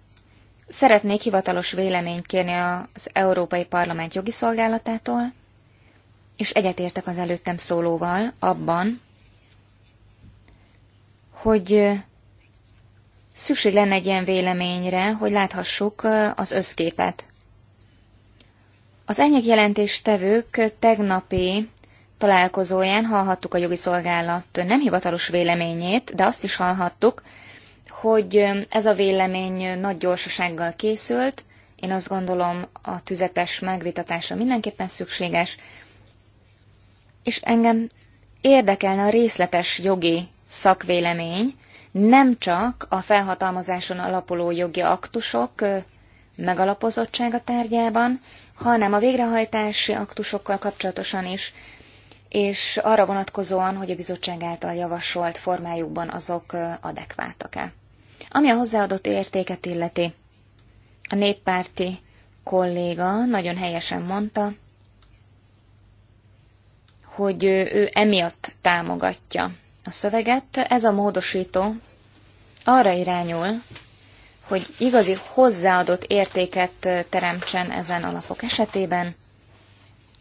szeretnék hivatalos véleményt kérni az Európai Parlament jogi szolgálatától, és egyetértek az előttem szólóval abban, hogy Szükség lenne egy ilyen véleményre, hogy láthassuk az összképet. Az enyek jelentéstevők tegnapi találkozóján hallhattuk a jogi szolgálat nem hivatalos véleményét, de azt is hallhattuk, hogy ez a vélemény nagy gyorsasággal készült. Én azt gondolom, a tüzetes megvitatása mindenképpen szükséges, és engem érdekelne a részletes jogi szakvélemény, nem csak a felhatalmazáson alapuló jogi aktusok megalapozottsága tárgyában, hanem a végrehajtási aktusokkal kapcsolatosan is, és arra vonatkozóan, hogy a bizottság által javasolt formájukban azok adekváltak-e. Ami a hozzáadott értéket illeti, a néppárti kolléga nagyon helyesen mondta, hogy ő emiatt támogatja a szöveget. Ez a módosító arra irányul, hogy igazi hozzáadott értéket teremtsen ezen alapok esetében,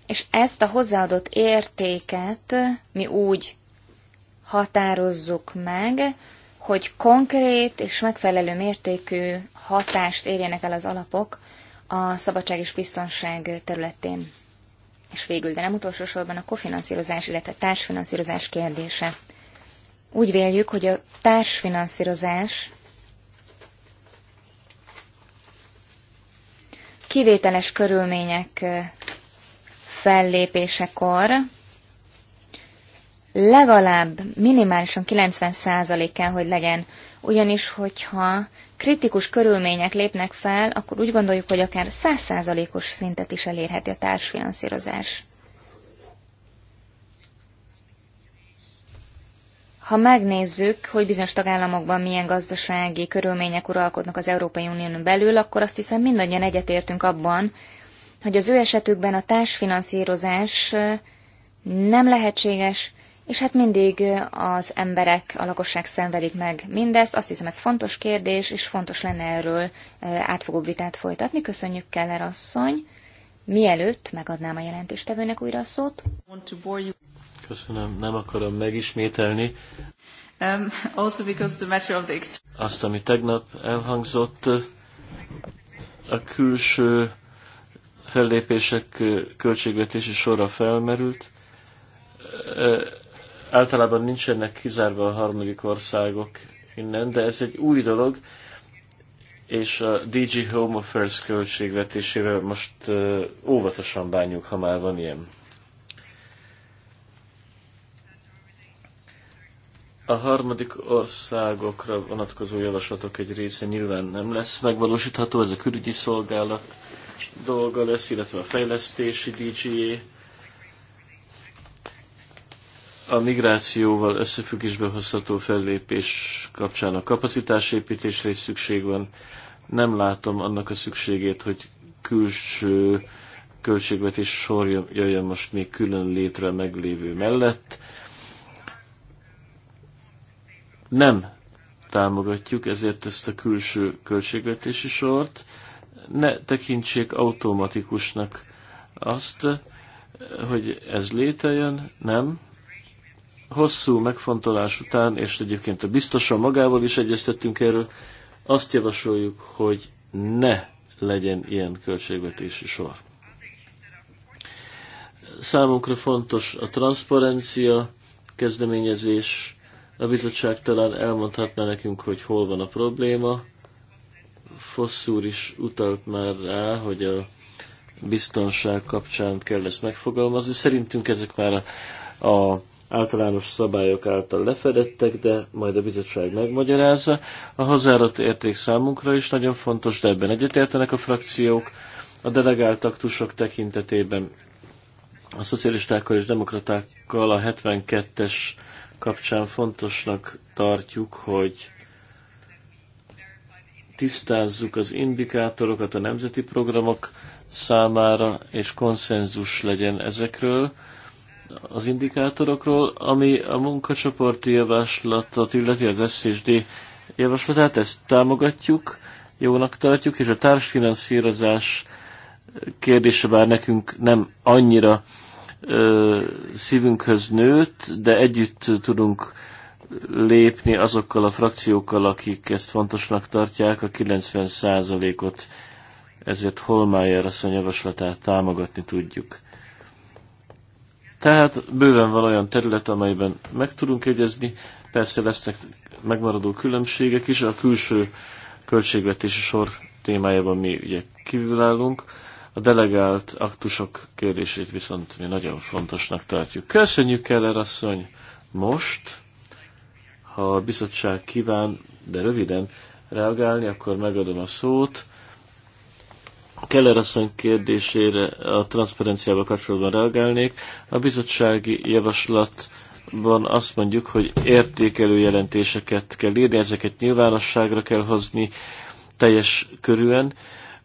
és ezt a hozzáadott értéket mi úgy határozzuk meg, hogy konkrét és megfelelő mértékű hatást érjenek el az alapok a szabadság és biztonság területén. És végül, de nem utolsó sorban a kofinanszírozás, illetve társfinanszírozás kérdése. Úgy véljük, hogy a társfinanszírozás kivételes körülmények fellépésekor legalább minimálisan 90% kell, hogy legyen. Ugyanis, hogyha kritikus körülmények lépnek fel, akkor úgy gondoljuk, hogy akár 100%-os szintet is elérheti a társfinanszírozás. Ha megnézzük, hogy bizonyos tagállamokban milyen gazdasági körülmények uralkodnak az Európai Unión belül, akkor azt hiszem mindannyian egyetértünk abban, hogy az ő esetükben a társfinanszírozás nem lehetséges, és hát mindig az emberek, a lakosság szenvedik meg mindezt. Azt hiszem, ez fontos kérdés, és fontos lenne erről átfogó vitát folytatni. Köszönjük Keller asszony! Mielőtt megadnám a jelentéstevőnek újra a szót, Köszönöm, nem akarom megismételni. Um, also because the matter of the Azt, ami tegnap elhangzott, a külső fellépések költségvetési sorra felmerült. Általában nincsenek kizárva a harmadik országok innen, de ez egy új dolog, és a DG Home Affairs költségvetésével most óvatosan bánjuk, ha már van ilyen. A harmadik országokra vonatkozó javaslatok egy része nyilván nem lesz megvalósítható, ez a külügyi szolgálat dolga lesz, illetve a fejlesztési DGA. A migrációval összefüggésbe hozható fellépés kapcsán a kapacitásépítésre is szükség van. Nem látom annak a szükségét, hogy külső költségvetés sor jöjjön most még külön létre meglévő mellett nem támogatjuk, ezért ezt a külső költségvetési sort. Ne tekintsék automatikusnak azt, hogy ez létejön, nem. Hosszú megfontolás után, és egyébként a biztosan magával is egyeztettünk erről, azt javasoljuk, hogy ne legyen ilyen költségvetési sor. Számunkra fontos a transzparencia kezdeményezés, a bizottság talán elmondhatná nekünk, hogy hol van a probléma. Fosszúr is utalt már rá, hogy a biztonság kapcsán kell ezt megfogalmazni. Szerintünk ezek már a, a általános szabályok által lefedettek, de majd a bizottság megmagyarázza. A hazárat érték számunkra is nagyon fontos, de ebben egyetértenek a frakciók. A delegált aktusok tekintetében a szocialistákkal és demokratákkal a 72-es kapcsán fontosnak tartjuk, hogy tisztázzuk az indikátorokat a nemzeti programok számára, és konszenzus legyen ezekről az indikátorokról, ami a munkacsoporti javaslatot, illeti az SZSD javaslatát, ezt támogatjuk, jónak tartjuk, és a társfinanszírozás kérdése bár nekünk nem annyira szívünkhöz nőtt, de együtt tudunk lépni azokkal a frakciókkal, akik ezt fontosnak tartják, a 90%-ot, ezért Holmájer asszony javaslatát támogatni tudjuk. Tehát bőven van olyan terület, amelyben meg tudunk egyezni, persze lesznek megmaradó különbségek is, a külső költségvetési sor témájában mi ugye kívülállunk, a delegált aktusok kérését viszont mi nagyon fontosnak tartjuk. Köszönjük, Keller asszony! Most, ha a bizottság kíván, de röviden reagálni, akkor megadom a szót. A Keller asszony kérdésére a transzparenciával kapcsolatban reagálnék. A bizottsági javaslatban azt mondjuk, hogy értékelő jelentéseket kell írni, ezeket nyilvánosságra kell hozni teljes körűen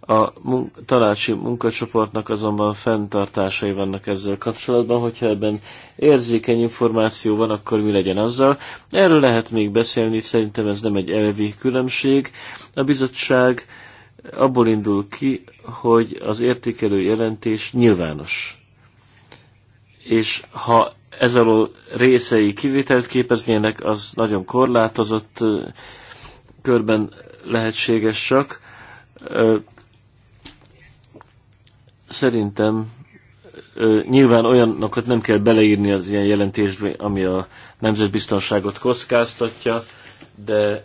a mun- tanácsi munkacsoportnak azonban fenntartásai vannak ezzel kapcsolatban, hogyha ebben érzékeny információ van, akkor mi legyen azzal. Erről lehet még beszélni, szerintem ez nem egy elvi különbség. A bizottság abból indul ki, hogy az értékelő jelentés nyilvános. És ha ez alól részei kivételt képeznének, az nagyon korlátozott körben lehetséges csak Szerintem nyilván olyanokat nem kell beleírni az ilyen jelentésbe, ami a nemzetbiztonságot kockáztatja, de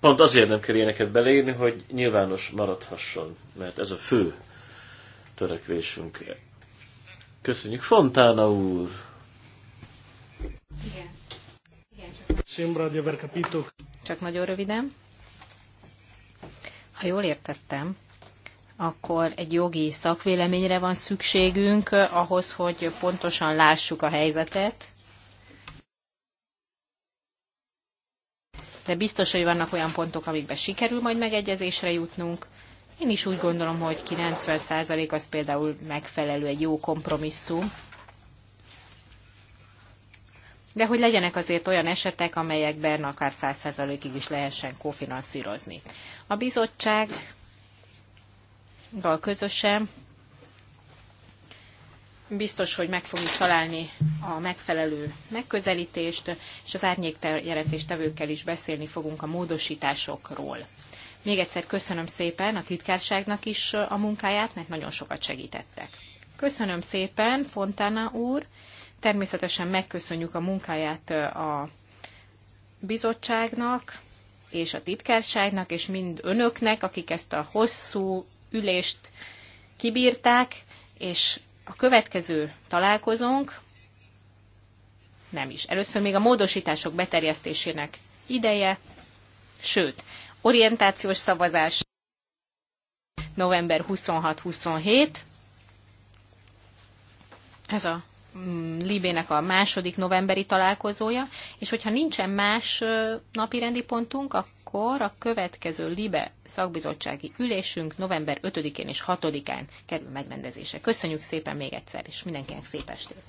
pont azért nem kell ilyeneket beleírni, hogy nyilvános maradhasson, mert ez a fő törekvésünk. Köszönjük, Fontána úr! Igen. Igen, csak... csak nagyon röviden. Ha jól értettem, akkor egy jogi szakvéleményre van szükségünk eh, ahhoz, hogy pontosan lássuk a helyzetet. De biztos, hogy vannak olyan pontok, amikben sikerül majd megegyezésre jutnunk. Én is úgy gondolom, hogy 90% az például megfelelő egy jó kompromisszum. De hogy legyenek azért olyan esetek, amelyekben akár 100%-ig is lehessen kofinanszírozni. A bizottság közösen biztos, hogy meg fogjuk találni a megfelelő megközelítést, és az árnyékjelentéstevőkkel is beszélni fogunk a módosításokról. Még egyszer köszönöm szépen a titkárságnak is a munkáját, mert nagyon sokat segítettek. Köszönöm szépen, Fontana úr. Természetesen megköszönjük a munkáját a bizottságnak és a titkárságnak, és mind önöknek, akik ezt a hosszú ülést kibírták, és a következő találkozónk nem is. Először még a módosítások beterjesztésének ideje, sőt, orientációs szavazás november 26-27. Ez a Mm, Libének a második novemberi találkozója, és hogyha nincsen más napi rendi pontunk, akkor a következő Libe szakbizottsági ülésünk november 5-én és 6-án kerül megrendezése. Köszönjük szépen még egyszer, és mindenkinek szép estét!